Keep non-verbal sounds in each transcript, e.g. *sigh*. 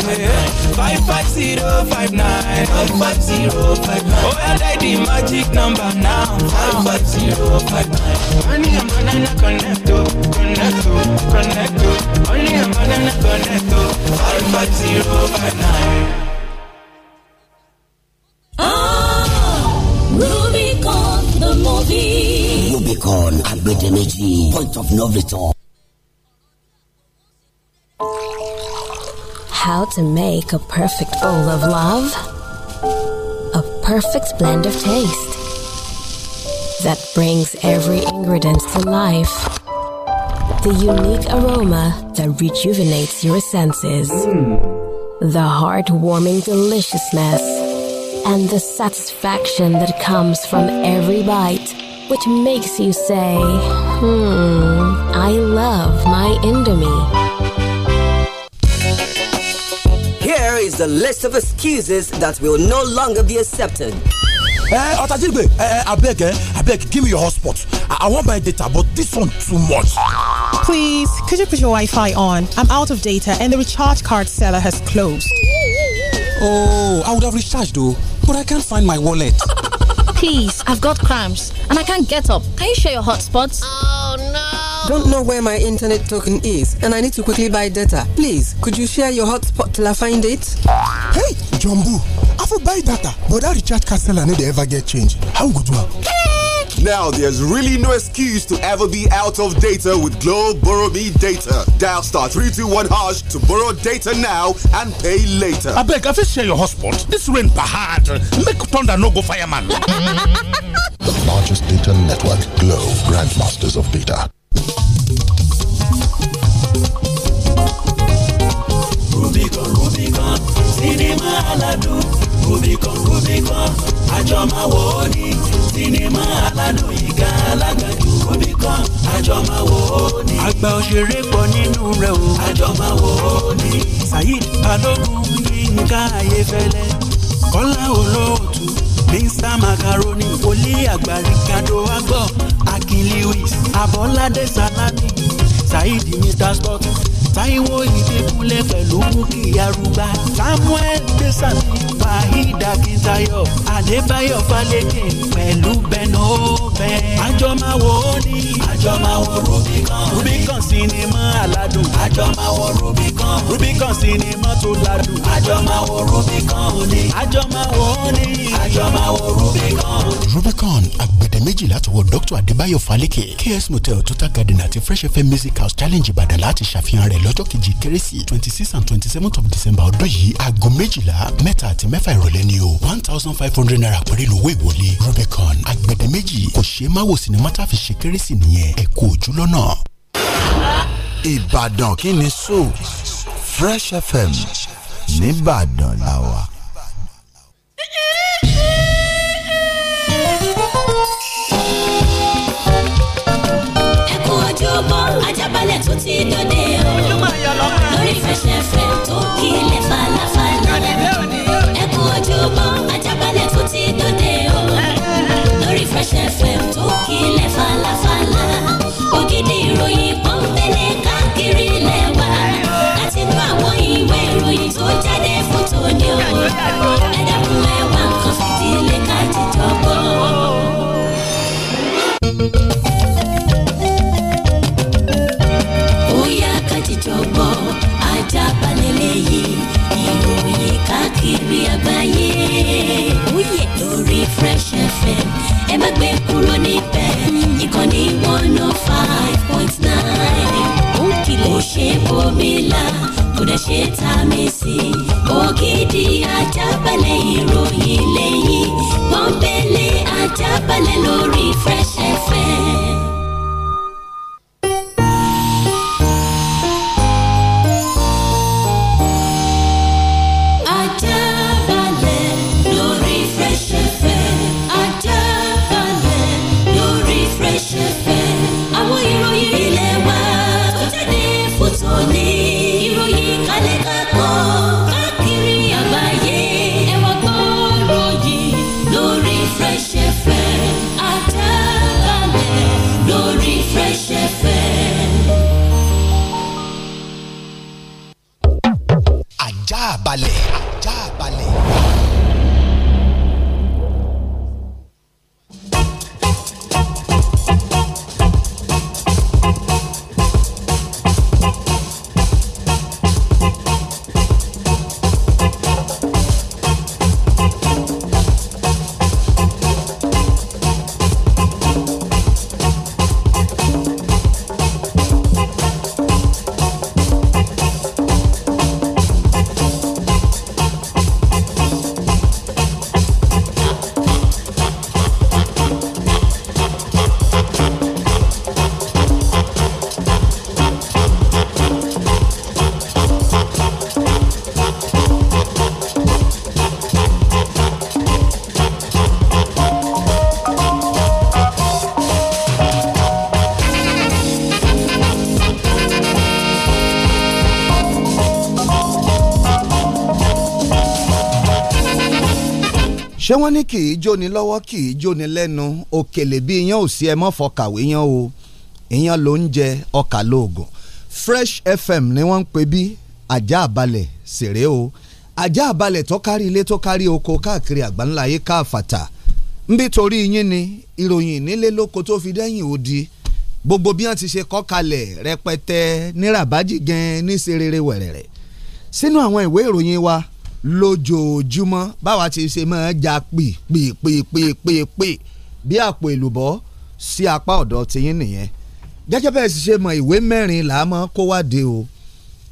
Five five zero five nine. Five five zero five nine. Oh, I like the magic number now. Five five zero five nine. Only a banana connect to, connect to, connect to. Only a banana connect to. Five five zero five nine. Ah, Rubicon the movie. Rubicon Agbedemeji. Point of no return. how to make a perfect bowl of love, a perfect blend of taste that brings every ingredient to life. The unique aroma that rejuvenates your senses, mm. the heartwarming deliciousness, and the satisfaction that comes from every bite, which makes you say, hmm, I love my Indomie. is the list of excuses that will no longer be accepted. eh otajigbe eh, eh beg, eh beg, give me your hotspot i want my data but this one too much please could you put your wi-fi on i'm out of data and the recharge card seller has closed oh i would have recharged though but i can't find my wallet *laughs* please i've got cramps and i can't get up can you share your hotspots oh no don't know where my internet token is and I need to quickly buy data. Please, could you share your hotspot till I find it? Hey, Jumbo, I will buy data, but that recharge card seller need to ever get change. How good one? Now there's really no excuse to ever be out of data with Globe Borrow Me Data. Dial star 321 hash to borrow data now and pay later. I beg, I share your hotspot. This rain bad. Make thunder no go fireman. *laughs* the largest data network, Globe, grandmasters of data. sinimá aládùn kùbìkan kùbìkan àjọ máa wò ó ní sinimá aládùn ìka alágbàjù kùbìkan àjọ máa wò ó ní. àgbà òṣèré pọ̀ nínú rẹ̀ o. àjọ máa wò ó ní. Saheed Balogun Yinka Ayefẹlẹ Kọ́lá Olóòtú Mr Macaroni Wòlí àgbà Ricardo Agbo Akin Lewis Abọ́ládé Salami Saheed Mr Scott. Táíwò Ìdẹ́kúnlẹ̀ pẹ̀lú Bukky Arugba Samuel Gbèsàmí Fahid Akintayo Adébáyọ̀ Fálékè pẹ̀lú Beno Ben. Àjọmáwo ni àjọmáwo Rubicon Rubicon sinimá aládùn àjọmáwo Rubicon Rubicon sinimá tó ládùn àjọmáwo Rubicon ni àjọmáwo ni àjọmáwo Rubicon rubicon agbede agbẹ̀dẹ̀méjì láti wọ dr adébáyọ̀ Falike. ks motel total garden àti fresh fm music house challenge ìbàdàn láti ṣàfihàn rẹ̀ lọ́jọ́ kejì kérésì twenty six and twenty seven of december ọdún yìí aago méjìlá mẹ́ta àti mẹ́fà ìrọ̀lẹ́ ni o one thousand five hundred naira pẹ̀lú ìlú owó ìwọlé rubicon agbẹ̀dẹ̀méjì kò ṣeé má wò sinimá tá a fi ṣe kérésì nìyẹn ẹ kú ojú lọ́nà. ìbàdàn kí ni so fresh fm nìbàdàn làwà. ó ti dòde o lórí fẹsẹ̀fẹ̀ tó kílẹ̀ falafala ẹ kú ojúmọ́ ajábalẹ̀ tó ti dòde o lórí fẹsẹ̀fẹ̀ tó kílẹ̀ falafala ògidì ìròyìn pọ́npẹ́lẹ́ káàkiri lẹ́wà láti inú àwọn ìwé ìròyìn tó jáde fún tòní o ẹ dẹ́kun nǹkan fìdílé ká jíjọ gbọ́. gbọ́ Ajaabale lẹ́yìn ìròyìn káàkiri àgbáyé lórí Fresh FM ẹ má gbé kúrò níbẹ̀ ìkànnì one oh five point nine ó kìlọ̀ ṣe bomi kò dẹ̀ ṣe tá a mi sí ògidì Ajaabale ìròyìn lẹ́yìn pọ́npẹ́lẹ́ Ajaabale lórí Fresh FM. ṣé wọ́n ní kì í jóni lọ́wọ́ kì í jóni lẹ́nu òkèlè bí iyán ò sí ẹ mọ́ fọkàwé yán o iyán ló ń jẹ ọkà lóògùn Fresh FM ni wọ́n ń pè bí ajá àbálẹ̀ sèré o ajá àbálẹ̀ tó kárí ilé tó kárí oko káàkiri àgbáńlá ayé káàfàtà nbí torí yín ni ìròyìn nílé lóko tó fi dẹ́yìn odi gbogbo bí wọ́n ti ṣe kọ́ kalẹ̀ rẹpẹtẹ nírabájì gan ní serere wẹ̀rẹ̀rẹ̀ sínú àwọn ìwé ìròyìn wa lójoojúmọ́ báwa ti ṣe máa ja pèpèpèpèpè bí àpò èlùbọ́ sí apá ọ̀dọ̀ tiyín nìyẹn gẹ́gẹ́ bẹ́ẹ̀ sì ṣe mọ ìwé mẹ́rin là á mọ́ kó wá de o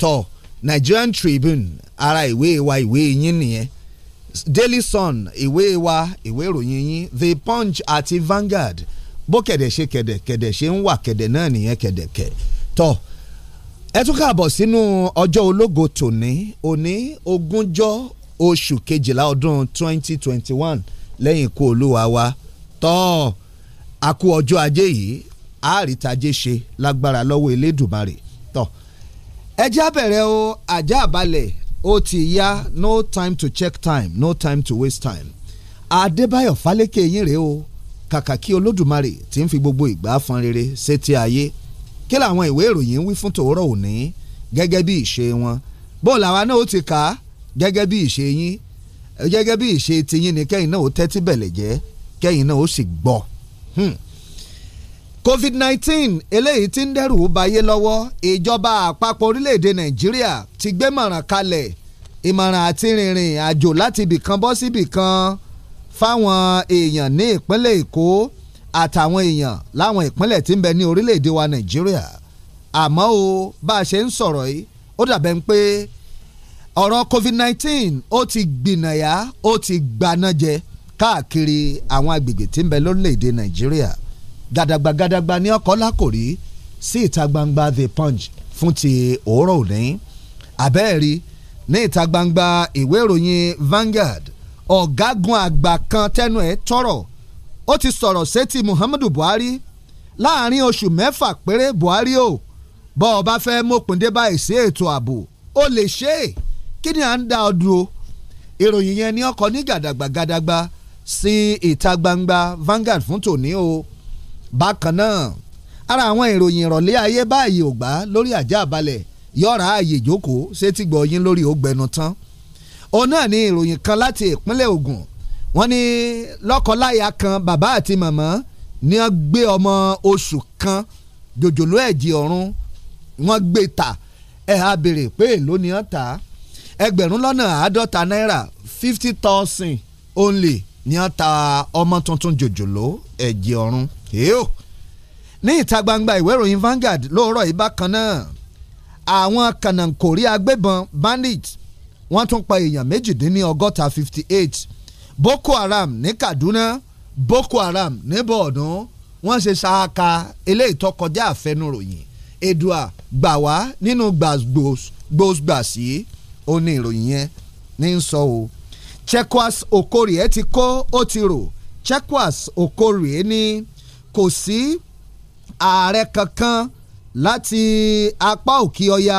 tọ Nigerian Tribune ara ìwé wa ìwé yín nìyẹn Daily Sun ìwé wa ìwé ìròyìn yín The Punch àti Vanguard bó kẹ̀dẹ̀ ṣe kẹ̀dẹ̀ kẹ̀dẹ̀ ṣe ń wà kẹ̀dẹ̀ náà nìyẹn kẹ̀dẹ̀kẹ̀ tọ́ ẹ tún káàbọ̀ sínú ọjọ́ ológo tòní òní ogúnjọ́ oṣù kejìlá ọdún twenty twenty one lẹ́yìn ikú olúwa wa tọ́ àkú ọjọ́ ajé yìí àrítàjé ṣe lágbára lọ́wọ́ elédùmarè tọ́ ẹjẹ́ àbẹ̀rẹ̀ o ajá àbálẹ̀ ó ti yá no time to check time no time to waste time adébáyọ̀ fálékè yín rèé o kàkà kí olódùmarè ti ń fi gbogbo ìgbà fọn rere sétí ayé kí làwọn ìwé ìròyìn wí fún tòórọ́ òní gẹ́gẹ́ bí ìṣe wọn bó làwa náà ó ti kà á gẹ́gẹ́ bí ìṣe yín gẹ́gẹ́ bí ìṣe tiyín ni kẹ́yìn náà ó tẹ́tí bẹ̀lẹ̀ jẹ́ kẹ́yìn náà ó sì gbọ́. Hmm. COVID-19 eléyìí tí ń dẹ́rù bayé lọ́wọ́ ìjọba àpapọ̀ orílẹ̀-èdè Nàìjíríà ti gbé mọ̀ràn kalẹ̀ ìmọ̀ràn àti rìnrìn àjò láti ibìkan bọ́ síbìkan fáwọn èèyàn ní ìpínlẹ̀ Èkó àtàwọn èèyàn láwọn ìpínlẹ̀ tí ń bẹ ní orílẹ̀-èdè wa nàìjíríà àmọ́ o bá a ṣe ń sọ̀rọ̀ yìí ó dàbẹ̀ ń pé ọ̀rọ̀ covid-19 ó ti gbìnàyà ó ti gbanájẹ káàkiri àwọn agbègbè tí ń bẹ lórílẹ̀‐èdè nàìjíríà gàdàgbà gàdàgbà ní ọkọ̀ lákòrí sí ìta gbangba the punch fún ti òórọ̀ òní abẹ́ẹ̀rí ní ìta gbangba ìwé ìròyìn Vanguard ọ̀gágun àgbà kan tẹ́nu ẹ̀ tọ̀rọ̀ ó ti sọ̀rọ̀ sétí Muhammadu Buhari láàrin oṣù mẹ́fà péré Buhari o bọ́ ọ bá fẹ́ mópin dé báyìí sí ètò ààbò ó lè ṣe é kí ni à ń da ọdún o ìròyìn yẹn ni ọkọ ní gàdàgbà gàdàgbà sí ìta gbangba Vanguard fún tòní o bákan náà ara àwọn ìròyìn ìrọ̀lẹ́ ayé báyìí ò gbà lórí àjà àbálẹ̀ yọ̀ọ̀rá ààyè ìjókòó ṣé ti gbọ̀ yín lórí ògbẹ́nu tán òun náà ni ìròyìn kan láti ìpínlẹ̀ Ògùn wọ́n ní lọ́kọláya kan bàbá àti màmá ni wọ́n gbé ọmọ oṣù kan jòjòló ẹ̀jẹ̀ ọ̀run wọ́n gbé ta ẹ̀ á béèrè pé èló ni wọ́n ta ẹgbẹ̀rún lọ́nà àádọ́ta náírà fifty thousand only ni wọ́n ta ọmọ tuntun jòjòló ẹ̀jẹ̀ ọ̀run èèyàn ní ìta gbangba ìwé ìròyìn Vanguard lóòrọ̀ yìí bákan náà àwọn kànáńkòrí agbébọn bandit wọ́n tún pa èèyàn méjìdínlọ́gọ́ta fifty eight Boko Haram ní Kaduna Boko Haram ní Borno wọ́n ṣe ṣáàka eléyìí tó kọjá àfẹnuròyìn Edua gbà wá nínú gbòsgbàsí ó ní ìròyìn yẹn ní ń sọ o Chekwas Okorie ti kó ó ti rò Chekwas Okorie ní kò sí ààrẹ kankan láti apá òkè ọya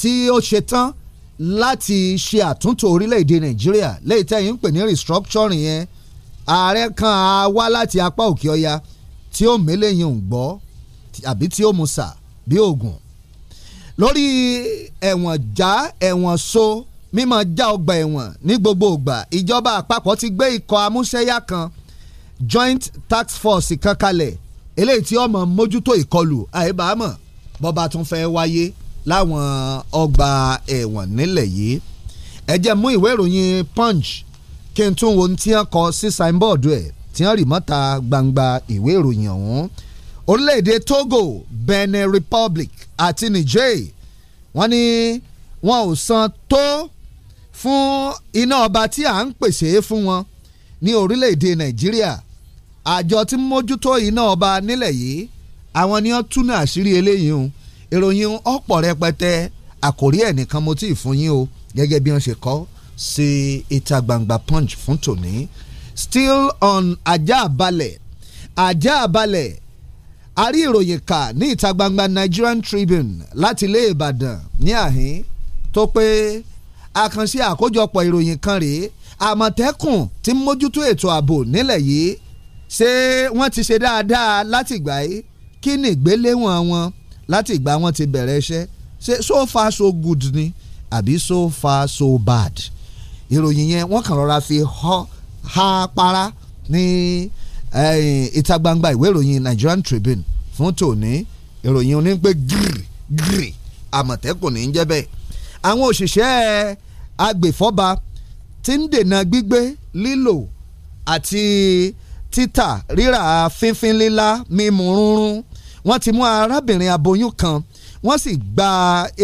tí ó ṣe tán láti ṣe àtúntò orílẹ̀-èdè nàìjíríà lẹ́yìn tẹ́yìn ń pè ní restructuring yẹn ààrẹ kan á wá láti apá òkè ọya tí ó mélèyìn ò gbọ́ àbí tí ó mu sà bí oògùn lórí ẹ̀wọ̀n já ẹ̀wọ̀n so mímọ já ọgbà ẹ̀wọ̀n ní gbogbo ìgbà ìjọba àpapọ̀ ti gbé ikọ̀ amúṣẹ́yá kan joint tax force kan kalẹ̀ eléyìí tí ọmọ mójútó ìkọlù àìbámọ̀ bọ́ba tún fẹ́ wáyé láwọn ọgbà ẹ̀wọ̀n nílẹ̀ yìí ẹ jẹ́ mú ìwé ìròyìn punch kí n tún wo ohun tí wọ́n kọ sí signboard ẹ̀ tí wọ́n rì mọ́ta gbangba ìwé ìròyìn ọ̀hún orílẹ̀-èdè Togo Benin Republic àti Niger wọ́n ní wọn ò san tó fún iná ọba tí à ń pèsè fún wọn ní orílẹ̀-èdè Nàìjíríà àjọ tí mójútó iná ọba nílẹ̀ yìí àwọn ni wọ́n túnú àṣírí eléyìí o ìròyìn ọ̀pọ̀ rẹpẹtẹ àkòrí ẹ̀ nìkan mo tí ì fún yín o gẹ́gẹ́ bí wọ́n ṣe kọ sí ìta gbangba punch fún tòní still on ajá balẹ̀ ajá balẹ̀ a rí ìròyìn kà ní ìta gbangba Nigerian Tribune láti ilé Ìbàdàn ní àhín tó pé àkànṣe àkójọpọ̀ ìròyìn kan rèé àmọ̀tẹ́kùn ti mójútó ètò ààbò nílẹ̀ yìí ṣé wọ́n ti ṣe dáadáa látìgbà yìí kí ni ìgbéléwọ̀n wọn láti ìgbà wọn ti bẹ̀rẹ̀ iṣẹ́ ṣe so far so good ni àbí so far so bad ìròyìn yẹn wọ́n kàn rọra fi họ ha para ní eh, ìta gbangba ìwé ìròyìn Nigerian Tribune fún tòní ìròyìn onígbé gírì gírì àmọ̀tẹ́kùn ní í jẹ́ bẹ́ẹ̀ àwọn òṣìṣẹ́ agbèfọ́ba ti ń dènà gbígbé lílò àti títà rírà fínfín lílá mímu rúnrún wọ́n ti mú arábìnrin aboyún kan wọ́n sì gba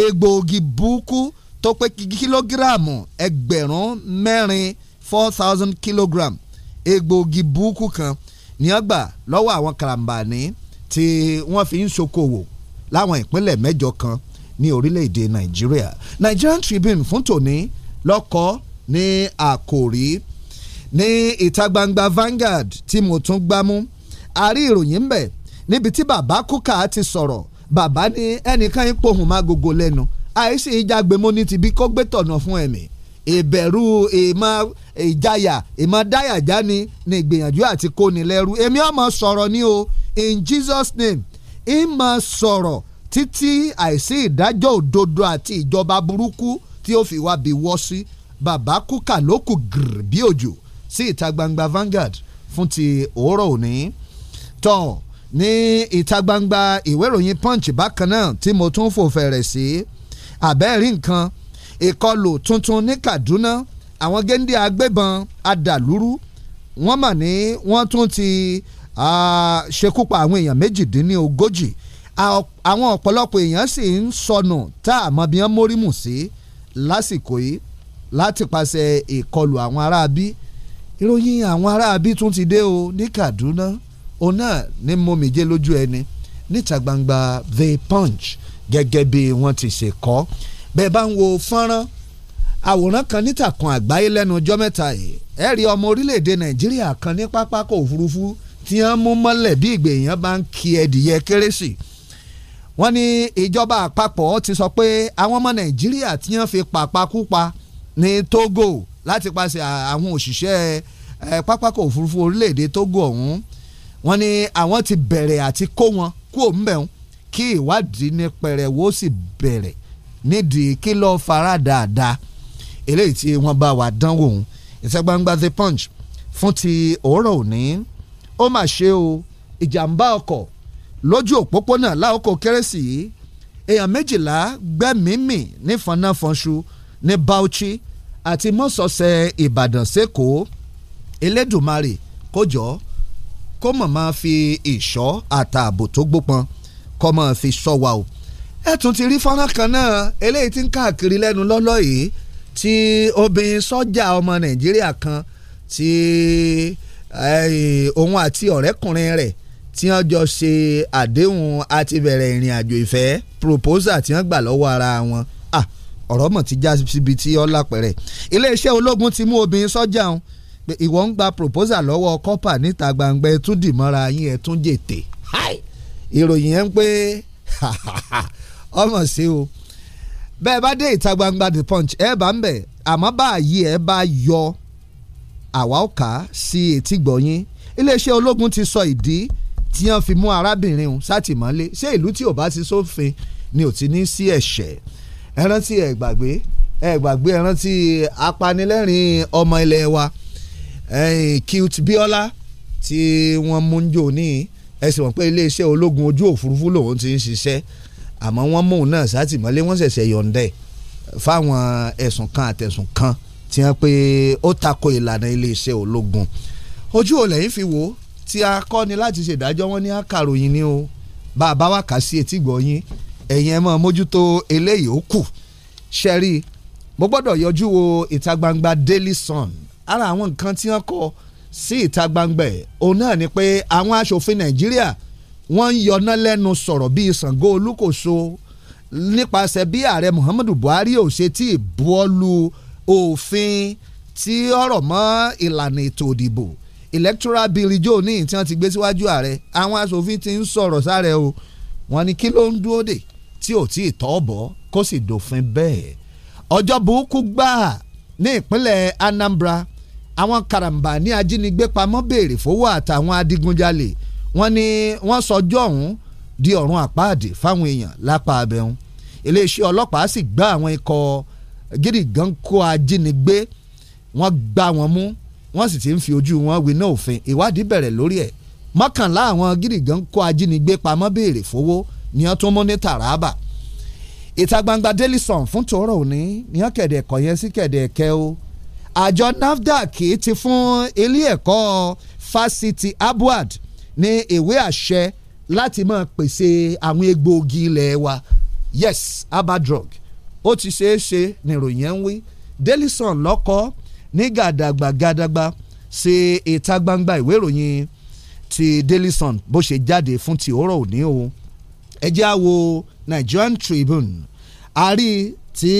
egbòogi burúkú tó pé kílógíráàmù ẹgbẹ̀rún mẹ́rin four thousand kilogram egbòogi burúkú kan ní wọ́n gbà lọ́wọ́ àwọn karambani tí wọ́n fi ń ṣokòwò láwọn ìpínlẹ̀ mẹ́jọ kan ní orílẹ̀-èdè nàìjíríà Nigerian Tribune fún tòní lọ́kọ́ ní àkòrí ní ìta gbangba Vanguard tí mo tún gbámú a ìròyìn bẹ́ẹ̀ níbi tí bàbá kúkà ti sọ̀rọ̀ bàbá ní ẹnìkan ipò hùn má gògò lẹ́nu àìsí ìjàgbémọ́ ní tibí kó gbé tọ̀nà fún ẹ̀mí ìbẹ̀rù ìmọ̀ ìjayà ìmọ̀ dáyàjá ni ní ìgbìyànjú àti kóni lẹ́rú èmi ọmọ sọ̀rọ̀ ni o in Jesus name ìmọ̀ sọ̀rọ̀ títí àìsí ìdájọ́ òdodo àti ìjọba burúkú tí ó fi wá bí wọ́ sí bàbá kúkà ló kù gírì bí òjò sí ìta gbangba Vanguard fún ti òórọ̀ òní tán ní ìta gbangba ìwé ìròyìn punch bákan náà tí mo tún fò fẹ̀rẹ̀ sí àbẹ́ẹ̀rí nǹkan ìkọlù tuntun ní Kaduna àwọn géńdé agbébọn adàlúrú wọ́n mà ní wọ́n tún ti ṣekú pa àwọn èèyàn méjìdínlógójì àwọn ọ̀pọ̀lọpọ̀ èèyàn sì ń sọnù tá a mọ̀ bí wọ́n mórímù sí lásìkò yìí láti pàṣẹ ìkọlù àwọn aráabí ìròyìn àwọn aráabí tún ti dé o ní Kaduna òun náà ní mómijé lójú ẹni níta gbangba the punch gẹ́gẹ́ bí wọ́n ti ṣe kọ́ bẹ́ẹ̀ bá ń wo fọ́nrán àwòrán kan nítàkùn àgbáyé lẹ́nu ọjọ́ mẹ́ta yìí ẹ rí ọmọ orílẹ̀-èdè nàìjíríà kan ní pápákọ̀ òfurufú tí wọ́n mú mọ́lẹ̀ bí ìgbè èèyàn bá ń ki ẹ̀dìyẹ kérésì wọ́n ní ìjọba àpapọ̀ ti sọ pé àwọn ọmọ nàìjíríà tí wọ́n fi pàpakúpa ní Togo láti paṣẹ àwọn òṣìṣẹ́ pápákọ̀ òfurufú orílẹ̀-èdè Togo ọ̀hún wọ́n ní àwọn ti bẹ̀rẹ̀ àti kó wọn kú òǹbẹ̀hún kí ìwádìí ní pẹrẹwu ó sì bẹ̀rẹ̀ nídìí kí lọ́ọ́ fara dáadáa eléyìí tí wọ́n bá wà dánwò òun ìta gbangba the punch fún ti òórọ̀ òní ó mà ṣe o ìjàmbá ọkọ̀ lójú òpópónà láòkó kérésì yìí èèyàn méjìlá gbẹ́mìímì nífọ̀nàfọ̀nṣu ní Bauchi àti mọ́sọ̀ọ̀sẹ̀ Ìbàdàn sẹ́kọ̀ọ́ Elédùmarè kójọ́ kó mọ̀ máa fi ìṣọ́ àtààbò tó gbópọn kọ́ máa fi sọ wa o ẹ tún ti rí fọ́nrán kan náà eléyìí tí ń káàkiri lẹ́nu lọ́lọ́ yìí tí obìnrin sọ́jà ọmọ nàìjíríà kan tí òun àti ọ̀rẹ́kùnrin rẹ̀ tí wọ́n jọ ṣe àdéhùn àti bẹ̀rẹ̀ ìrìn àjò ìfẹ́ proposal tí wọ́n gbà lọ́wọ́ ara wọn ọ̀rọ̀ mọ̀ ti já síbi tí ó lápẹ̀rẹ̀ iléeṣẹ́ ológun ti mú obìnrin sọ́jà ọ̀hún pé ìwọ ń gba proposal lọ́wọ́ kọ́pà níta gbangba ẹ̀ tún dìmọ́ra yín ẹ̀ tún jètè ìròyìn yẹn ń pé *laughs* ọmọ sí o bẹ́ẹ̀ bá dé ìta gbangba the punch ẹ bá ń bẹ̀ àmọ́ báyìí ẹ bá yọ àwa ó kà á sí etí gbọ̀nyìn iléeṣẹ́ ológun ti sọ ìdí tí wọ́n fi mú arábìnrin ọ̀hún sátìmọ́lé ṣé ìlú tí ò bá ti sófin ni ò ti ní sí ẹ̀ṣẹ̀ ẹ rántí ẹ gbàgbé ẹ gbàgbé ẹ rántí apanilẹ́rìn ọmọ ilẹ̀ wa cute biola tí wọ́n mú ń jò ní ẹsẹ̀ wọn pé iléeṣẹ́ ológun ojú òfurufú lòun ti ń ṣiṣẹ́ àmọ́ wọ́n mú un náà sátìmọ́lé wọ́n ṣẹ̀ṣẹ̀ yọ̀ǹdẹ̀ fáwọn ẹ̀sùn kan àtẹ̀sùn kan tí wọ́n pé ó tako ìlànà iléeṣẹ́ ológun ojú òlẹ̀ yìí fi wò ó tí a kọ́ ni láti ṣèdájọ́ wọn ní akàròyìn ni o bá a bá wà kà sí etí gbọ̀nyìn ẹ̀yin ẹ̀ máa mójútó eléyìí ó kù ṣẹ́rí mo gbọ́dọ̀ yọjú wo ìta gbangba Daily Sun ara àwọn nǹkan tí wọ́n kọ sí ìta gbangba ẹ̀ òun náà ni pé àwọn aṣòfin nàìjíríà wọ́n ń yọná lẹ́nu sọ̀rọ̀ bíi Ṣàngó Olúkòso nípasẹ̀ bí ààrẹ Muhammadu Buhari ò ṣe tí ì buwọ́lu òfin tí ọ̀rọ̀ mọ́ ìlànà ètò ìdìbò electoral bill ijó ní tí wọ́n ti gbé síwájú ààrẹ àwọn aṣòfin ti ń sọ̀rọ̀ sáré o wọ́n ní kí ló ń dúró dè tí ò tí ì tọ́ bọ̀ kó sì dòfin bẹ́ẹ̀ ọjọ́ burúkú gbáà ní ìpínlẹ̀ Anambra àwọn karambà ní ajínigbé pamọ́ béèrè fowó àtàwọn adigunjalè wọ́n ní wọ́n sọjọ́ ọ̀hún di ọ̀run àpáàdé fáwọn èèyàn lápá abẹ́hún iléeṣẹ́ ọlọ́pàá sì gbá àwọn ikọ̀ gidi gan kó ajínigbé wọ́n gbá wọn mú wọ́n sì ti ń fi ojú wọn winá òfin ìwádìí bẹ̀rẹ̀ lórí ẹ̀ mọ́kànlá àwọn gidi gan kó ajínigbé pamọ́ béèrè fowó ni wọ́n tún mú ní Taraba ìta gbangba Daily Sun fún tòórọ̀ òní ni wọ́n kẹ̀dẹ̀ kọ̀ yẹn sí kẹ̀dẹ̀ kẹ́ o àjọ NAFDAC ti fún ilé ẹ̀kọ́ fásitì abuad ní ìwé àṣẹ láti máa pèsè àwọn egbòogi ilẹ̀ wa yes abadrug ó ti ṣeé ṣe níròyìn ẹ̀ ń wí Daily Sun lọ́kọ́ ní gàdàgbà gàdàgbà sí ìta gbangba ìwé ìròyìn ti Daily Sun bó ṣe jáde fún ti òórọ̀ òní o ẹ jẹ́ àwo Nigerian Tribune àárí tí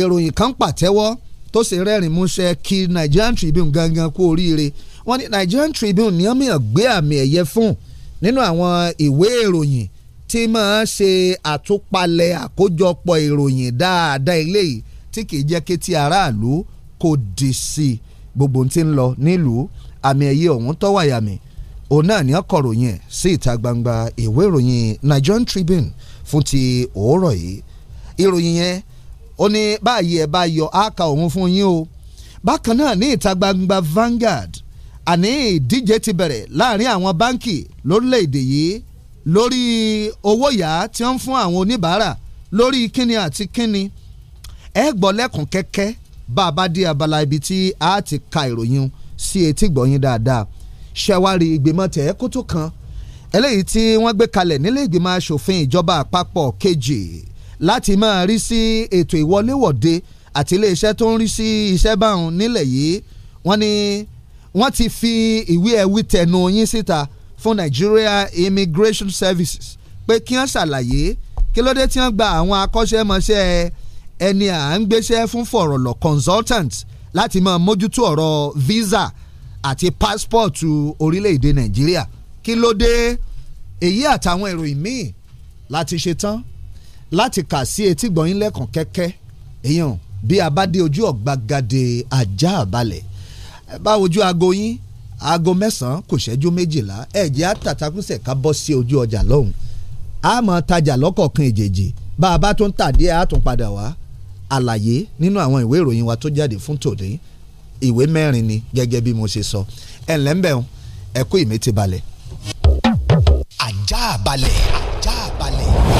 ìròyìn kan pàtẹ́wọ́ tó sì rẹ́rìn músẹ́ kí Nigerian Tribune gangan kú oríire wọ́n ní Nigerian Tribune ní ọmọ ìgbé àmì ẹ̀yẹ fún nínú àwọn ìwé ìròyìn tí máa ṣe àtúpalẹ̀ àkójọpọ̀ ìròyìn dáadáa eléyìí tí kìí jẹ́ kétí aráàlú kò dì sí gbogbo tí ń lọ nílùú àmì ẹ̀yẹ ọ̀hún tọ́wọ̀ àyàmì òun náà ní ọkọ̀ròyìn ẹ̀ sí ìta gbangba ìwé ìròyìn Nigerian Tribune fún ti òórọ̀ yìí ìròyìn yẹn ó ní báyìí ẹ̀ bá yọ àkà òun fún yín o bákan náà ní ìta gbangba Vanguard àní ìdíje ti bẹ̀rẹ̀ láàrin àwọn báńkì lórílẹ̀‐èdè yìí lórí owó yá tí wọ́n ń fún àwọn oníbàárà lórí kíni àti kíni ẹ gbọ́ lẹ́kùn kẹ́kẹ́ bá a bá dé abala ibi tí a ti ka ìròyìn sí etí gbọ̀yìn dáadáa ṣẹ̀wárí ìgbìmọ̀ tẹ̀ kótó kan eléyìí tí wọ́n gbé kalẹ̀ nílé ìgbìmọ̀ asòfin ìjọba àpapọ̀ kejì láti máa rí sí ètò ìwọléwọ̀de àti iléeṣẹ́ tó ń rí sí iṣẹ́ báwọn nílẹ̀ yìí wọ́n ní wọ́n ti fi ìwé ẹ̀wí tẹnu yín síta fún Nigeria Immigration Services pé kí wọ́n ṣàlàyé kí ló dé tí wọ́n gba àwọn akọ́ṣẹ́mọṣẹ́ ẹni à ń gbéṣẹ́ fún fọ̀rọ̀lọ̀ consultant láti máa mójútó ọ̀rọ̀ visa àti passport orílẹ̀-èdè Nàìjíríà kí ló dé èyí àtàwọn ìròyìn míì láti ṣe tán láti kà sí etí gbọ̀nyín lẹ́kàn kẹ́kẹ́ èèyàn bí a bá dé ojú ọ̀gbagadè ajá àbálẹ̀ bá ojú aago yín aago mẹ́sàn-án kò ṣẹ́jú méjìlá ẹ̀jẹ̀ àtàtàkùnsẹ̀ ká bọ́ sí ojú ọjà lọ́hùn a mọ̀ tajà lọ́kọ̀ọ̀kan èjèèjì bá a bá tó ń tàdé a tún padà wá àlàyé nínú àwọn ìwé ìròyìn wa tó jáde fún tòní ìwé mẹ́rin ni gẹ́gẹ́ bí mo ṣe sọ ẹ̀ ǹlẹ́ ń bẹ̀ ẹ̀kú ìmí ajá balẹ̀ ajá balẹ̀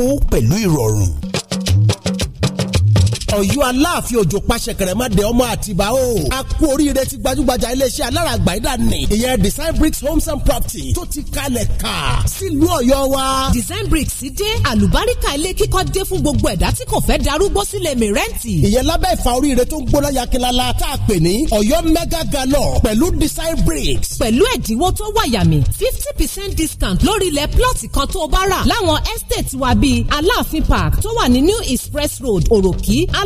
owó pẹ̀lú ìrọ̀rùn Ọ̀yọ́ Aláàfin òjò pàṣẹ kẹrẹmàdé ọmọ àtibá o. a kú oríire ti gbajúgbajà iléeṣẹ́ alára àgbàyídà ni ìyẹn design bricks homes and property tó ti kalẹ̀ ká sílùú Ọ̀yọ́ wa. design bricks dé àlùbáríkà ilé kíkọ́ dé fún gbogbo ẹ̀dá tí kò fẹ́ darúgbó sílẹ̀ mìrẹ́ǹtì. ìyẹn lábẹ́ ìfà oríire tó ń gbóná yakilala tá a pè ní Ọ̀yọ́ mega gallon pẹ̀lú design bricks. pẹ̀lú ẹ̀dínwó tó wàyàmì fifty percent discount lórí ilẹ̀ plọ́ọ̀tì kan tó bá rà láwọn estate wa bíi Aláàfin park tó wà ní new express road òròkì al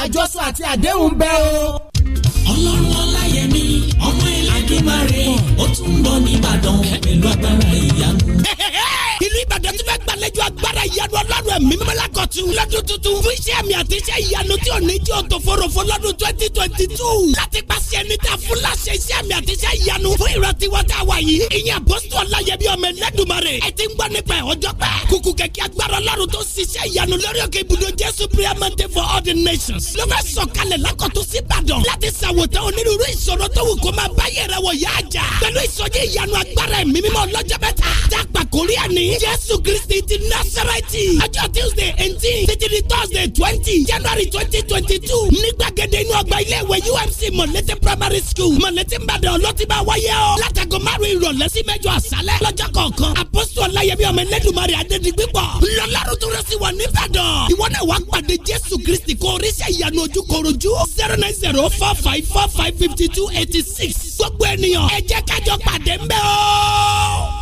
àjọsọ àti àdéhùn bẹ́ẹ̀ o. ọlọ́run ọláyẹmí ọmọ ìlàgbẹ́mọ̀ rẹ̀ ó tún ń bọ̀ nìbàdàn pẹ̀lú agbára ìyanu *laughs* ìlú ìbàdàn ti fẹ́ gbàlejò agbára ìyanu ọlọ́run ẹ̀mí mímọ́lá kọ̀tù lọ́dún tuntun fún iṣẹ́ àmì àti iṣẹ́ ìyanu tí ò ní jẹ́ òtòforòfo lọ́dún twenty twenty two láti pàṣẹ ẹni tá a fún láṣẹ iṣẹ́ àmì àti iṣẹ́ ìyanu fún ìrántí wọn tá a wà yìí ìyẹn àpọ́sítọ̀ ọláyẹbí ọmọ ẹlẹ́dùnmarè ẹ ti ń gbọ́ nípa ẹ̀ ọjọ́ pẹ́ kùkù kẹ̀kẹ́ agbára ọlọ́run tó ṣiṣẹ́ ìyanu lórí òkè ibùdó jésù prayer mountain for all the nations ló fẹ́ sọ̀kalẹ̀ lákọ̀tún sí ìbàdàn láti ṣàwòtán onírúurú ìṣòro tó wù kó máa bá yẹ̀rẹ̀ wọ̀ yá àjà pẹ̀lú ìsọjí ìyanu agbára ẹ̀mí mímọ́ ọlọ́jọ́ mẹ́ta tá a pàkórí ẹ̀ ní yìí jésù kristi ti nasarati ọjọ́ tuesday eighteen títí thursday twenty january twenty twenty two ní gbàgede inú ọgbà ilé ìwé umc mọ̀lẹ́tẹ̀ primary school mọ̀lẹ́tẹ̀ ìbàdàn ló ti máa wáyé o látàgọ́ márùn ìrọ̀lẹ́ sí mẹ́jọ àṣálẹ́ lọ́jọ́ kọ̀ọ̀kan apostol ọláyẹmí ọmọ ẹlẹ́dùnmarè adédigbé pọ̀ lọ́lọ́run tó rẹ̀ sí wọn nìbàdàn ìwọ náà wàá pàdé jésù kristi kó oríṣẹ́ ìyanu ojú korojú zero nine zero four five four five fifty two eighty six gbogbo ènìyàn ẹ jẹ́ kájọ pàdé ńbẹ̀ o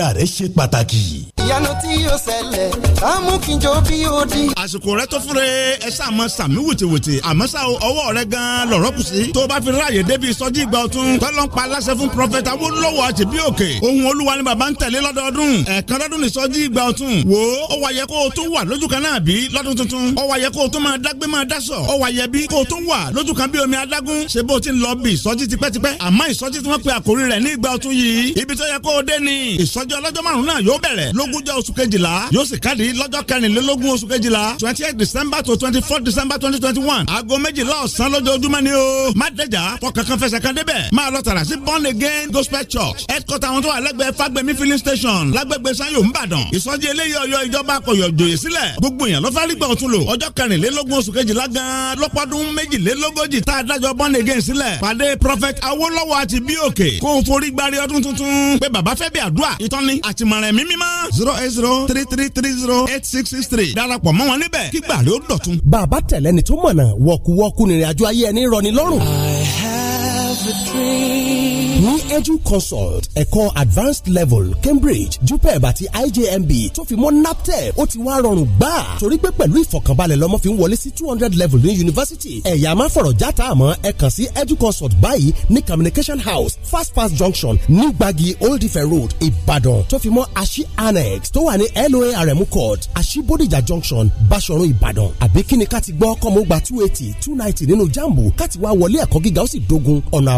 ìlera rẹ ṣe pàtàkì ìyanu tí yóò ṣẹlẹ̀ á mú kí n jó bí ó di. àsìkò rẹ tó fúnre ẹ ṣáà mọ sàmí wètèwètè àmọ́ ṣá ọwọ́ rẹ gan lọ̀rọ̀ kù sí. tó o bá fi ráàyè débi ìsọjí ìgbà ọ̀tun tọ́lọ́npa aláṣẹ fún prọfẹ̀tà Awólọ́wọ̀ àti bí òkè ohun olúwa ni bàbá ń tẹ̀lé lọ́dọọdún ẹ̀ẹ̀kan lọ́dún ìsọjí ìgbà ọ̀tun wo ó wà yẹ kó o tún wà lójú kan náà bí lọ́dún tuntun ó wà yẹ kó o tún máa dágbé máa dásọ̀ ó wà yẹ bí kó o tún wà lójú kan bí omi adágún ṣe bó ti ń lọ bí ìsọjí tipẹ́tipẹ́ àmọ́ ìsọjí tí wọ́n pe àkórí rẹ̀ ní ìgbà ọ̀tun yìí ibi tó yẹ kó o dé ni ìsọjí ọlọ́jọ́ márùn-ún náà yóò bẹ̀rẹ̀ lógún ogúnjọ́ oṣù kejìlá yóò sì káàdì lọ́jọ́ kẹrìnlélógún oṣù kejìlá twenty eight december to twenty four december twenty twenty one aago méjìlá ọ̀sán lójoojúmọ́ ni o má dẹjà fọkànkan fẹsẹ̀ kan débẹ̀ máa lọ tààrà sí born again gospel church headquarter àwọn tó wà lẹ́gbẹ̀ẹ́ fagbemi filling station lágbègbè sanyo nìbàdàn ìsọjí eléyìí ọyọ ìjọba akọyọ joyè sílẹ̀ gbogbo èèyàn ló fárí gbà ọ̀tún lò ọjọ́ kẹrìnlélógún oṣù kejìlá gan lọ́pọ̀dún méjìlélógójì tá a dájọ́ born again sílẹ̀ pàdé prophet awolowo àti bíòkè kó o forí gbárí ọdún tuntun pé bàbá fẹ́ bí àdúrà ìtọ́ni àtìmọ̀ràn mímí mọ́ zero eight zero three three three zero eight six six three darapọ̀ mọ́ wọn níbẹ̀ kígbà ló dọ̀tun. bàbá tẹ̀lẹ́ni tó mọ̀nà wọ̀kúwọ́kú nírìn àjò ayé ẹni rọ̀ ni lọ́rùn. I have ní edu consult ẹ̀kọ́ advanced level cambridge jupeb àti ijmb tó fi mọ́ naptep ó ti wá rọrùn gbà torí pé pẹ̀lú ìfọ̀kànbalẹ̀ lọ́mọ fi ń wọlé sí two hundred level ní yunifásitì ẹ̀yà máa fọ̀rọ̀ játa àmọ́ ẹ kàn sí edu consult báyìí ní communication house fast fast junction ní gbagi old ife road ìbàdàn tó fi mọ́ aṣí annex tó wà ní loarm court aṣí bodijà junction bashorun ìbàdàn àbí kíni ká ti gbọ́ kọ́mọ́gbà two eighty two ninety nínú jambu ká ti wá wọlé ẹ̀kọ́ gíga ó sì dógún ọ̀nà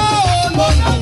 Bona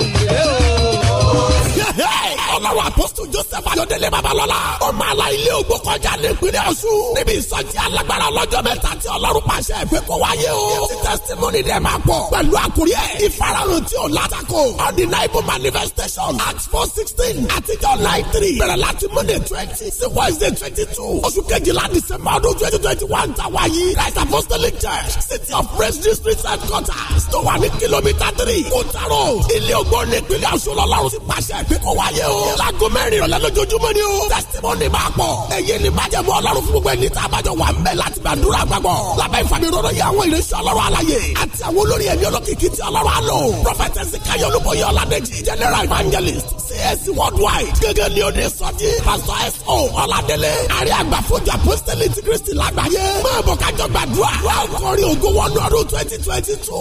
ọlọ́run apọ́sítù joseph ayọ̀délé babalọ́lá ọmọ àlà ilé ògbó kọjá ní ìpínlẹ̀ ọ̀ṣun níbi ìsọjí alágbára ọlọ́jọ́ mẹ́ta tí ọlọ́run pàṣẹ ìpè kó wáyé o ti testimony dẹ̀ máa pọ̀ pẹ̀lú àkúrí ẹ̀ ìfarahàn tí ò látàkò undeniable manifestation acts four sixteen àtijọ́ nine three bẹ̀rẹ̀ láti monday twenty sí wednesday twenty two oṣù kejìlá december ọdún twenty twenty one tàwa yìí christ apostolic church city of praise district headquarters tó wà ní kìlómítà three kò tààrọ̀ ilé ògbó ní ìpínlẹ̀ ọ̀ṣun lọ́lọ́run ti pàṣẹ ìpè kó wáyé o láago mẹ́rin ìrọ̀lẹ́ lójoojúmọ́ ni o. testimony máa pọ̀. èyí ni májẹ̀mú ọlọ́run fún gbogbo ẹni tá a bá jọ wà ń bẹ̀ láti gbàdúrà gbàgbọ́. lábẹ́ ìfàmì rọrọ yẹ àwọn ìrẹsì ọlọ́run aláyè àti àwọn olórí ẹ̀mí olókìkí ti ọlọ́run àlọ́. prophetess kayo olúbọyọ ọládẹ́jì general evangelist CAC worldwide gẹ́gẹ́ ni òde sọ́jí pastor S.O. ọ̀làdélé àrí àgbàfojú apostolic christy lágbàáyé. máa bọ̀ kájọ gbàdúrà. wà á kọrin ògo wọnú ọdún twenty twenty two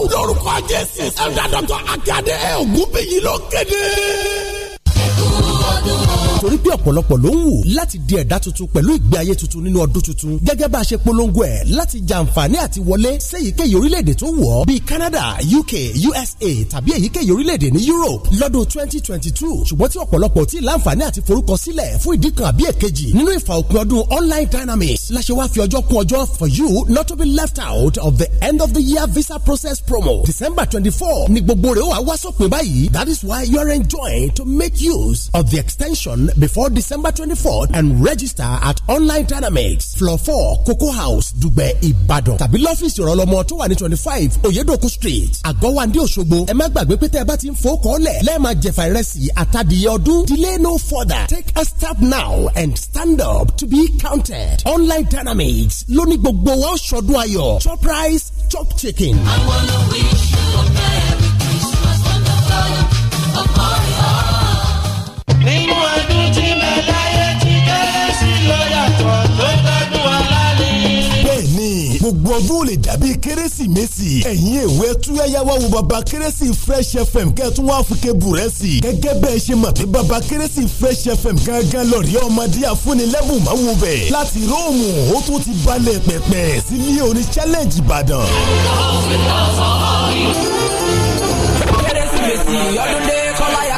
all the torí pé ọ̀pọ̀lọpọ̀ ló ń wù láti di ẹ̀dá tuntun pẹ̀lú ìgbé ayé tuntun nínú ọdún tuntun gẹ́gẹ́ bá a ṣe polongo ẹ̀ láti jàǹfààní àti wọlé séyìíkéyìí orílẹ̀-èdè tó wù ọ́ bíi Canada UK USA tàbí èyíkéyìí orílẹ̀-èdè ní Europe lọ́dún twenty twenty two ṣùgbọ́n tí ọ̀pọ̀lọpọ̀ tí láǹfààní àti forúkọ sílẹ̀ fún ìdí kan àbí èkejì nínú ìfàòpin ọdún online dynamics la ṣe wá fi ọjọ́ kún ọjọ́ for you not to be left out of the end of the year visa process promo December twenty four ni gbogbo rẹ̀ ó wá wá sópin báyìí that is why you are enjoined to make use of the extension before December 24th and register at online Dynamics Floor 4 Cocoa House, Dugbe, Ibadan. Tàbí lọ́fíìsì ọ̀rọ̀ ọlọ́mọ tó wà ní 25 Oyedoku Street. Àgọ́wandé Òṣogbo. Ẹ má gbàgbé pé tẹ́ ẹ bá ti ń fowó kọ́lẹ̀ lẹ́ẹ̀ma jẹ̀fà ìrẹsì àtàdìyẹ ọdún. Delay no further. Take a step now and stand up to be counted. Online Dynamics, lóní gbogbo wa ṣọdún ayọ̀. Chop rice, chop chicken. I wanna wish you a merry gbogbo ọdún ò lè dàbí kérésìmesì ẹ̀yin èwe túyáyáwá wo baba kérésì fresh fm kẹ́tún wá fún kébù rẹ̀ sí gẹ́gẹ́ bẹ́ẹ̀ ṣe mọ̀ pé baba kérésì fresh fm gángan lọ́ọ̀rì ọmọdé àfúnilẹ́bùn máa wù bẹ̀ láti róòmù ó tún ti balẹ̀ pẹ̀pẹ̀ sílé orin challenge ìbàdàn. kérésìmesì ọdún dé kọ́láyà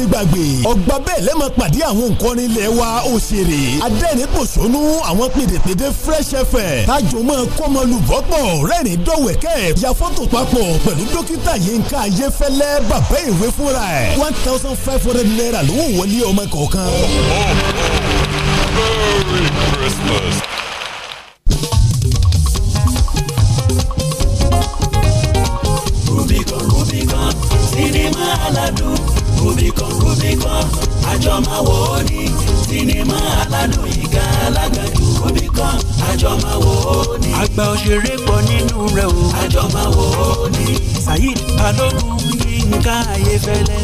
ní gbàgbé ọgbà bẹ́ẹ̀ lẹ́mọ̀ pàdé àwọn nǹkan ilé wa òṣèré adẹ́rìnpòṣónú àwọn pèdèpèdè fresh fm tájọmọ́ kọ́mọlúbọ́pọ̀ rẹ́rìn dọ́wẹ̀kẹ́ ya fọ́tò papọ̀ pẹ̀lú dókítà yínká ayéfẹ́lẹ́ bàbá ìwé fúnra ẹ̀ one thousand five hundred naira ló wọlé ọmọ kọ̀ọ̀kan. Merry Christmas. àgbà òṣèré pọ̀ nínú rẹ̀ o. àjọ máa wò ó ní. Saheed Balogun Yinka Ayefẹ́lẹ́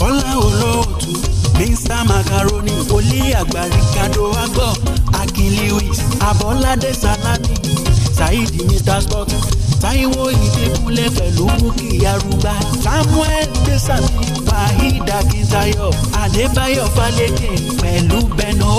Kọ́lá Olóòtú Mr Macaroni Olé àgbà Ricardo Agbo Akin Lewis Abọ́ládé Salami Saheed Mr Sport Táíwò Ìdẹ́kùnlé pẹ̀lú Bukki Arúgbá Samuel Desami. Wahid Akíntáyọ̀ Adébáyọ̀ Fálékè pẹ̀lú Beno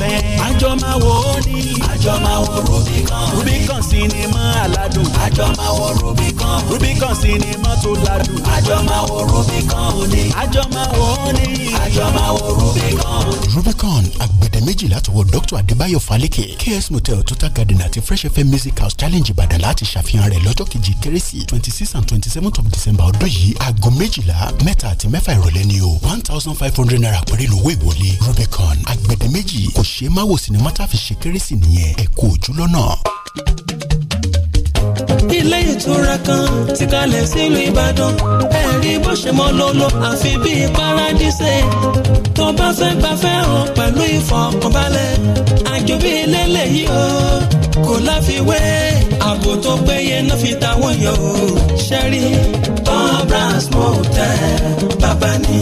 Ben. Àjọ wo ni. Àjọ máa wo Rubicon. Rubicon sinimá aládùn. Àjọ wo Rubicon. Rubicon sinimá tó ládùn. Àjọ máa wo Rubicon ni. Àjọ máa wo ni. Àjọ máa wo Rubicon. Rubicon àbí méjì látọwọ́ Dr Adébáyọ̀ Falẹ́kẹ̀ KS Motel Total Garden àti Fresh FM Music House Challenge Ìbàdàn láti ṣàfihàn rẹ̀ lọ́jọ́ kejì kérésì twenty six and twenty seven of December ọdún yìí aago méjìlá mẹ́ta àti mẹ́fà ìrọ̀lẹ́ ni o one thousand five hundred naira pẹ̀lú ìlú ìwọlé Rubicon agbẹ̀dẹ méjì kò ṣeé má wò sinimá tá a fi ṣe kérésì nìyẹn ẹ kú ilé ìtura kan ti kalẹ̀ sílùú ìbàdàn ẹ̀rí bó ṣe mọ́ ló lọ àfi bíi paradíṣe tó bá fẹ́ gbafẹ́ o pẹ̀lú ìfọkànbalẹ̀ àjò bíi lélẹ́yìí o kò láfiwé ààbò tó péye náà fi táwọn yàn ó ṣẹ́rí top brass motel bàbá ni.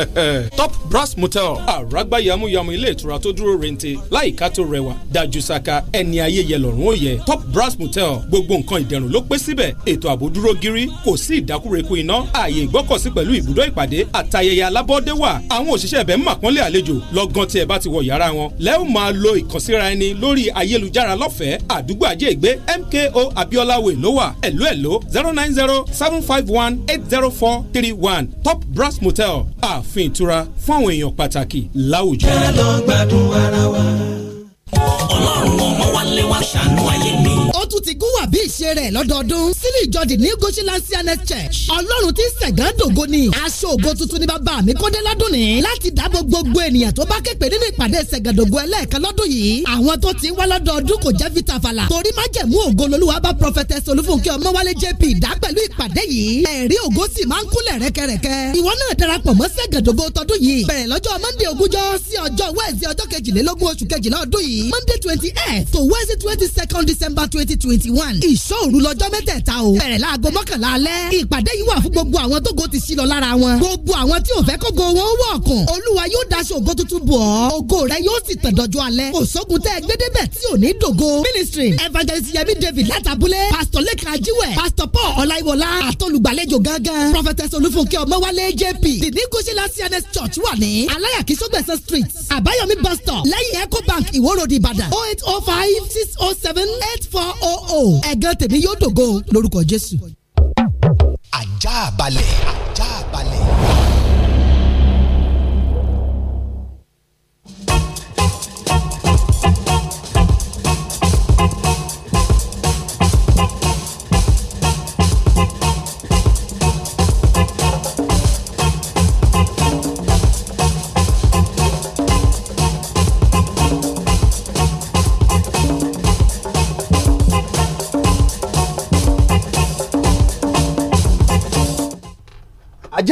*laughs* top brass motel àràgbá yamuyamu ilé ìtura tó dúró rente láìka tó rẹwà dájú saka ẹni ayé yẹ lọ́rùn ó yẹ top brass motel gbogbo gbogbo nǹkan ìdẹ̀rùn ló pé síbẹ̀ ètò ààbò dúró gírí kò sí ìdákúrekú iná ààyè ìgbọ́kọ̀sí pẹ̀lú ibùdó ìpàdé àtayẹyẹ alábọ́dé wà àwọn òṣìṣẹ́ ibẹ̀ ń màpọ́nlé àlejò lọ́gán tí ẹ bá ti wọ yàrá wọn lẹ́ẹ̀ máa lo ìkànsíra ẹni lórí ayélujára lọ́fẹ̀ẹ́ àdúgbò àjẹ́gbé MKO Abiola ló wà ẹ̀lú ẹ̀ló zero nine zero seven five one eight zero four three one Top Brass Motel ààfin ìtura fún àwọn èèyàn pàtàkì láwùjọ. ọlọ́run ọmọ wa lé wa ṣàánú ayé mi ti gún wà bí ìṣe rẹ̀ lọ́dọọdún wòlíì ìjọdì ní Goshenland CNS Church ọlọ́run ti sẹ̀gán dògo ni aṣọ ògo tuntun ni bàbá mi kọ́dé ládùn ní láti dáàbò gbogbo ènìyàn tó bá képe nínú ìpàdé sẹ̀gán dògo ẹlẹ́ẹ̀kan lọ́dún yìí àwọn tó ti ń wá lọ́dọọdún kò jẹ́ fi tàfàlà torí májẹ̀mú ògo lolúwa bá prophetess olúfúnkẹ́ ọmọwálé jp dá pẹ̀lú ìpàdé yìí ẹ̀rí ògo sì máa ń kúnlẹ̀ rẹ́kẹrẹ́kẹ́ ìwọ náà darapọ̀ mọ́ sẹ̀gán dògo tọdún yìí bẹ̀rẹ̀ lọ́jọ́ monday ogúnjọ́ sí ọjọ́ wẹ́ẹ̀sì ọjọ́ kejìlélógún oṣù kejìlá ọdún yìí monday twenty eight to wednesday twenty second december twenty twenty one ìṣọ́ òru lọ́jọ́ o. bẹ̀rẹ̀ láago mọ́kànlá alẹ́. ìpàdé yìí wà fún gbogbo àwọn tógo ti sí lọ lára wọn. gbogbo àwọn tí ò fẹ́ kógo wọn wọ̀ kàn. olúwa yóò daṣọ ògo tuntun bọ̀ ọ́. ògo rẹ yóò sì tàn dọ́jọ́ alẹ́. kò sógun tẹ́ gbẹ́dẹ́bẹ̀ tí ò ní dògo. ministry evangelist yemi david látàbúlé. pastor lẹ́kàn ajíwẹ̀. pastor paul ọláyíwọlá. àtolùgbàlejò gángan. prophetess olúfúnkẹ́ ọmọwálé jp. the nicosia cns church wà ní. aláyàkí sọgbẹ̀sán street. àbáyọ̀mí bus stop. lẹ́yìn ecobank ìwóròdì ìbàdàn. oh eight oh five six oh seven eight four oh oh. ẹ̀gán tèmi yóò dògo lórúkọ lórúkọ Jésù. ajá balẹ̀ ajá balẹ̀.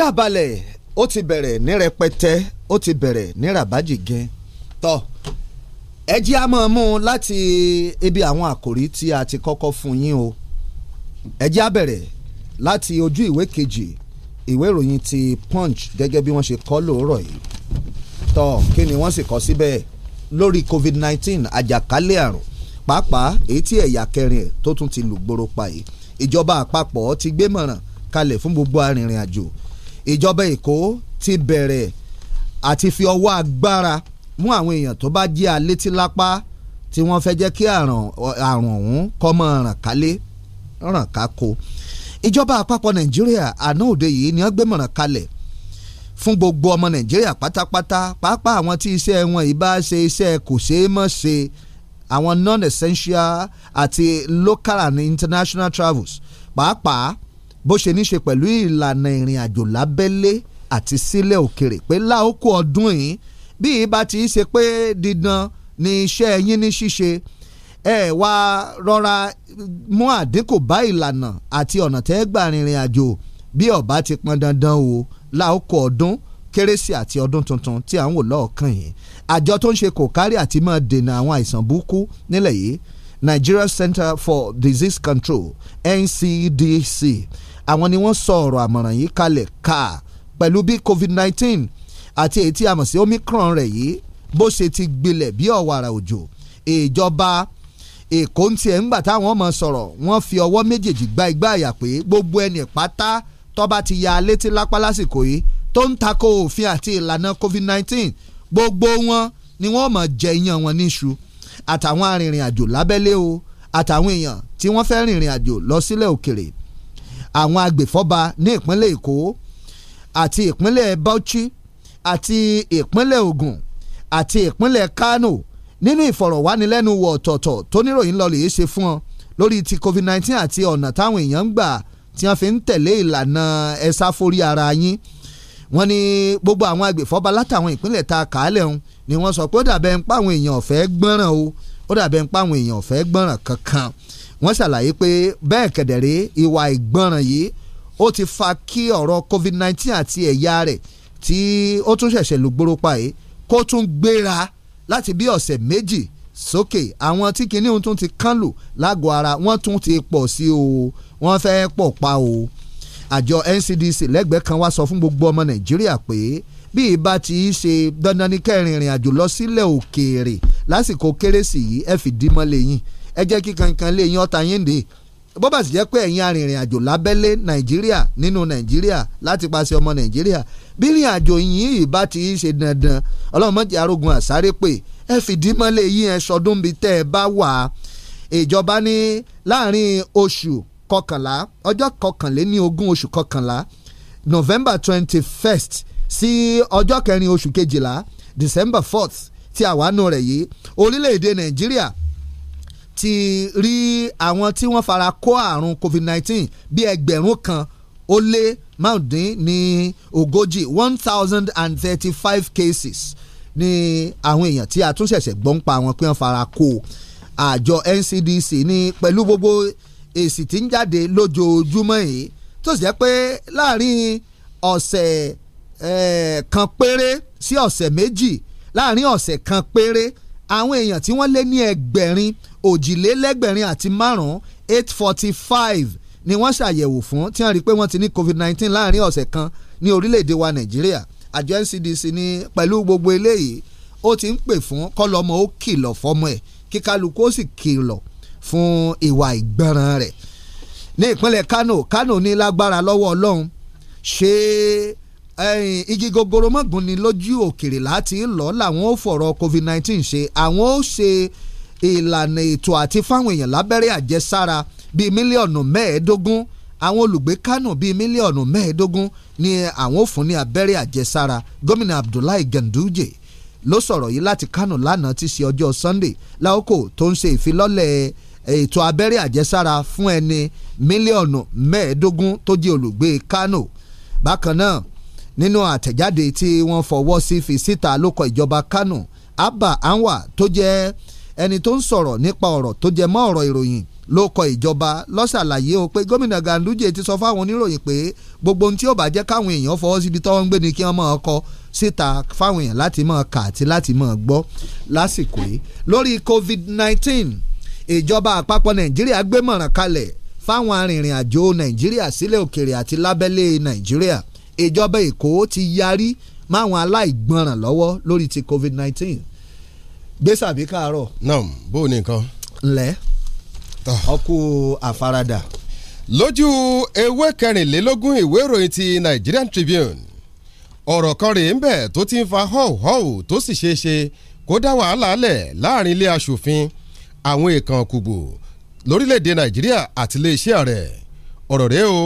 Àjààbalẹ̀ ó ti bẹ̀rẹ̀ ní rẹpẹtẹ ó ti bẹ̀rẹ̀ ní rabaji gẹ́n tọ́ ẹ jí a mọ̀ mú láti ibi àwọn àkòrí tí a ti kọ́kọ́ fún yín o ẹ jí a bẹ̀rẹ̀ láti ojú ìwé kejì ìwé ìròyìn ti punch gẹ́gẹ́ bí wọ́n ṣe kọ́ lóòrọ̀ yìí tọ́ kí ni wọ́n sì kọ́ síbẹ̀ lórí covid nineteen àjàkálẹ̀ àrùn pàápàá èyí tí ẹ̀yà kẹrin ẹ̀ tó tún ti lùgbòrò pa yìí ìjọba àpapọ̀ ti gbé mọ̀ràn kalẹ̀ fún gbogbo arìnrìn àjò ìjọba èkó ti bẹ̀rẹ̀ àti fi ọwọ́ agbára mú àwọn èèyàn tó bá jẹ́ alétí lápá tí wọ́n fẹ́ jẹ́ kí àrùn ọ̀hún kó má ràn kálé ràn kákó ìjọba àpapọ̀ nàìjíríà àná òde yìí ni wọ́n gbé mọ̀ràn kalẹ̀ fún gbogbo ọmọ nàìjíríà pátápátá pàápàá àwọn tí iṣẹ́ wọn yìí bá ṣe iṣẹ́ kò ṣeé mọ̀ ṣe àwọn non-essential àti local and international travels pàápàá bó ṣe ní ṣe pẹ̀lú ìlànà ìrìn àjò lábẹ́lé àti sílẹ̀ òkèrè pé láòkó ọdún yìí bí ibà ti ṣe pé dídán ni iṣẹ́ yín ní ṣíṣe ẹ wá rọra mú àdínkù bá ìlànà àti ọ̀nà tẹ́ gbà rìnrìn àjò bí ọ̀bá ti pọn dandan o láòkó ọdún kérésì àti ọdún tuntun tí à ń wò lọ́ọ̀kan yìí àjọ tó ń ṣe kò kárí àti máa dènà àwọn àìsàn burúkú nílẹ̀ yìí Nigeria Center for Disease Control NCDC àwọn ni wọ́n sọ ọ̀rọ̀ àmọ̀ràn yìí kalẹ̀ ká pẹ̀lú bí COVID-19 àti èyí tí a mọ̀ sí Omicron rẹ̀ yìí bó ṣe ti gbilẹ̀ bí ọ̀wàrà òjò ìjọba Èkó ń tiẹ̀ ńgbà táwọn ọmọ sọ̀rọ̀ wọ́n fi ọwọ́ méjèèjì gba igbá àyà pé gbogbo ẹni pátá tọ́ba ti ya létí lápá lásìkò yìí tó ń takò òfin àti ìlànà COVID-19 gbogbo wọn ni wọ́n mọ̀ jẹ iyán wọn níṣu àtàwọn arìnrìn àjò lábẹ́lé o àtàwọn èèyàn tí wọ́n fẹ́ rìnrìn àjò lọ sílẹ̀ òkèrè àwọn agbèfọ́ba ní ìpínlẹ̀ Èkó àti ìpínlẹ̀ Bauchi àti ìpínlẹ̀ Ògùn àti ìpínlẹ̀ Kano nínú ìfọ̀rọ̀wánilẹ́nuwò ọ̀tọ̀ọ̀tọ̀ tó níròyìn lọ lè ṣe fún ọ lórí ti COVID-19 àti ọ̀nà táwọn èèyàn ń gbà tí wọ́n fi ń tẹ̀lé ìlànà ẹ̀sà forí ara yín wọ́n ní gbogbo àwọn agbèfọ́ba látàwọn ìpínlẹ̀ ta kàálẹ̀ ń ni wọ́n sọ pé ó dàbẹ̀ ń pa àwọn èèyàn ọ̀fẹ́ gbọ́ràn o ó dàbẹ̀ ń pa àwọn èèyàn ọ̀fẹ́ gbọ́ràn kankan wọ́n ṣàlàyé pé bẹ́ẹ̀ kẹ̀dẹ̀rẹ́ ìwà ìgbọràn yìí ó ti fa kí ọ̀rọ̀ covid nineteen àti ẹ̀yà rẹ̀ tí ó tún ṣẹ̀ṣẹ̀ lùgbòrò pa yìí kó tún gbéra láti bí ọ̀sẹ̀ méjì sókè àwọn tí kinní tún ti kán lù lágọ̀ọ́ ara wọ́n tún ti pọ̀ sí o wọ́n fẹ́ pọ̀ pa o àjọ NCDC lẹ́gbẹ̀ẹ́ kan wá sọ fún gbogbo ọmọ Nàìjíríà pé bí ìbá ti í ṣe dandan ní kẹrin ìrìn àjò lọ sílẹ̀ òkèèrè lásìkò kérésì yìí ẹ fìdí mọ́lẹ̀ yín ẹ jẹ́ kí kankan lè yan ọ̀tá yín dè bó bá sì jẹ́ pé ẹ̀yin arìnrìn àjò lábẹ́lé nàìjíríà nínú nàìjíríà láti paṣẹ ọmọ nàìjíríà bí ìrìn àjò yín ìbá ti ṣe dandan ọlọ́run mọ̀jì arógun àsáré pé ẹ fìdí mọ́lẹ̀ yín ẹ sọdún bíi tẹ́ ẹ bá wà á ìjọba ní láàrin oṣù kọkànlá ọjọ́ kọkànléní ogún oṣù kọkànlá november twenty first sí ọjọ́ kẹrin oṣù kejìlá december fourth tí àwánú rẹ̀ yìí orílẹ̀-èdè nàìjíríà ti rí àwọn tí wọ́n fara kó àrùn COVID-19 bí ẹgbẹ̀rún kan ó lé márùndín ní ogójì one thousand and thirty-five cases ní àwọn èèyàn tí a tún ṣẹ̀ṣẹ̀ pa wọn pé wọ́n fara kó àjọ NCDC ní pẹ̀lú gbogbo èsì tí ń jáde lójoojúmọ́ yìí tó sì jẹ́ pé láàrin ọ̀sẹ̀ kan péré sí ọ̀sẹ̀ méjì láàrin ọ̀sẹ̀ kan péré àwọn èèyàn tí wọ́n lé ní ẹgbẹ̀rin òjìlélẹ́gbẹ̀rin àti márùn-ún eight forty five ni wọ́n ṣàyẹ̀wò fún tí wọ́n rí i pé wọ́n ti ní covid nineteen láàrin ọ̀sẹ̀ kan ní orílẹ̀-èdè wa nàìjíríà àjọ NCDC ní pẹ̀lú gbogbo eléyìí ó ti ń pè fún kọ́lọ́mọ ó kìlọ̀ fọ́mọ ẹ̀ kí kálukú ó sì kìlọ̀ fún ìwà ìgbọràn rẹ̀ ní ìpínlẹ̀ Kano Kano ní lágbára lọ́wọ́ Ọlọ́run ṣe igi gogoro mọ́gun ni lójú òkèrè láti lọ làwọn ó fọ̀rọ̀ covid nineteen ṣe àwọn ó ṣe ìlànà ètò àti fáwọn èèyàn lábẹ́rẹ́ àjẹsára bíi mílíọ̀nù mẹ́ẹ̀ẹ́dógún àwọn olùgbé Kánò bíi mílíọ̀nù mẹ́ẹ̀ẹ́dógún ni àwọn ò fún ní abẹ́rẹ́ àjẹsára gómìnà Abdullahi Ganduje ló sọ̀rọ̀ yìí láti Kánò lánàá ti ṣe ọjọ́ Sunday láòkò tó ń ṣe ìfilọ́lẹ̀ ètò abẹ́rẹ́ àjẹsára fún ẹni mílíọ̀nù mẹ́ẹ̀ẹ́dógún tó jẹ́ olùgbé Kánò bákan náà nínú àtẹ̀jáde tí wọ́n fọwọ́ sí fi síta lókọ̀ ìjọba Kánò Abba Anwa tó jẹ́ ẹni tó ń sọ̀rọ̀ nípa ọ̀rọ̀ tó jẹ mọ́ ọ̀rọ̀ ìròyìn ló kọ ìjọba lọ́sàlàyé o pé gómìnà Ganduje ti sọ fáwọn oníròyìn pé gbogbo ohun tí ó bá jẹ́ káwọn èèyàn fọwọ́ síbi tọ́wọ́ ń gbé ni kí wọ́n máa kọ síta fáwọn èèyàn láti máa kà àti láti máa gbọ́ lásìkò yìí lórí COVID-19 ìjọba àpapọ̀ Nàìjíríà gbé mọ̀ràn kalẹ̀ fáwọn arìnrìn àjò Nàìjíríà sílẹ̀ òkèrè àti lábẹ́lé Nàìjíríà ìjọba Èkó ti yarí máwọn aláìgbọràn lọ́wọ́ lórí ti COVID-19 gbèsàbí káàárọ̀. náà bó o ní nǹkan. lẹ́ ọkú ah. àfaradà. lójú ewé kẹrìnlélógún ìwé ìròyìn ti Nigerian Tribune ọ̀rọ̀ kan rèé ń bẹ̀ tó ti ń fa họ́ọ̀họ́ọ̀ tó sì ṣeé ṣe kó dá wàhálà lẹ̀ láàrin ilé aṣòfin àwọn èèkàn kùgbò lórílẹ̀‐èdè Nàìjíríà àti iléeṣẹ́ rẹ̀ ọ̀rọ̀ rèé o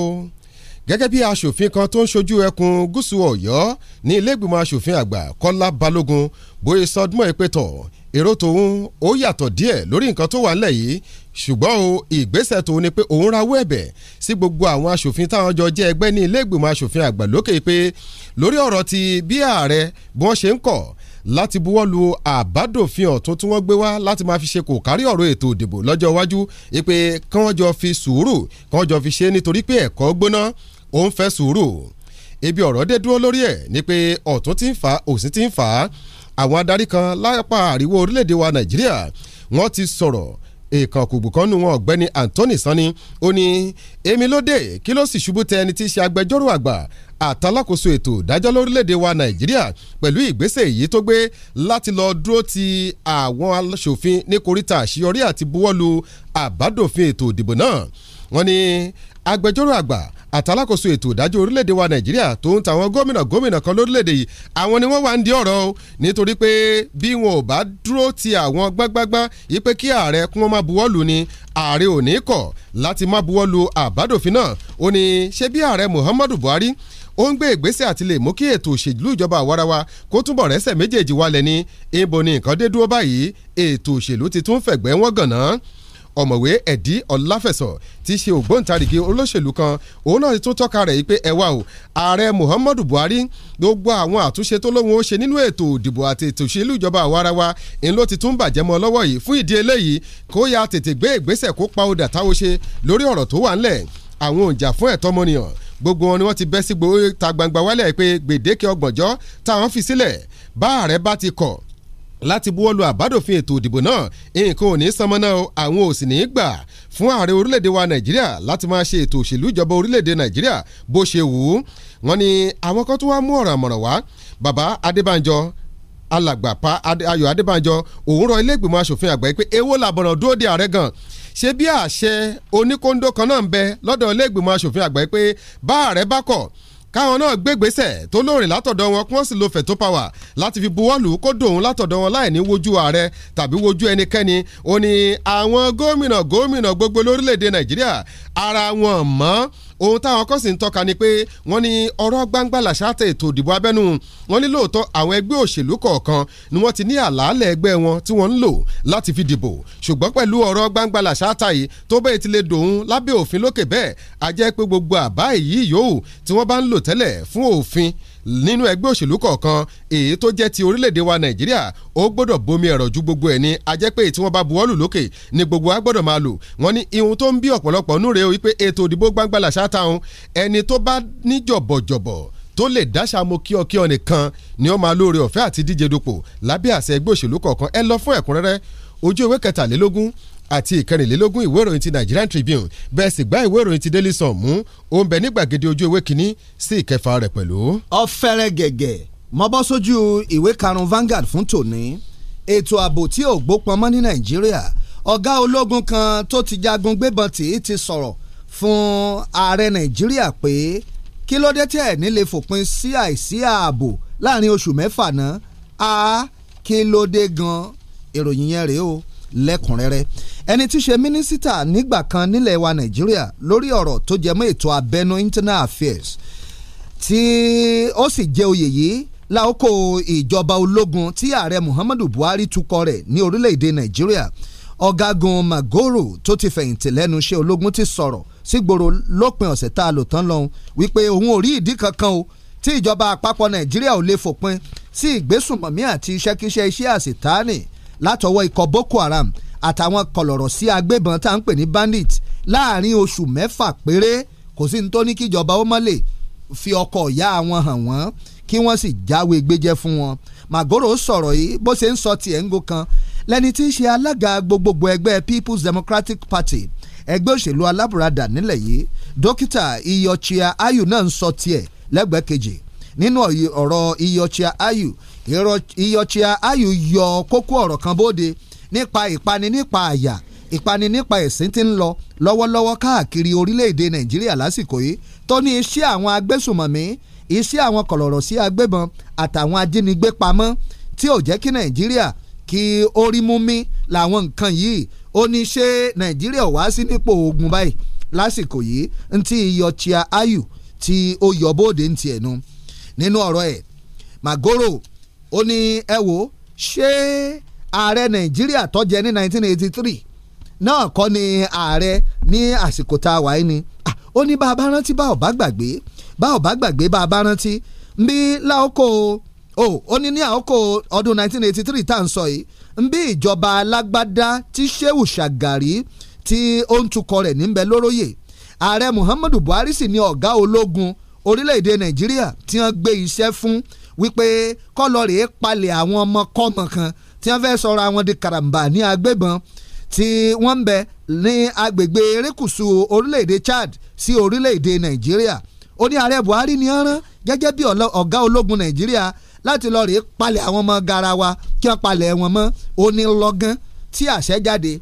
gẹ́gẹ́ bí aṣòfin kan tó ń ṣojú ẹkùn gúúsù Ọ̀yọ́ ní ilé ìgbìmọ̀ aṣòfin àgbà Kọ́lá Balógun bóyá sọdúnmọ́ ìpẹ́tọ̀ èrò tòun ó yàtọ̀ díẹ̀ lórí nǹkan tó wà nílẹ̀ yìí ṣùgbọ́n o ìgbésẹ̀ tòun ni pé òun rawọ́ ẹ̀bẹ̀ sí gbogbo àwọn aṣòfin táwọn jọ jẹ́ ẹgbẹ́ ní ilé ìgbìmọ̀ aṣòfin àgbà lókè pé lórí ọ̀rọ̀ ti bí ààrẹ bí wọ́n ṣe ń kọ̀ láti buwọ́ lu àbádòfin ọ̀tún tí wọ́n gbé wá láti máa fi ṣe kò kárí ọ̀rọ̀ ètò ìdìbò lọ́jọ́ iwájú pé kí wọ́n jọ fi sùúrù àwọn adarí kan lápá àríwá orílẹ̀-èdè wa nàìjíríà wọ́n ti sọ̀rọ̀ ìkànkùgbùkọ́nù wọn ọ̀gbẹ́ni Anthony Sanni ó ní èmi ló dé kí ló sì ṣubú tẹ ẹni tí í ṣe agbẹjọ́rò àgbà àtàlákòóso ètò ìdájọ́ lórílẹ̀‐èdè wa nàìjíríà pẹ̀lú ìgbésẹ̀ èyí tó gbé láti lọ dúró ti àwọn aṣòfin ní koríta àṣeyọrí àti buwọ́lu àbádòfin ètò ìdìbò náà wọ́n ní agbẹjọ́rò àgbà àtàlákòóso ètò ìdájọ́ orílẹ̀-èdè wa nàìjíríà tó ń tàwọn gómìnà gómìnà kan lórílẹ̀-èdè yìí àwọn ni wọ́n wà ń di ọ̀rọ̀ o nítorí pé bí wọn ò bá dúró ti àwọn gbágbágbá yìí pé kí ààrẹ kún wọn máa buwọ́ lù ni ààrẹ ò ní kọ̀ láti máa buwọ́ lù àbádòfin náà ó ní ṣé bí ààrẹ muhammadu buhari ó ń gbé ìgbésẹ̀ àti lè mú kí ètò òṣèlú ìjọba àwarawa kó túbọ̀ rẹ́sẹ̀ méjèèjì wálẹ̀ ní ibo ni nǹkan dé dúró báyìí ètò òṣèlú ti tún fẹ̀gbẹ́ wọn gànán ọ̀mọ̀wé ẹ̀dí ọ̀láfẹ̀sọ̀ tí í ṣe ògbóǹtarìgì olóṣèlú kan òun náà tún tọ́ka rẹ̀ yìí pé ẹ wá o ààrẹ Muhammadu Buhari gbogbo àwọn àtúnṣe tó lóun ó ṣe nínú ètò òdìbò àti ètò òṣèlú ìjọba àwarawa ń ló ti tún bàjẹ́ mọ́ lọ́wọ́ yìí fún ìdí eléyìí kó ya tètè gbé ìgbésẹ̀ kó pa odà táwo ṣe lórí ọ̀rọ̀ tó wà ńlẹ̀ àwọn òǹjà fún ẹ̀tọ́ ọmọnìyàn gbogbo wọn ni wọ́n ti bẹ́ sí gbòó ta gbangba wálẹ̀ pé gbèdéke ọgbọ̀njọ́ táwọn fi sílẹ̀ bá ààrẹ bá ti kọ̀ láti buwọ́lu àbádòfin ètò ìdìbò náà nǹkan ò ní sanmọ́nà àwọn ò sì ní í gbà fún ààrẹ orílẹ̀-èdè wa nàìjíríà láti máa ṣe ètò òṣèlú ìjọba orílẹ̀-èdè nàìjíríà bó ṣe wù ú wọ́n ní àwọn kan tó wá mú ọ̀rọ̀ àmọ̀ràn wá bàbá adébánjọ alàgbà pa ayọ̀ adébánjọ òun rọ ilé ìgbìmọ̀ asòfin àgbà yìí pé èwo làbọ̀ràn dúró de ààrẹ gan ṣé bí àṣẹ oníkóńdó kan náà ń bẹ lọ́dọ̀ ilé ìgbìmọ̀ asòfin àgbà yìí pé bá ààrẹ bá kọ̀ káwọn náà gbégbèsè tó lóòrìn látọ̀dọ̀ wọn kí wọ́n sì lo fẹ̀tó pàwà láti fi buwọ́lù kó dòun látọ̀dọ̀ wọn láì ní wojú ààrẹ tàbí wojú ẹnikẹ́ni ó ní àwọn gómìnà gómìnà gbogbo lórílẹ̀‐èdè nàìjíríà ara wọn mọ́ ohun táwọn kan sì ń tọ́ka ni pé wọ́n ní ọ̀rọ̀ gbangba làṣàtẹ̀ ètò ìdìbò abẹ́nú wọ́n ní lóòótọ́ àwọn ẹgbẹ́ òṣèlú kọ̀ọ̀kan ni wọ́n ti ní àlàálẹ̀ ẹgbẹ́ wọn tí wọ́n ń lò láti fi dìbò ṣùgbọ́n pẹ̀lú ọ̀rọ̀ gbangba làṣàtà yìí tó bẹ́ẹ̀ ti lè dòun lábẹ́ òfin lókè bẹ́ẹ̀ a pé gbogbo àbá èyí yòówù tí wọ́n bá ń lò tẹ́lẹ̀ fún òfin nínú ẹgbẹ́ òṣèlú kọ̀ọ̀kan èyí tó jẹ́ ti orílẹ̀-èdè wa nàìjíríà ó gbọ́dọ̀ bomi ẹ̀rọ̀ ju gbogbo ẹ̀ ní ajẹ́ pé tí wọ́n bá buwọ́lù lókè ni gbogbo wa gbọ́dọ̀ máa lò wọ́n ní ihun tó ń bí ọ̀pọ̀lọpọ̀ nú rèé wípé ètò ìdìbò gbangbala ṣáàtàun ẹni tó bá ní jọ̀bọ̀jọ̀bọ̀ tó lè dáṣà mo kí nìkan ni ó máa lóore ọ̀fẹ́ àti díje dupò lábẹ́ àṣẹ ẹgbẹ́ òṣèlú kọ̀ọ̀kan ẹ lọ fún ẹ̀kúnrẹ́rẹ́ ojú ìwé kẹtàlélógún àti ìkẹrìnlélógún ìwé ìròyìn ti Nigerian Tribune bẹ́ẹ̀ sì gbá ìwé ìròyìn ti Daily Sun mú ó ń bẹ ní gbàgede ojú ewé kínní sí ìkẹfà rẹ̀ pẹ̀lú. ọ̀fẹ́rẹ́ gẹ̀gẹ̀ mo bọ́ sójú ìwé karùn-ún Vanguard fún tòní ètò ààbò tí ò gbópọn mọ́ ní Nàìjíríà ọ̀gá ológun kan tó ti jagun gbébọn tì í ti sọ̀rọ̀ fún ààrẹ Nàìjíríà pé kí ló dé tẹ̀ nílé fòpin sí àìsí ààbò láàrin oṣù mẹ́fà náà a kí ló dé gan ìròyìn yẹn rèé o lẹ́kùnrẹ́rẹ́ ẹni tí í ṣe mínísítà nígbà kan nílẹ̀ wa nàìjíríà lórí ọ̀rọ̀ tó jẹ mọ́ ètò abẹ́nú internal affairs tí ó sì jẹ oyè yìí láòkó ìjọba ológun tí ààrẹ muhammadu buhari tukọ̀ rẹ̀ ní orílẹ̀-èdè nàìjíríà ọ̀gágun magoro tó ti fẹ̀yìntì lẹ́nu iṣẹ́ ológun ti sọ̀rọ̀ sígboro lópin ọ̀sẹ̀ tá a lò tán lọ́hùn wípé òun ò rí ìdí kankan o tí ìjọba àpapọ̀ nàìjíríà ò lè fòpin sí ìgbésùnmọ̀mí àti iṣẹ́kíṣẹ́ iṣẹ́ àṣetánì látọwọ́ ikọ̀ Boko Haram àtàwọn kọlọ̀rọ̀ sí agbébọn tá à ń pè ní bandit láàrin oṣù mẹ́fà péré kò sí ní tó ní kíjọba ó mọ́lẹ̀ fi ọkọ̀ ìyá wọn hàn wọ́n kí wọ́n sì jáwé gbéjẹ́ fún wọn Magoro sọ̀rọ̀ yìí bó ṣe ń sọ tiẹ̀ ń go kan lẹ́ni tí í ṣe alága gbogbogbò ẹgbẹ́ People's Democratic Party ẹgbẹ́ òṣèlú alábùradà nílẹ̀ yìí dókítà Iyọchia Ayu náà ń sọ tiẹ̀ lẹ́gbẹ̀ẹ́ kejì nínú ọ̀rọ̀ Iyọchia Ayu iyọ̀chia ayù yọ kókó ọ̀rọ̀ kan bóde nípa ìpani nípa àyà ìpani nípa ẹ̀sìn tí ń lọ lọ́wọ́lọ́wọ́ káàkiri orílẹ̀-èdè nàìjíríà lásìkò yìí tó ní iṣẹ́ àwọn agbésùmọ̀mí iṣẹ́ àwọn kọ̀lọ̀rọ̀ sí agbébọn àtàwọn ajínigbé pamọ́ tí ò jẹ́ kí nàìjíríà kí ó rí mú mí làwọn nǹkan yìí ó ní ṣé nàìjíríà wá sí nípò ogun báyìí lásìkò yìí ntí iyọ̀chia ayù tí ó yọ bóde ń tiẹ̀ nu nínú ọ̀rọ̀ ẹ̀ màgòrò ó ní ẹ wo ṣé ààrẹ nàìjíríà tó ní 1983 náà kọ́ ni ààrẹ ní àsìkò tá a wà yìí ni ó ní bá a bá rántí bá ọ̀bá gbàgbé bá ọ̀bá gbàgbé bá a bá rántí nbí láòkó o ó ní ní àòkó ọdún 1983 tá à ń sọ yìí nbí ìjọba alágbádá tí Shehu Shagari tí ó ń tukọ̀ rẹ̀ níbẹ̀ lóróyè ààrẹ Muhammadu Buhari sì ni ọ̀gá ológun orílẹ̀-èdè Nàìjíríà tí wọ́n gbé iṣẹ́ fún wípé kọ́ lọ rèé palẹ̀ àwọn ọmọkọ́mọ kan tí wọ́n fẹ́ sọra wọn di karambà ní agbébọn tí wọ́n ń bẹ ní agbègbè erékùsù orílẹ̀-èdè Chad sí orílẹ̀-èdè Nàìjíríà ó ní ààrẹ Buhari ní ọ̀ràn gẹ́gẹ́ bí ọ̀gá ológun Nàìjíríà láti lọ rèé palẹ̀ àwọn ọmọ garawa kí wọ́n palẹ̀ wọn mọ́ onílọ́gán tí àṣẹ jáde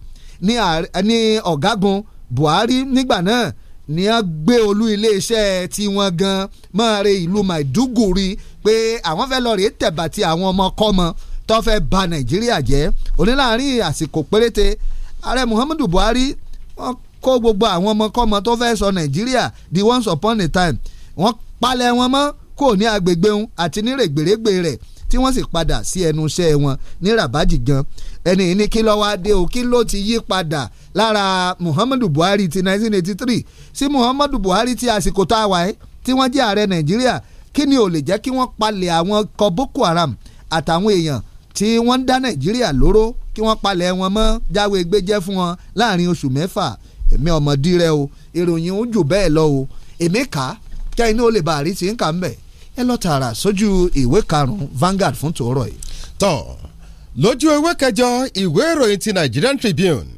ní ọ̀gágun Buhari nígbà náà ní a gbé olú iléeṣẹ́ tí wọ́n gan máa re ìlú Maiduguri pé àwọn fẹ́ lọ rèé tẹ̀bà tí àwọn ọmọ kọ́mọ tó fẹ́ ba Nàìjíríà jẹ́ oníláàárín àsìkò péréte ààrẹ Muhammadu Buhari wọ́n kó gbogbo àwọn ọmọkọ́mọ tó fẹ́ sọ Nàìjíríà di once upon a time wọ́n palẹ̀ wọn mọ́ kò ní agbègbè òun àti ní règbèrègbè rẹ̀ tí wọ́n sì padà sí ẹnu iṣẹ́ wọn ní rabaji gan ẹni ní kí ló wá o kí ló ti yí padà lára Muhammadu Buhari ti 1983 sí Muhammadu Buhari ti àsìkò tá a wà ẹ́ tí wọ́n jẹ́ ààrẹ Nàìjíríà kí ni ò lè jẹ́ kí wọ́n palẹ̀ àwọn kọ Boko Haram àtàwọn èèyàn tí wọ́n ń dá Nàìjíríà lóró kí wọ́n palẹ̀ wọn mọ́ jáwé gbéjẹ́ fún wọn láàrin oṣù mẹ́fà èmi ọmọdé rẹ o ìròyìn ń bẹ́ẹ̀ lọ o èmi kà kẹ́hìn ní ó bàárí sí ń kà ń bẹ̀ ẹ lọ tààrà sójú ìwé karùn-ún Vanguard fún tòórọ̀ yìí. tọ́ lójú ewé kẹjọ ìwé ìròyìn ti Nigerian Tribune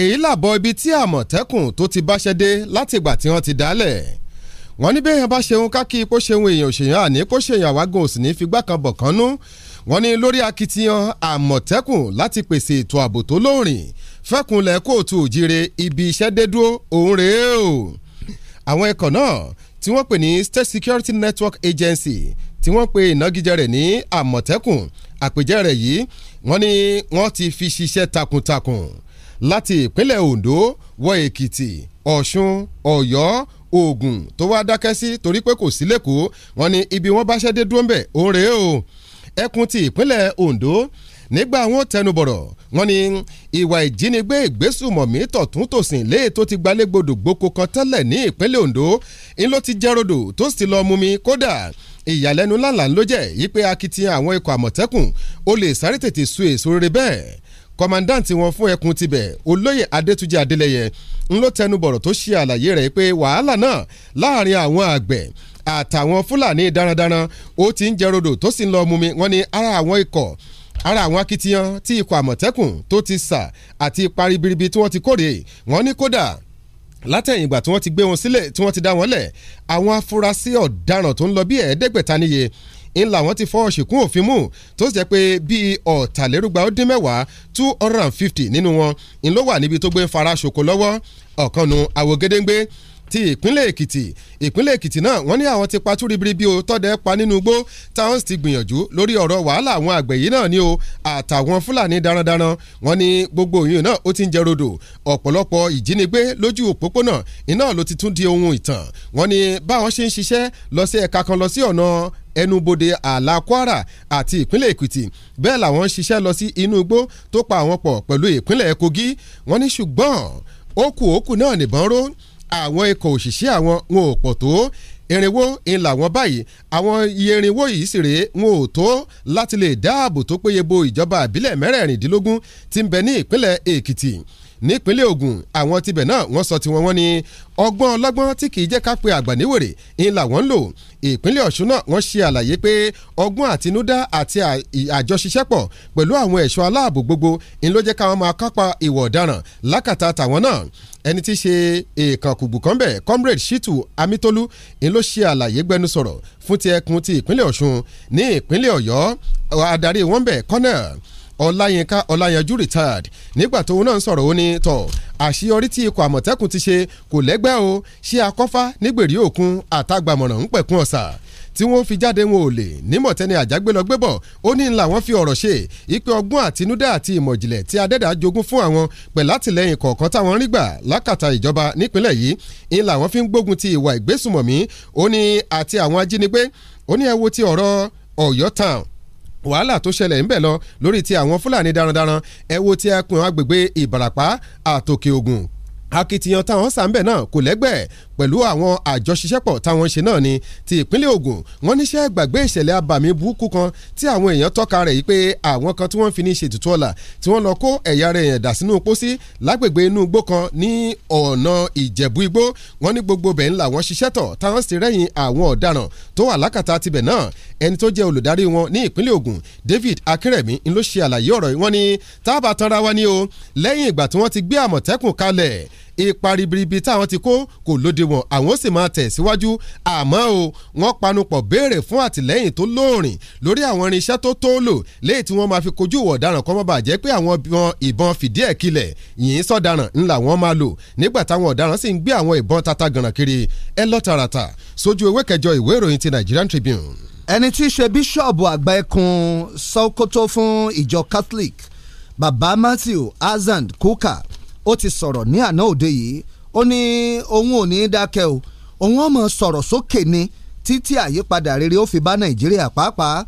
èyí làbọ̀ ibi tí àmọ̀tẹ́kùn tó ti báṣẹ́ dé látìgbà tí wọ́n ti dálẹ̀ wọ́n ní bẹ́ẹ̀ yẹn bá ṣeun kákí kó ṣeun èèyàn òṣèyàn àní kó ṣèyàn àwágùn òsì ní figbá kan bọ̀ kan nú wọ́n ní lórí akitiyan àmọ̀tẹ́kùn láti pèsè ètò ààbò tó lóòrìn fẹ́kunlẹ̀ kóòtù òjire ibi iṣẹ́ dé dúró òun rèé o àwọn ẹ̀kọ́ náà tí wọ́n pè ní State Security Network Agency tí wọ́n pe ìnagijẹ rẹ̀ ní Àmọ̀tẹ́kùn àpèjẹ rẹ̀ yìí wọ́n ní wọ́n ti fi ṣiṣẹ́ takuntakun láti ìpínlẹ̀ Ondo wọ Èkìtì Ọ̀ṣun Ọ̀yọ́ Ògùn tó wá dákẹ́ sí torí pé kò sí lẹ́kọ̀ọ́ wọ́n ní ibi wọ́n bá ṣẹ́dé dúró ń bẹ̀ òun rèé o ẹkùn ti ìpínlẹ̀ Ondo nígbà wọn tẹnubọ̀rọ̀ wọn ni ìwà ìjínigbé ìgbésùmọ̀mí tọ̀tún tòsìn léè tó ti gbalẹ́gbodò gboko kan tẹ́lẹ̀ ní ìpínlẹ̀ Ondo ńlọ ti jẹ́rọ̀dọ̀ tó sì lọ́ọ́ mumi kódà ìyàlẹ́nu lálàá ló jẹ́ yí pé akitiyan àwọn ikọ̀ àmọ̀tẹ́kùn ó lè sáré tètè so èso rere bẹ́ẹ̀ kọmandanti wọn fún ẹkùn tibẹ̀ olóyè adétúnjì adélẹyẹ ń ló tẹnubọ̀rọ̀ tó ṣe àlàyé rẹ̀ pé wàhálà náà láàrin àwọn àgbẹ̀ àtàwọn fúlàní darandaran ó ti ń jẹ tó sì ń lọ mumi wọn ni ara àwọn ikọ̀ ara àwọn akitiyan tí ikọ̀ àmọ̀tẹ́kùn tó ti sà àti ipa ribiribi tí wọ́n ti kórè wọ́n ní kódà látẹ̀yìn ìgbà tí wọ́n ti gbé wọn sílẹ̀ tí wọ́n ti dá wọn lẹ̀ àwọn afurasí ọ̀daràn tó ń lọ bí ẹ̀ẹ́dẹ́gbẹ̀ta níye ńlá wọn ti fọwọ́ ṣìkún òfin mú tó sì jẹ́ pé bíi ọ̀tàlérúgba ó dín mẹ́wàá two hundred and fifty nínú wọn ńlọ wà níbi tó gbé ń fara ṣòkò lọ́wọ́ ọ̀kan àwògedengbe ti ìpínlẹ̀ èkìtì ìpínlẹ̀ èkìtì náà wọ́n ní àwọn ti patú ribiribi o tọ́dẹ̀ pa nínú igbó táwọn sì ti gbìyànjú lórí ọ̀rọ̀ wàhálà àwọn àgbẹ̀ yìí náà ni o àtàwọn fúlàní darandaran wọ́n ní gbogbo òyìn náà ó ti ń jẹ rodò ọ̀pọ̀lọpọ̀ ìjínigbé lójú òpópónà iná ló ti tún di ohun ìtàn wọ́n ní báwọn ṣe ń ṣiṣẹ́ lọ sí ẹ̀ka kan lọ sí ọ̀nà ẹnubodè àlà kwara àti ìpínlẹ̀ èkìtì bẹ́ẹ̀ làwọn ń ṣiṣẹ́ lọ sí inú igbó tó pa àwọn pọ̀ pẹ̀lú ìpínlẹ̀ kogi wọ́n ní ṣùgbọ́n ó kù ó kù náà nìbọn ró àwọn ikọ̀ òṣìṣẹ́ àwọn wọn ò pọ̀ tó irinwó ń làwọn báyìí àwọn iye irinwó yìí sì rèé wọn ò tó láti lè dáàbò tó péye bo ìjọba àbílẹ̀ mẹ́rẹ̀ẹ̀rìndínlógún tí ń bẹ ní ìpínlẹ̀ Èkìtì nípínlẹ̀ Ògùn àwọn tibẹ̀ náà wọ́n sọ tiwọn wọ́n ní ọgbọ́n ọlọ́gbọ́n tí kì í jẹ́ ká pe àgbà níwèrè ń làwọn ń lò ìpínlẹ̀ Ọ̀ṣun náà wọ́n ṣe àlàyé pé ọgbọ́n àtinúdá àti àjọṣiṣẹ́pọ̀ pẹ̀lú àwọn ẹ̀ṣọ́ aláàbò gbogbo ń jẹ́ káwọn máa kápá ìwà ọ̀daràn lákàtà tàwọn náà ẹni tí ṣe ìkànkùgbù kan bẹ̀ comrade Shitu Amitolu ń ló ṣe àlàyé gbẹnu sọ̀rọ̀ fún ti ẹkùn ti ìpínlẹ̀ Ọ̀ṣun ní ìpínlẹ̀ Ọ̀yọ́ adarí wọn bẹ̀ kọ́nẹ̀ ọláyínká ọláyanjú retired nígbà tóun náà ń sọ̀rọ̀ ó ní tọ̀ àṣeyọrí tí ikọ̀ àmọ̀tẹ́kùn ti ṣe kò lẹ́gbẹ́ o ṣé akọ́fà nígbèrè òkun àtàgbàmọ̀ràn ń pẹ̀kún ọ̀sà tí wọ́n fi jáde wọn ò lè nímọ̀ tẹ́ni àjágbélọ́gbébọ̀ ó ní ńlá wọn fi ọ̀rọ̀ ṣe ìpè ọgbọ́n àtinúdá àti ìmọ̀jìnlẹ̀ tí adẹ́dà jogún fún àwọn pẹ̀látìlẹ́yìn kọ̀ọ̀kan táwọn rí gbà lákàtà ìjọba nípínlẹ̀ yìí ńlá wọn fi ń gbógun ti ìwà ìgbésùmọ̀mí ó ní àti àwọn ajínigbé ó ní ẹ wo ti ọ̀rọ̀ Ọ̀yọ́ town wàhálà tó ṣẹlẹ̀ ńbẹ̀ lọ lórí ti àwọn fúlàní darandaran ẹ wo ti ẹkùn agbègbè ìbàràpá àtòkè ògùn akitiyan táwọn sàmbẹ̀ náà kò lẹ́gbẹ̀ẹ́ pẹ̀lú àwọn àjọṣiṣẹ́pọ̀ táwọn ṣe náà ni ti ìpínlẹ̀ Ògùn wọ́n níṣẹ́ gbàgbé ìṣẹ̀lẹ̀ abàmì burúkú kan tí àwọn èèyàn tọ́ka rẹ̀ yìí pé àwọn kan tí wọ́n fi ní ṣe ètùtù ọ̀la tí wọ́n lọ kó ẹ̀yà ara èèyàn dà sínú pósí lágbègbè inú igbó kan ní ọ̀nà Ìjẹ̀bú Igbó wọ́n ní gbogbo bẹ̀ ńlá wọn ṣiṣẹ́ tọ̀ táwọn sì rẹ́yìn àwọn ọ̀daràn tó wà lákàtà tibẹ̀ náà ẹni tó jẹ́ olùdarí wọn ní ìpínlẹ̀ Ògùn David Akínrẹ̀mí ń ló ṣe àlàyé ọ̀rọ̀ wọn ni táàbà tanra wa ni o lẹ́yìn ìgbà tí wọ́n ti gbé Àmọ̀tẹ́kùn kalẹ̀ ipa ribiribi táwọn ti kó kò lóde wọn àwọn sì máa tẹ̀ àmọ́ o wọ́n panupọ̀ béèrè fún àtìlẹ́yìn tó lóòrìn lórí àwọn irinṣẹ́ tó tó lò léyìí tí wọ́n máa fi kojú ọ̀daràn kọ́ mọ́ bàjẹ́ pé àwọn ìbọn fìdí ẹ̀ kilẹ̀ yìnyín sọ̀daràn ńlá wọn máa lò nígbà táwọn ọ̀daràn sì ń gbé àwọn ìbọn tata gànràn kiri ẹ lọ tààràtà sójú ewé kẹjọ ìwé ìròyìn ti Nigerian Tribune. ẹni tí í ṣe bíṣọ̀bù àgbà ẹkùn Sókótó fún ìjọ Catholic Baba Matthew Azand Kuka ó ti sọ̀rọ̀ ní àná òde yìí ó ní òun ò ní í dákẹ́ o òun ọmọ sọ̀rọ̀ sókè ni títí àyípadà rere ó fi bá nàìjíríà pàápàá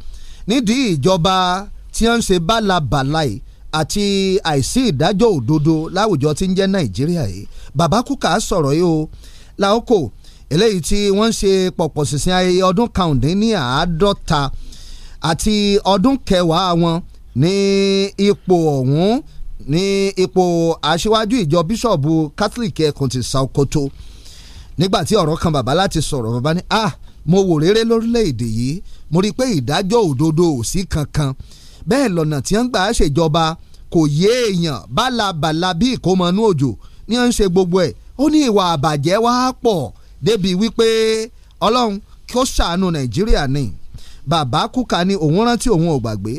nídìí ìjọba tí wọ́n ń ṣe bálabàlà yìí àti àìsí ìdájọ́ òdodo láwùjọ tí ń jẹ́ nàìjíríà yìí bàbá kúkà sọ̀rọ̀ yìí o láòkò eléyìí tí wọ́n ń ṣe pọ̀pọ̀ sísìn ayẹyẹ ọdún kàùndín ní àádọ́ta àti ọdún kẹwàá wọn ní ipò ọ̀hún ní ipò aṣíwájú ìjọ bíṣọ̀bù catholic ẹkùn ti Sókótó nígbà tí ọ̀rọ̀ kan bàbá láti sọ̀rọ̀ bàbá ní ah mo wò rere lórílẹ̀‐èdè yìí mo rí i pé ìdájọ́ òdodo ò sí kankan bẹ́ẹ̀ lọ́nà tí wọ́n gbà á ṣèjọba kò yé èèyàn bálabàla bí ìkómọnú òjò ní à ń ṣe gbogbo ẹ̀ ó ní ìwà àbàjẹ́ wá pọ̀ débi wípé ọlọ́run kí ó ṣàánú nàìjíríà ni bàbá kúka ni òun rántí òun ò gbàgbé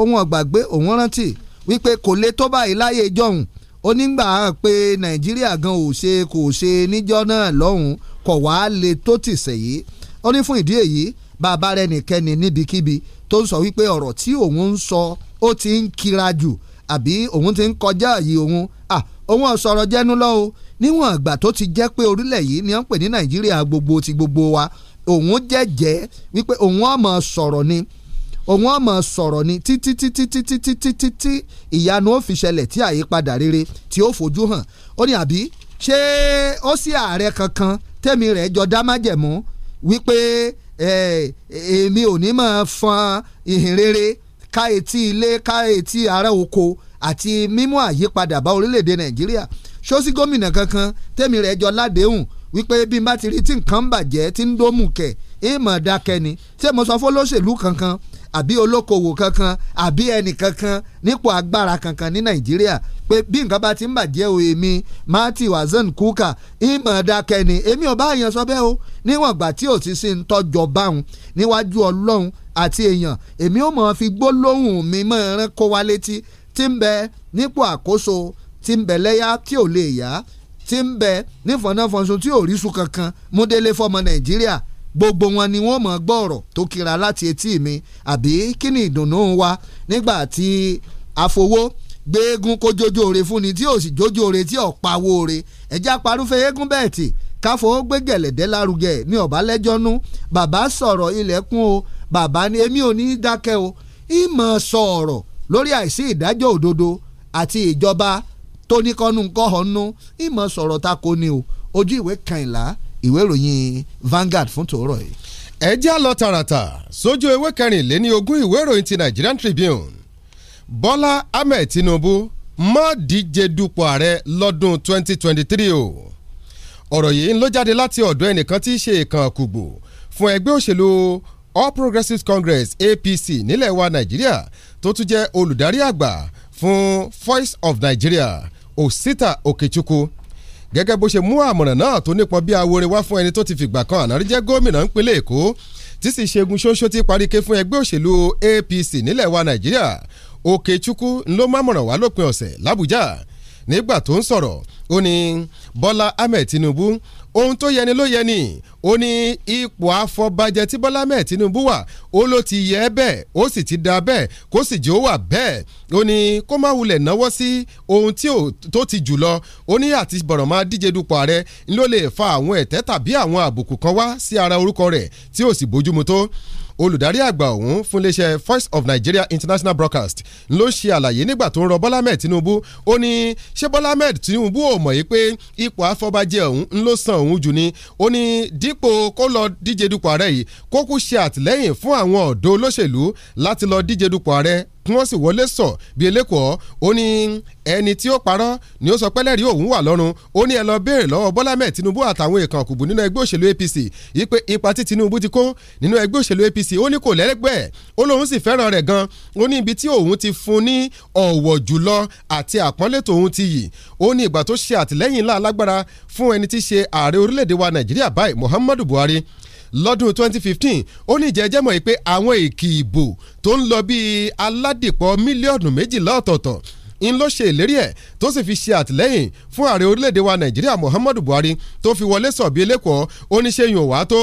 òun ò gbàgbé òun rántí wípé kò lè tó báyìí láyé jọ̀hún onígbà pé nàìjíríà gan ò ṣe kò ṣe níjọ́ náà lọ́hùn kọ̀ wá lè tó tì sẹ́yìí ó ní fún ìdí èyí bàbá rẹ nìkẹ́ni níbikíbi tó ń sọ wípé ọ̀rọ̀ tí òun ń sọ ó ti ń kira jù àbí òun ti ń kọjá àyè òun à òun ọ̀sọ̀rọ̀ jẹ́nu lọ o níwọ̀n ìgbà tó ti jẹ́ pé orílẹ̀ yìí ni wọ́n pè ní nàìjíríà gbogbo ti gbogbo wa òun jẹ́jẹ́ wípé òun ọmọ sọ̀rọ̀ ni òun ọmọ sọ̀rọ̀ ni títí títí títí títí títí ìyanu ó fi ṣẹlẹ̀ tí àyípadà rere tí ó fojú hàn ó ní àbí ṣé ó sí ààrẹ kankan tẹ́mi rẹ̀ jọ dá májẹ̀mú wípé èmi ò ní máa fọn ìhìn rere ká etí ilé ká etí ara oko àti mímú àyípadà bá orílẹ̀-èdè nàìjíríà ṣó sí gómìnà kankan tẹ́mi rẹ̀ jọ ládéhùn wípé bí n bá ti rí tí nǹkan ń bàjẹ́ tí ń dómù kẹ̀ ẹ mọ̀ dákẹ́ ni ṣé mo sọ fún olóṣèlú kankan àbí olókoòwò kankan àbí ẹnì kankan nípò agbára kankan ní nàìjíríà pé bí nǹkan bá ti ń bàjẹ́ o èmi mati wazan kuka ìmọ̀ èmi ò bá èèyàn sọ o níwọ̀n ìgbà tí òsì sí ń tọ́jọ báwọn níwájú ọlọ́run àti èèyàn èmi ò mọ̀ fi gbólóhùn mi mọ̀ ẹran kó wa létí tí ń bẹ nípò àkóso tí ń bẹ lẹ́yà tí ò lè yá tí ń bẹ nífọ̀nàfọ̀nsun tí ò rísun kankan múdélé fọmọ nàìjíríà gbogbo wọn ni wọ́n mọ̀ gbọ́ tó kíra láti etí mi àbí kí ni ìdùnnú wa nígbà tí àfowó gbẹ́gun kó jójó ore fún ni tí ò sì jójó ore tí ò pawó ore ẹ̀já parúfẹ́ eégún bẹ́ẹ̀ tì káfọ́ ó gbé gẹ̀lẹ́dẹ́ lárugẹ ní ọ̀bálẹ́jọ́nú bàbá sọ̀rọ̀ ilẹ̀kùn o bàbá ni èmi ò ní í dákẹ́ o ìmọ̀ sọ̀rọ̀ lórí àìsí ìdájọ́ òdodo àti ìjọba tóníkọ́nù ńkọ́hónú ìmọ̀ sọ̀rọ̀ ta o ojú ìwé kànlá ìwé ìròyìn Vanguard fún tòórọ̀ yìí. ẹ já lọ tààràtà sójú ewé kẹrìnléní ogún ìwé ìròyìn ti Nigerian Tribune Bọ́lá Ahmed Tinubu má díje dupò ààrẹ lọ́dún 2023 o ọ̀rọ̀ yìí ló jáde láti ọ̀dọ̀ ẹnìkan tí í ṣe ìkàn àkùgbò fún ẹgbẹ́ òṣèlú All Progressives Congress APC nílẹ̀ wa Nàìjíríà tó tún jẹ́ olùdarí àgbà fún Voice of Nigeria Osita Okechukwu gẹ́gẹ́ bó ṣe mú àmọ̀ràn náà tó nípọn bí aworin wá fún ẹni tó ti fìgbà kan àná rí jẹ́ gómìnà ńpínlẹ̀ èkó tí sì ṣẹ́gun ṣoṣo ti parí ké fún ẹgbẹ́ òṣèlú APC nílẹ̀ wa nàìjíríà Okechukwu ló mámọ̀ràn wá lópin ọ̀sẹ̀ làbújá nígbà tó ń sọ̀rọ̀ ó ní Bọ́lá Ahmed Tinubu ohun tó yẹni ló yẹni ó ní ipò àfọbàjẹ tí Bọ́lá mẹ́ẹ̀ Tinubu wà ó ló ti yẹ bẹ́ẹ̀ ó sì ti da bẹ́ẹ̀ kó sì jẹ́ ó wà bẹ́ẹ̀ ó ní kó má wulẹ̀ náwó sí ohun tí tó ti jù lọ ó ní àti bọ̀rọ̀ máa díje dupò ààrẹ ló lè fa àwọn ẹ̀tẹ́ tàbí àwọn àbùkù kan wá sí ara orúkọ rẹ̀ tí ò sì bójúmu tó olùdarí àgbà ọ̀hún fún iléeṣẹ́ Voice of Nigeria International Broadcast ló ṣe àlàyé nígbà tó ń rọ Bọ́lá Ahmed Tinubu ó ní ṣé Bọ́lá Ahmed Tinubu ò mọ̀ yìí pé ipò afọbajẹ ọ̀hún ń ló san òun jù ni ó ní dípò kó lọ díje dupò ààrẹ yìí kó kú ṣe àtìlẹ́yìn fún àwọn ọ̀dọ́ olóṣèlú láti lọ díje dupò ààrẹ kí wọ́n sì wọlé sọ bí elékòó ó ní ẹni tí ó parọ́ ni ó sọ pẹ́lẹ́rìí òun wà lọ́rùn ó ní ẹ lọ béèrè lọ́wọ́ Bọ́lá mẹ́ẹ̀ Tinubu àtàwọn èèkàn kùbù nínú ẹgbẹ́ òṣèlú APC ipe ipa tí Tinubu ti kó nínú ẹgbẹ́ òṣèlú APC ó ní kò lẹ́gbẹ̀ẹ́ ó lóun sì fẹ́ràn rẹ̀ gan ó ní ibi tí òun ti fún ní ọ̀wọ̀ jùlọ àti àpọ́nlé tòun ti yìí ó ní ìgbà tó ṣe àtìlẹ́yìn ńlá alágbára fún ẹni tí ṣe ààrẹ orílẹ̀-èdè wa Nàìjíríà báyìí Muhammadu Buhari lọ́dún 2015 ó ní ìjẹ́jẹ́ mọ̀ pé àwọn èkì ìbò tó ń lọ bíi aládìpọ̀ mílíọ̀nù méjìlá ọ̀tọ̀ọ̀tọ̀ ń ló ṣe ìlérí ẹ̀ tó sì fi ṣe àtìlẹ́yìn fún ààrẹ orílẹ̀-èdè wa nàìjíríà muhammadu buhari tó fi wọlé sọ̀bí elékòó oníṣẹ́yìn òwá tó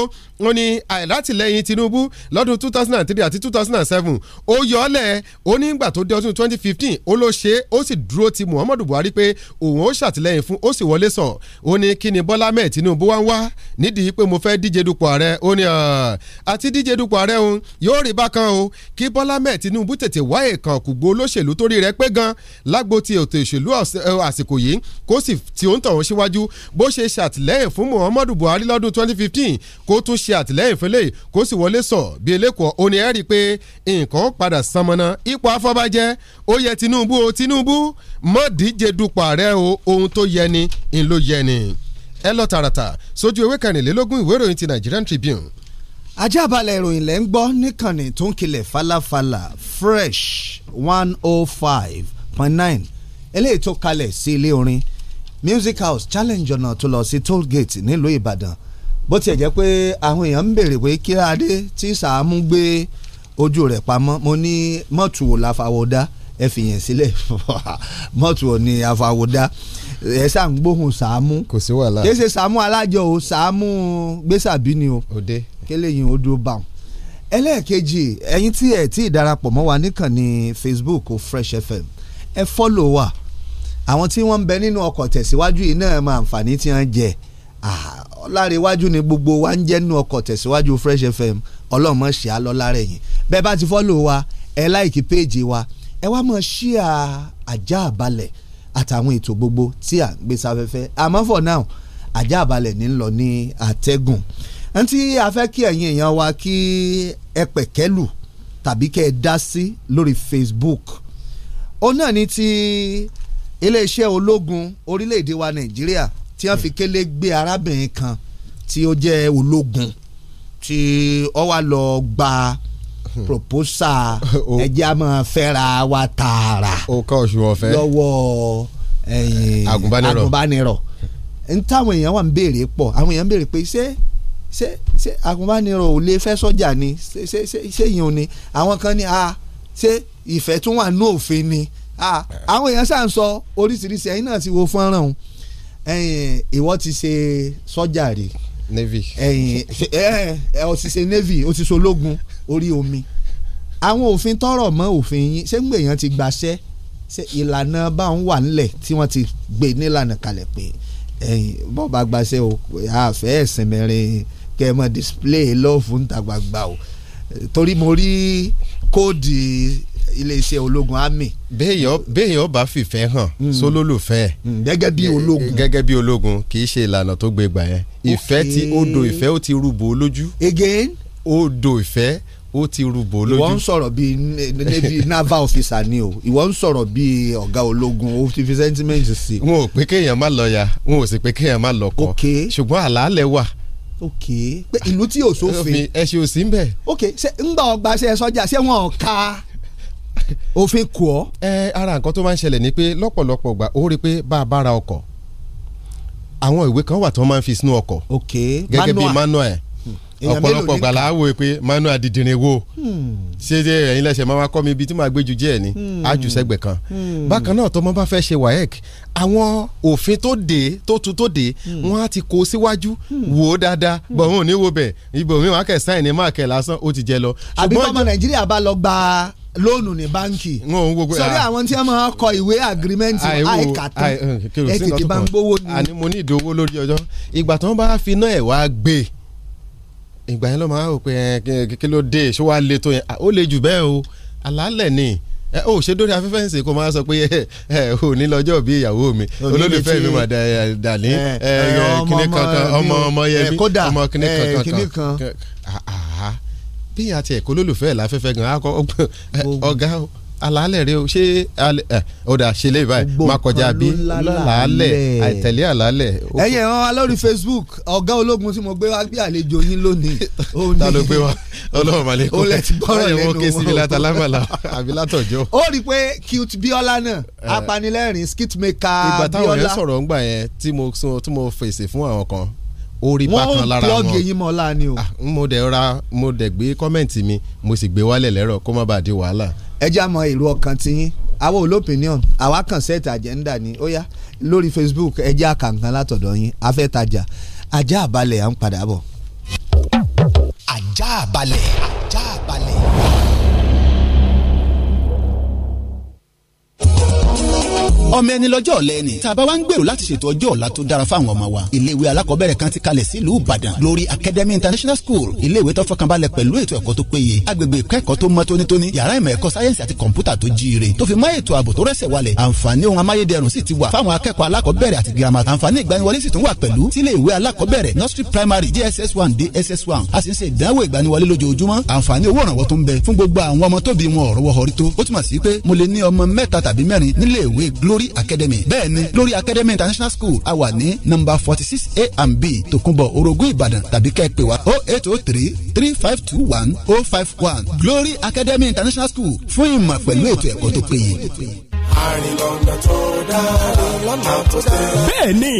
ó ní àìlátìlẹ́yìn tinubu lọ́dún 2003 àti 2007 ó yọ ọ́lẹ̀ ó ní ìgbà tó dé ọdún 2015 ó ló ṣe ó sì dúró ti muhammadu buhari pé òun ó ṣàtìlẹ́yìn fún ó sì wọlé sàn ó ní kí ni bọ́lá mẹ́ẹ̀ tinubu wá ń wá nídìí pé mo fẹ́ díje dupò ààrẹ ó ní àti díje dupò ààrẹ òun yóò rí bákan o kí bọ́lá mẹ́ẹ̀ tinubu tètè wá èèkàn kùgbó olóṣèlú torí rẹ̀ pé gan lágbo ti ètò ìṣèlú àsìkò yìí kó sì tí ó ń tọ̀hún síwájú bó ṣe ṣàtìlẹ́yìn fún Muhammadu Buhari lọ́dún 2015 kó tún ṣe àtìlẹ́yìn fẹ́lẹ́ kó sì wọlé sọ bí elékòó ó ní ẹ́ rí i pé nǹkan padà sanmọ́nà ipò afọbajẹ́ ó yẹ Tinubu o Tinubu mọ́ díje dupò ààrẹ o ohun tó yẹ ni ń ló yẹ ni ẹ lọ tààràtà sójú ewé kẹrìnlélógún ìwé ìròyìn ti Nigerian Tribune ajábalẹ̀ ìròyìn lẹ́ ń gbọ́ níkànnì tó ń kilẹ̀ falafala fresh one oh five Oh point nine eléyìí tó kalẹ̀ sí ilé orin music house challenge ọ̀nà tó lọ sí toll gate nílùú ìbàdàn bó tiẹ̀ jẹ́ pé àwọn èèyàn ń béèrè pé kí adé tí sàámú gbé ojú rẹ̀ pamọ́ mo ní mọ́tò wò láfàwọ́dá ẹ fìyàn sílẹ̀ *laughs* mọ́tò wò ní àfàwọ́dá ẹ sá ń gbóhùn sàámú kò sí wàhálà kí ẹ ṣe sàámú alájọ o sàámú gbèsàbí ni o òde kéléyìn ó bá wọn. ẹlẹ́ẹ̀kejì ẹ̀yin tí ẹ̀ tí ì darapọ̀ mọ́ wa níkànnì Facebook Fresh FM ẹ fọ́lò wa àwọn tí wọ́n ń bẹ nínú ọkọ̀ tẹ̀síwájú yìí náà máa àǹfààní tí wọ́n jẹ ọlárẹ̀wájú ni gbogbo wa ń jẹ́ nínú ọkọ̀ tẹ̀síwájú Fresh FM ọlọ́mọ ṣe á lọ lára ẹ̀yìn bẹ́ẹ̀ bá ti fọ́lò wa ẹ láìkí péèjì wa ẹ wá mọ̀ ṣí à ajá àbálẹ̀ àtàwọn ètò gbogbo tí à ń gbé sáfẹ́fẹ́ àmọ́ for now ajá àbálẹ̀ ní ń lọ ní àtẹ́gùn ntí a fẹ́ kí ẹ̀yin èèyàn wa kí ẹ pẹ̀kẹ́lù tàbí kẹ́ ẹ dá sí lórí Facebook ó náà ní ti iléeṣẹ́ ológun orílẹ̀-èdè wa nàìjíríà tí wọ́n fi kélé gbé arábìnrin kan tí ó jẹ́ ológun tí ó wá lọ gba proposal *laughs* ẹjẹ́ a máa fẹ́ra wa tààrà lọ́wọ́ agùnbánirọ̀ n táwọn èèyàn wà ń béèrè pọ̀ àwọn èèyàn ń béèrè pé ṣé ṣé ṣé agùnbánirọ̀ ò lè fẹ́ sọ́jà ni ṣé ṣé ṣé yìí ò ní àwọn kan ní a. Ah, ṣé ìfẹ́ tún wà ní òfin ni àwọn èèyàn ṣáà ń sọ oríṣiríṣi ẹ̀yin náà ti wo fọ́nrán o ìwọ ti ṣe sọ́jà rè navy ẹ̀yin ẹ ọ ti ṣe navy o ti ṣe ológun orí omi àwọn òfin tọrọ mọ òfin yín ṣé ń gbé èèyàn ti gbàṣẹ ṣe ìlànà bá ń wà nílẹ̀ tí wọ́n ti gbé nílànà kalẹ̀ pé ẹ̀yin bọ́ọ̀ bá gbàṣẹ o àfẹ́ ẹ̀sìn mẹ́rin kẹ́ ẹ mọ̀ display lọ́ọ̀fù ń ta gbàgbà o torí mo rí kóòdì iléeṣẹ́ ológun army. béèyàn béèyàn bá fìfẹ́ hàn hmm. sólólùfẹ́. Hmm, gẹ́gẹ́ bí ológun. gẹ́gẹ́ bí ológun kì í ṣe ìlànà tó gbé gbà yẹn. ìfẹ́ ti odò ìfẹ́ ó ti rúbò lójú. again. odò ìfẹ́ ó ti rúbò lójú. ìwọ ń sọ̀rọ̀ bíi navy naval officer ni o ìwọ ń sọ̀rọ̀ bíi ọ̀gá ológun o ti fi sentiment si wọn ò pé kéèyàn má lọ ya wọn ò sì pé kéèyàn má lọ kọ. ṣùgbọ́n àlàálẹ̀ wà ok pé ìlú tí yóò sófin ẹ ṣe ò ń bẹ. ok ṣe ńgbà ọgbà ṣe sọjà ṣé wọn ò ka òfin kù ọ. ẹ ara nǹkan tó máa ń ṣẹlẹ̀ ni pé lọ́pọ̀lọpọ̀ gbà ó rí pé bá a bá ra ọkọ̀ àwọn ìwé kan wà tí wọ́n máa ń fi sínú ọkọ̀. ok gẹ́gẹ́ bíi manual ọ̀pọ̀lọpọ̀ gbàlà á wò pé manu àdìdìrín wo ṣé ẹ̀yin lẹ́sẹ̀ máa wá kọ́ mi ibi tí màá gbéjú díẹ̀ ni hmm. ájú sẹ́gbẹ̀ kan hmm. bákan náà tọmọ bá fẹ́ ṣe waec àwọn òfin tó de tó tu tó dé hmm. wọn á ti kó síwájú wò ó dáadáa bọ̀hún ò ní wo bẹ̀ ibò mi wọn á kẹ̀ sáìn ní máàkẹ́ lásán ó ti jẹ lọ. àbí bọ́mọ nàìjíríà bá lọ gba lóònù ní báńkì sórí àwọn tí a máa kọ ìwé agirimẹ́ǹtì àìkàtà ẹ̀ tètè bá ń gbówó ni. àní mo ní ìdówó lórí ọjọ́ ìgbà tí wọ́n bá fi náà ẹ̀ wá gbé e ìgbà yẹn ló máa rò pé kí ló dé ṣó wàá le tó yẹn ah, ó le jù bẹ́ẹ̀ o àlàálẹ̀ ni ẹ ò ṣe dórí afẹ́fẹ́ ǹsẹ̀ kó máa sọ pé *laughs* ẹ ò ní lọ́jọ́ bí ìyàwó mi olólùfẹ́ mi mà dàní kíní kankan ọmọ ọmọ yẹbi ọmọ kíní kankan bí àti ẹ̀kọ́ olólùfẹ́ làfẹ́fẹ́ gan-an *laughs* ọgá o alaalẹ̀ rẹ o ṣé ọ̀dà ṣe lè báyìí má kọjá bí lálẹ́ àìtẹ̀lé alaalẹ̀. ẹ̀yin ẹ̀rọ wa lórí Facebook ọ̀gá ológun tí mo gbé wá bí àlejò yín lónìí. ta ló gbé wa ọlọ́run màlẹ́ kó báyìí wọ́n ké síbi látàlámàlà àbí látọ̀jọ́. ó rí i pé cute biola náà apanilẹ́rìn skitmaker biola. ìgbà táwọn yẹn sọ̀rọ̀ ńgbà yẹn tí mo fèsì fún àwọn kan orí bákan lára wọn wọ́n plọ́ọ̀gì eyín mọ́ láàánú ah, mo dẹ̀ ra mo dẹ̀ gbé kọ́mẹ̀ntì mi mo sì gbé wálẹ̀ lẹ́rọ̀ kó má bàa di wàhálà ẹjẹ́ àmọ́ èrò ọkàn ti yín àwọn olópinion àwa kàn set agenda ni ó yá lórí Facebook ẹjẹ́ àkàǹkan látọ̀dọ̀ yín afẹ́tajà ajá àbálẹ̀ à ń padà bọ̀. ajá àbálẹ̀ ọmọ ẹni lọ́jọ́ ọ̀lẹ́ ni tá a bá wá ń gbèrò láti ṣètò ọjọ́ ọ̀la tó dára fáwọn ọmọ wa iléèwé alákọ̀ọ́bẹ̀rẹ̀ kan ti kalẹ̀ sílùú Ìbàdàn lórí Academy International School iléèwé tó fọkànbalẹ̀ pẹ̀lú ètò ẹ̀kọ́ tó péye agbègbè ìkẹ́kọ̀ọ́ tó mọ́ tónítóní yàrá ìmọ̀ ẹ̀kọ́ sáyẹ́nsì àti kọ̀ǹpútà tó jíire tó fi mọ́ ètò ààbò tó rẹ̀sẹ̀ walẹ̀ àǹfààní ohun amáyédẹrùn sì ti wà fáwọn akẹ́kọ̀ọ́ alákọ̀ọ́bẹ̀rẹ̀ àti girama nursery primary JSS one DSS one a sì ń ṣe ìdánwò ìgbaniwọlé lójoojúmọ́ àǹfààní owó ìrànwọ́ tó ń bẹ fún gbogbo àwọn ọmọ tóbi wọn ọ̀rọ̀ wọ̀họ̀rí tó lórí academy bẹ́ẹ̀ ni lórí academy international school a wà ní number forty six a and b tòkunbọ̀ orogún ìbàdàn tàbí kẹ́ ẹ pè wá o oh eight o oh three three five two one o oh five one glory academy international school fún ìmọ̀ pẹ̀lú ètò ẹ̀kọ́ tó péye àrìnlọ́nà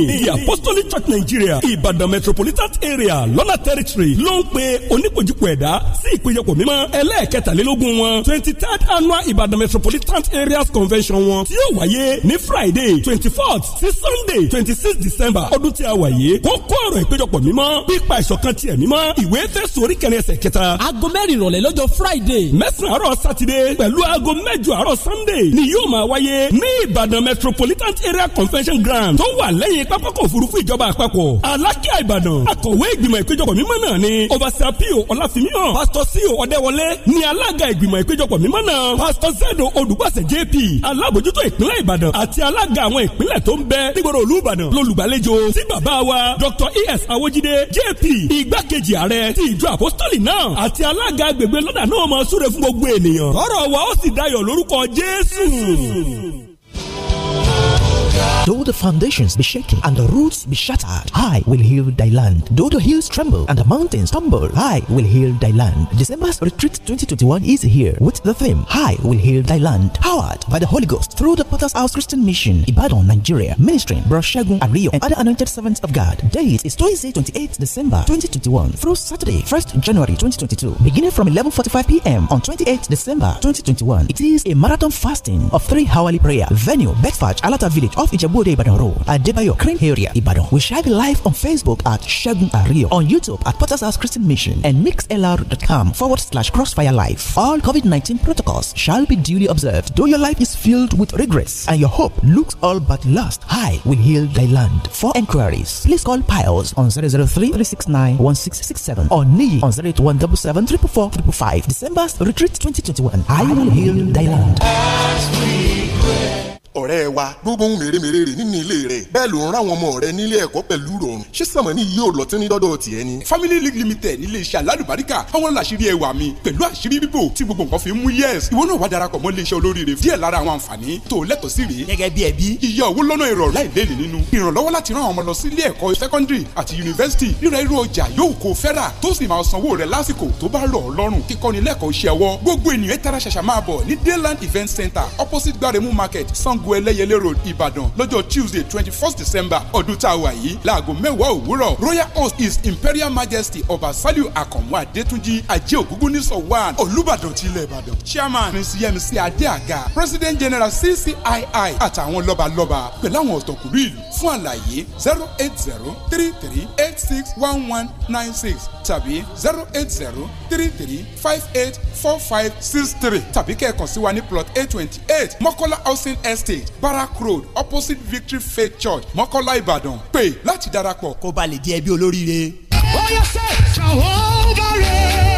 the apostolic church nigeria ibadan metropolitan area lọ́nà territory ló ń pe oníkojúkọ ẹ̀dá sí ìpéjọpọ̀ mímọ́ ẹlẹ́ẹ̀kẹtàlélógún wọn twenty third annual ibadan metropolitan areas convention wọn tí yóò wáyé ní friday twenty fourth sí sunday twenty sixth december ọdún tí a wà yìí kókó ọ̀rọ̀ ìpéjọpọ̀ mímọ́ pípa ìṣọ̀kan tiẹ̀ mímọ́ ìwé fẹ́sùn oríkẹrin ẹsẹ̀ kẹta. aago mẹ́rin ìrọ̀lẹ́ lọ́jọ́ friday mẹ́sàn-án àárọ̀ sátidé pẹ̀lú aago mẹ́jọ àárọ̀ sunday ni yóò máa wáyé wáyé ní ìbàdàn metropolitan area convention ground tó wà lẹ́yìn pápákọ̀ òfurufú ìjọba àpapọ̀ alákíá ìbàdàn akọ̀wé ìgbìmọ̀ ìpéjọpọ̀ mímọ́ náà ni overseer pio ọláfimíhàn pastor ceo ọdẹwọlé ni alága ìgbìmọ̀ ìpéjọpọ̀ mímọ́ náà pastor zedo olùgbàsẹ̀ jp alábòjútó ìpínlẹ̀ ìbàdàn àti alága àwọn ìpínlẹ̀ tó ń bẹ nígboro olú ìbàdàn lolùgbàlejò sí bàbá wa dr es awojide jp igbákejì ààrẹ ti ìjọ apostoli náà àti alága agbègbè lọ́dà náà máa súre fún gbogbo ènìyàn ọ̀rọ̀ wa ó sì dayọ̀ lórúkọ jésù. Ooh. Though the foundations be shaken and the roots be shattered, I will heal thy land. Though the hills tremble and the mountains tumble, I will heal thy land. December's retreat 2021 is here with the theme I will heal thy land. Powered by the Holy Ghost through the Potter's House Christian Mission, Ibadan, Nigeria, ministering Broshagun Ario and other anointed servants of God. Date is Tuesday, 28 December 2021 through Saturday, 1st January 2022, beginning from 11:45 p.m. on 28 December 2021. It is a marathon fasting of three hourly prayer. Venue Bedford Alata Village. Off off Ijebuode Ibadan Road, debayo Crane area, Ibadan. We shall be live on Facebook at Shagun Ario, on YouTube at Potter's House Christian Mission, and mixlr.com forward slash crossfire life. All COVID 19 protocols shall be duly observed. Though your life is filled with regrets and your hope looks all but lost, I will heal thy land. For inquiries, please call Piles on 003 369 1667 or Ni on 0817 December's Retreat 2021. I will heal thy land. ọ̀rẹ́ wa gbogbo ohun mèremère rẹ̀ nínú ilé rẹ̀ bẹ́ẹ̀ ló ń ráwọn ọmọ rẹ̀ nílé ẹ̀kọ́ pẹ̀lú rọrùn ṣé sànmọ́ni yìí ò lọ́tí ní dọ́dọ̀ tiẹ̀ ni. family league limited nílé iṣẹ́ alálùbáríkà àwọn làṣírí ẹwà mi pẹ̀lú àṣírí bíbò tí gbogbo nǹkan fi ń mú yẹ́s. ìwọ náà wá darapọ̀ mọ́ iléeṣẹ́ olóríire díẹ̀ lára àwọn àǹfààní tó lẹ́tọ̀ọ́ sí rèé. gẹ́gẹ́ bí ẹbí. iye owó lọ́nà ìrọ̀rùn láìléèlé nínú. ìrànlọ́wọ́ secondary àti yunifásitì rírà irú ọjà yóò kó fẹ́rà tó sì máa sanwó rẹ̀ lásìkò tó bá rọ̀ ọ́ lọ́rùn kíkọ́ni lẹ́kọ̀ọ́ iṣẹ́ ọwọ́. event center opposite gbaremu market sango ẹlẹ́yẹlé road ìbàdàn lọ́jọ́ tuesday twenty first december ọdún tá a wà yìí láago mẹ́wàá òwúrọ̀ royal host is imperial majesty ọba saliu akànmú adétúnjì ajé ògúngún ní sọ̀wán olùbàdàn ti ilẹ̀ ìbàdàn chairman prince yemisi adéaga president general ccii àtàwọn lọ́balọ́ba pẹ̀lú àwọn ọ̀tọ̀kùnrin ìlú fún àlàyé zero eight zero three three eight six one one nine six tàbí zero eight zero three three five eight four five six three tàbí kẹ́ẹ̀kan sí wa ní plot a twenty eight mọ́kọ́lá housing estate estate barak road opposite victory faith church mọ́kọ́lá ìbàdàn pè láti darapọ̀. kó ba lè di ẹbí olóríire. ó yẹ sẹ́ ṣàwọ́ bá rẹ̀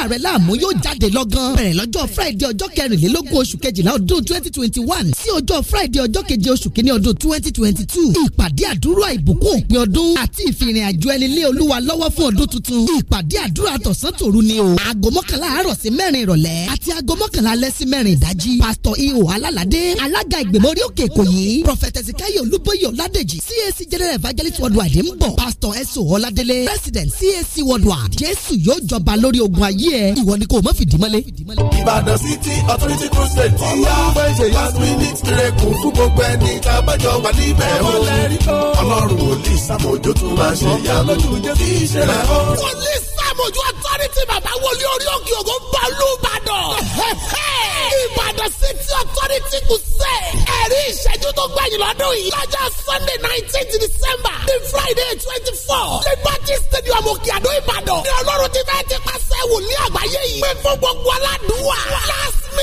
dá rẹ láàmú yóò jáde lọ́gán. bẹ̀rẹ̀ lọ́jọ́ friday ọjọ́ kẹrìnlélógún oṣù kejìlá ọdún twenty twenty one sí ọjọ́ friday ọjọ́ keje oṣù kínní ọdún twenty twenty two. ìpàdé àdúrà ìbùkún òpin ọdún àti ìfìrìn àjò ẹni lé olúwa lọ́wọ́ fún ọdún tuntun. ìpàdé àdúrà tọ̀sán tòru ni o. aago mọ́kànlá àárọ̀ sí mẹ́rin ìrọ̀lẹ́ àti aago mọ́kànlá alẹ́ sí mẹ́rin ìdájí. pásítọ̀ ihò alálàdé alága ìgbìmọ̀ orí òkè èkó yìí. prọfẹtẹ sikayo olúbóyè ọládèjì cac general evangelist worldwide ń bọ̀. pásítọ̀ ẹ̀sùn ọládélé president cac worldwide jésù yóò jọba lórí ogun ayé ẹ̀ ìwọ ni kò má fìdí mọ́lẹ̀. Ìbàdàn City Authority Crusade ti yá fún ìṣe last minute miracle fún gbogbo ẹni tá a bá wà níbẹ̀ o Ọlọ́run wòlíì sàmójó tún máa ṣe yálò kí ìṣẹ̀lẹ̀ o. wòlíì sàmójó Authority bàbá wọlé orí òkè ògùn bọ́ọ̀lù Ìbàdàn. *laughs* Ìbàdàn City Authority kù Ẹ̀rí ìṣẹ́jú tó gbẹ̀yìn lọ́dún yìí. Lọ́jọ́ Sunday nineteenth December ní Friday twenty four. Liberty Stadium Òkè Àdó Ìbàdàn. Ní Ọlọ́run ti fẹ́ ti pàṣẹ wòlíì àgbáyé yìí pé fún gbogbo aládùúwà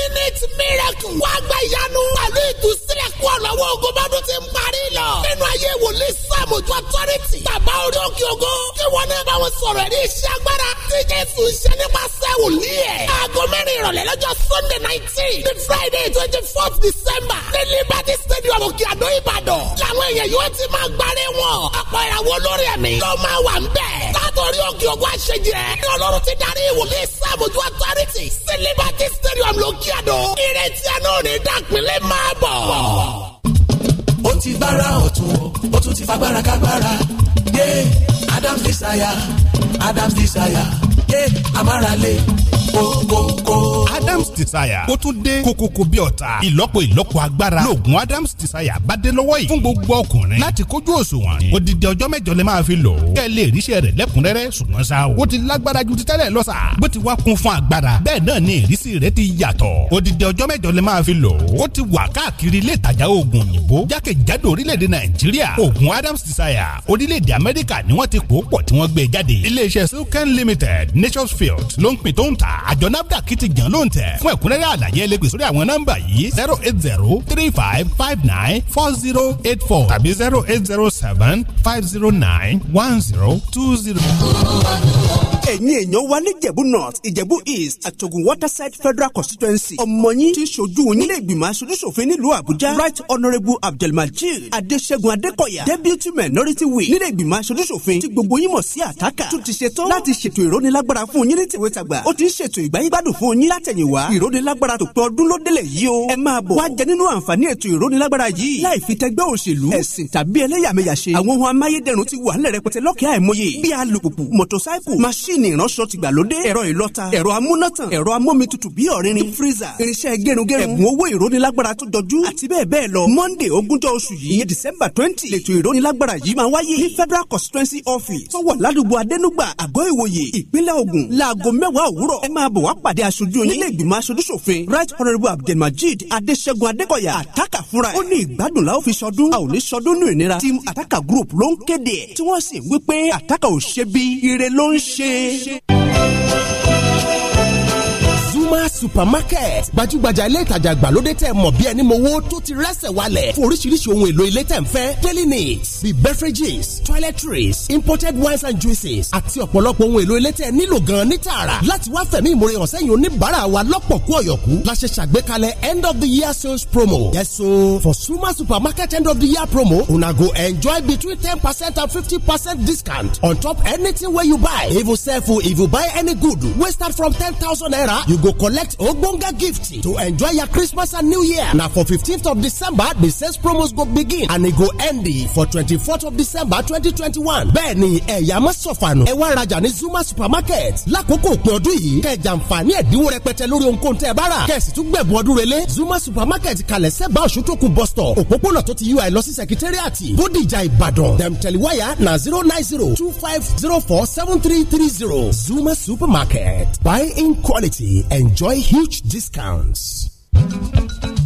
minute miracle. wá gba ìyanu pẹ̀lú ìtúsílẹ̀ kú ọ̀lọ́wọ́ ogun bọ́dún ti ń parí lọ. nínú ayé wòlíì sam ojú authority. bàbá orí òkè ogo. kí wọn náà bá wọn sọ̀rọ̀ ẹ̀rí iṣẹ́ agbára. tí jésù ń ṣe nípasẹ̀ wòlíì ẹ̀. aago mẹ́rin ìrọ̀lẹ́ lọ́jọ́ sunday nineteen ní friday twenty fourth december. ní liberty stadium òkè àdó ìbàdàn. làwọn èèyàn yóò ti máa gbáré wọn. ọ̀pọ̀ ìràwọ̀ olórí ẹ̀mí ló máa wà ń bẹ̀. látọ̀rí òkè ogo àṣejì rẹ̀. ní ọlọ́run ti darí wòlíì sam ojú authority. sí liberty yàdó ìrètí àná òní dàpínlẹ̀ máa bọ̀. ó ti gbára ọ̀tún ó tún ti fagbára kágbára yé yeah. Adam's Desire Adam's Desire yé yeah. amárale kókókó Adams Desire ó tún dé kokoko bí ọ̀tá ìlọ́po ìlọ́po agbára lóògùn Adams Desire bá dé lọ́wọ́ yìí fún gbogbo ọkùnrin láti kójú òṣùwọ̀n odidi ọjọ́ mẹ́jọ lè máa fi lò ó kẹ́ lè ríṣẹ́ rẹ̀ lẹ́kùnrẹ́rẹ́ ṣùgbọ́n ṣá o ó ti lágbára ju ti tẹ́lẹ̀ lọ sà bó ti wá kún fún agbára bẹ́ẹ̀ náà ni ìrísí rẹ̀ ti yàtọ̀ odidi ọjọ́ mẹ́jọ lè máa fi lò ó ó ti wà káàkiri ilé ìtajà oògùn òyìnbó jákèjádò orílẹ̀-èdè Nàìjíríà oògùn Adams Desire orílẹ̀-èdè Amẹ́ríkà ni wọ́n ti pò ó pọ̀ tí wọ́n gbé jáde iléeṣẹ́ silken limited Nations field ló ń pin tó ń ta àjọ nafdac ti jàn ló lóǹtẹ̀ fún ẹ̀kúnrẹ́rẹ́ àlàyé ẹ lè pè sórí àwọn nọ́mbà yìí zero eight zero three five five nine four zero eight four tàbí zero eight zero seven five zero nine one zero two zero ẹ̀yin èèyàn wa ní ìjẹ̀bú north ìjẹ̀bú east àtògùn waterside federal constituency ọmọ yín ti ṣojú yín ilé ìgbìmọ̀ aṣojúṣòfin nílùú àbújá right honourable abdulmajid adéṣẹ́gun adékọ̀yà deputy minority whip nílé ìgbìmọ̀ aṣojúṣòfin tí gbogbo yín mọ̀ sí àtàkà tún ti ṣetán láti ṣètò ìrónilágbára fún yín ní tìwé tàgbà ó ti ń ṣètò ìgbáyégbádùn fún yín látẹ̀yìnwá ìrónilágbára tó pé ọdún ló délẹ̀ yìí o ẹ máa bọ̀ wá jẹ nínú àǹfààní ètò ìrónilágbára yìí láì fi tẹgbẹ́ òṣèlú ẹ̀sìn tàbí ẹlẹ́yàmẹ̀yà ṣe àwọn ohun amáyédẹrùn ti wà ńlẹ̀ rẹpẹtẹ lọ́kẹ́ àìmọye bíi alùpùpù mọ́tòsáìkù máṣí máṣíìnì ìránṣọ ti gbàlódé ẹ̀rọ ìlọta ẹ̀rọ amúnátàn ẹ̀rọ amómitutù bíi ọ̀rinrin freezer irinṣẹ́ gẹrungẹrun ẹ̀bùn owó ìrónilágbára tó jọjú àti bẹ́ẹ̀ bẹ́ẹ̀ lọ monday ogúnjọ́ oṣù yìí december twenty lẹ́tọ̀ ìrónilágbára yìí máa wáyé ní federal constituency office tó wà ládùúgbò adẹ́núgbà àgọ́ ìwòye ìpínlẹ̀ ògùn láago mẹ́wàá òwúrọ̀ ẹ máa bọ̀ wá pàdé aṣojú yín nílé ìgbìmọ̀ aṣojú ṣòfin right honourable abdelmajid adéṣẹ́gun adékọ̀yà àtàkà fúnra ẹ̀ ó ní ìgbádùn la ó fi ṣọdún a ò ní ṣọdún nù ìnira team àtàkà group ló ń kéde ẹ̀ tí wọ́n sì wí ṣe bí shit. Puma supermarket gbajúgbajà ilé ìtajà ìgbàlódé tẹ́ mọ̀ bí ẹni mowó tó ti rẹ́sẹ̀ wálẹ̀ fún oríṣiríṣi ohun èlò ilé tẹ́ ń fẹ́ daily needs bíi beverages toiletries imported wines and juices àti ọ̀pọ̀lọpọ̀ ohun èlò ilé tẹ́ nílò gan ní tààrà láti wá fẹ̀mí ìmoore hàn sẹ́yìn oníbàárà wa lọ́pọ̀ kú ọ̀yọ̀kú la ṣe ṣàgbékalẹ̀ end of the year sales promo yes for Suma supermarket end of the year promo una go enjoy between ten percent and fifty percent discount on top anything wey you buy if you sell food if you buy any good wey start from ten thousand naira you go collect ogbonga gift to enjoy your christmas and new year Now for 15th of december the sales promos go begin and it e go end for 24th of december 2021 Benny, ẹ̀yà má sọ̀fànù ẹ wá rajà ní zuma supermarket lákòókò òpin ọdún yìí kẹjà nfààní ẹ̀dínwó rẹpẹtẹ lórí ohunkóhun tẹ́ ẹ bá zuma supermarket kalẹ̀ sẹ́gbà ọ̀ṣuntókun bus stop na tó ui lọ sí sẹkítẹ́rìàtì jai ìbàdàn dem tẹ̀líwáyà na zero nine zero two five zero four seven three three zero zuma supermarket buy in quality and enjoy huge discounts.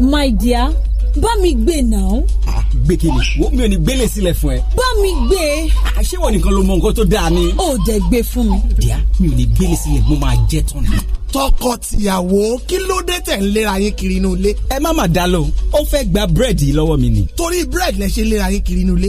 my dear bá mi gbé náà. gbé kiri wo mi ò ní gbélé sílẹ̀ fún ẹ. bá mi gbé. ṣé wọn nìkan ló mọ nǹkan tó dáa ni. ó jẹ gbé fún mi. díà mi ò ní gbélé sílẹ̀ mo máa jẹ tán ni. tọkọtìyàwó kí ló dé tẹ̀ ń léra yín kiri inú ilé. ẹ má mà dá lóhùn ó fẹ́ gba búrẹ́dì lọ́wọ́ mi ni. torí búrẹ́dì lẹ ṣe léra yín kiri inú ilé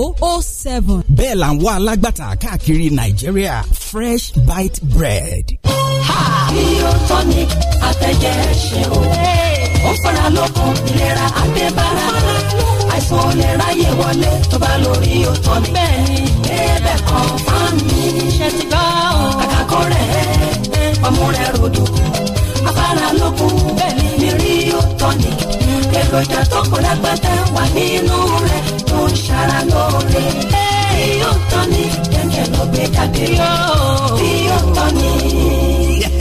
o o seven. bẹ́ẹ̀ là ń wá alágbàtà káàkiri nàìjíríà fresh bite bread. ha o tọ́ ni àtẹ̀jẹ́ ṣe o ó fara lókun ìlera àtẹ̀bára àìsàn ò lè ráyè wọlé tó bá lórí o tọ́ ni. bẹ́ẹ̀ni ẹ̀bẹ̀ kan fáàmì ṣe ti gbọ́ o kàkà ọmú rẹ̀ rodò afárá lókun bẹ́ẹ̀ni mi rí o tọ́ ni beeni ebe kan faami ti o re omu re rodo afara lokun mi ri o to ni èròjà tó kù lágbàdá wà nínú rẹ̀ tó ń ṣara lóore. Hey, Lóòótọ́ ni jẹ́jẹ́ ló gbé jáde yọ. Bí ni.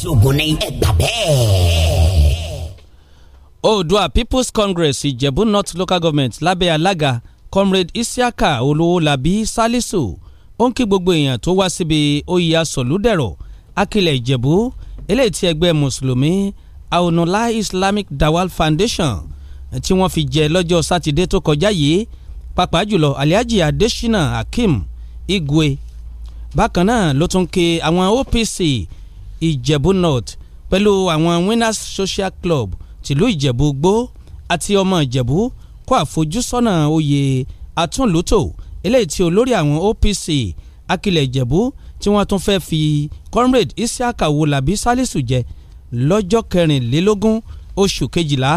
ṣoògùn ni ẹ bẹ́ẹ̀. Oòduà People's Congress Ìjẹ̀bú North Local Government lábẹ́ alága Comrade Isiaka Olówólabí Salisu ó ń kí gbogbo èèyàn tó wá síbi oyè asọ̀lúdẹ̀rọ̀ akilẹ̀ Ìjẹ̀bú eléyìí tí ẹgbẹ́ mùsùlùmí Aunula Islamic Dawal Foundation tí wọ́n fi jẹ lọ́jọ́ sátidé tó kọjá yìí pàápàá jùlọ Alhaji Adesina Hakeem Igwe bákan náà ló tún ké àwọn OPC ìjẹ̀bú north pẹ̀lú àwọn winners social club tìlú ìjẹ̀bú gbó àti ọmọ ìjẹ̀bú kó àfojúsọ́nà oyè àtúnlótò eléyìí tí olórí àwọn OPC akilẹ̀ ìjẹ̀bú tí wọ́n tún fẹ́ẹ́ fi comrade isiaka wolabi salisu jẹ lọ́jọ́ kẹrìnlélógún oṣù kejìlá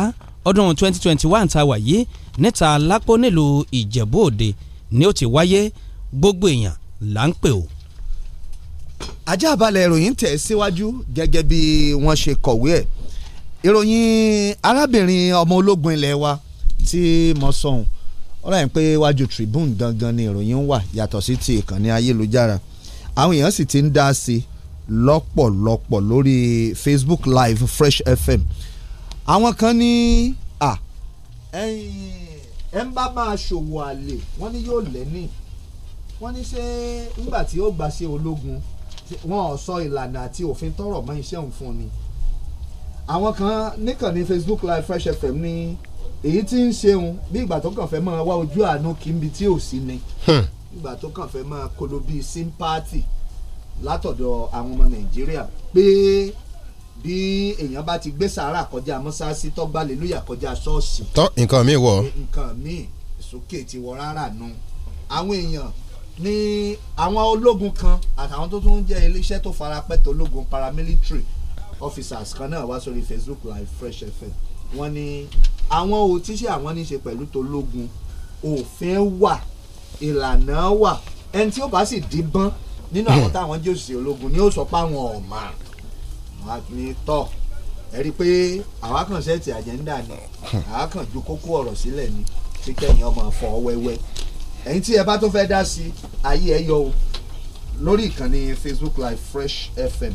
ọdún 2021 tá a wà yìí níta lápò nílùú ìjẹ̀bú òde ni ó ti wáyé gbogbo èèyàn là ń pè ó ajá balẹ̀ ìròyìn tẹ̀ síwájú gẹ́gẹ́ bí wọ́n ṣe kọ̀wé ẹ̀ ìròyìn arábìnrin ọmọ ológun ilẹ̀ wa tí mo sọ̀hún ọ̀rọ̀ yẹn pé wájú Tribune gangan ni ìròyìn ń wà yàtọ̀ sí ti ìkànnì ayélujára àwọn èèyàn sì ti ń dá sí i lọ́pọ̀lọpọ̀ lórí Facebook Live Fresh FM àwọn kan ní à ẹ ń bá máa ṣòwò àlè wọ́n ní yóò lẹ́nìí wọ́n ní ṣé ńgbà tí ó gbà ṣe ológun wọn ò sọ ìlànà àti òfin tọrọ mọ́ iṣẹ́ òun fún ni àwọn kan níkànnì Facebook live Fresh FM ní èyí tí ń ṣeun bí ìgbà tó kàn fẹ́ máa wá ojú àánú kí n bi tí ò sí ni hmm. ìgbà tó kàn fẹ́ máa kolo bíi sympathy látọ̀dọ̀ àwọn ọmọ Nàìjíríà pé bí èèyàn bá ti gbé sàárà kọjá mọ́sáàsì tọ́gbàlélúyà kọjá ṣọ́ọ̀ṣì. tọ́ nǹkan mi wọ̀. nǹkan mi sókè ti wọ rárá nu àwọn èèyàn ni àwọn ológun kan àtàwọn tó tún jẹ́ iléeṣẹ́ tó farapẹ́tẹ̀ ológun paramilitary officers kan náà wá sórí Facebook live Fresh FM wọ́n ní àwọn ò tíṣẹ́ àwọn ní í ṣe pẹ̀lú tológun òfin wà ìlànà wà ẹni tí ó bá sì díbọ́n nínú àwọn hmm. táwọn jẹ́ òṣìṣẹ́ ológun ni ó sọ pé àwọn ọ̀mà wọn ni tọ́ ẹ rí i pé àwa kan ṣẹ́ẹ̀tì àjẹ́ńdà ni hmm. àwa kan ju kókó ọ̀rọ̀ sílẹ̀ ni kíkẹ́yìn ọmọ fọ́ wẹ́wẹ́ ẹ̀yin tí ẹ bá tún fẹ́ dá sí ayé ẹ yọ o lórí ìkànnì Facebook Live Fresh FM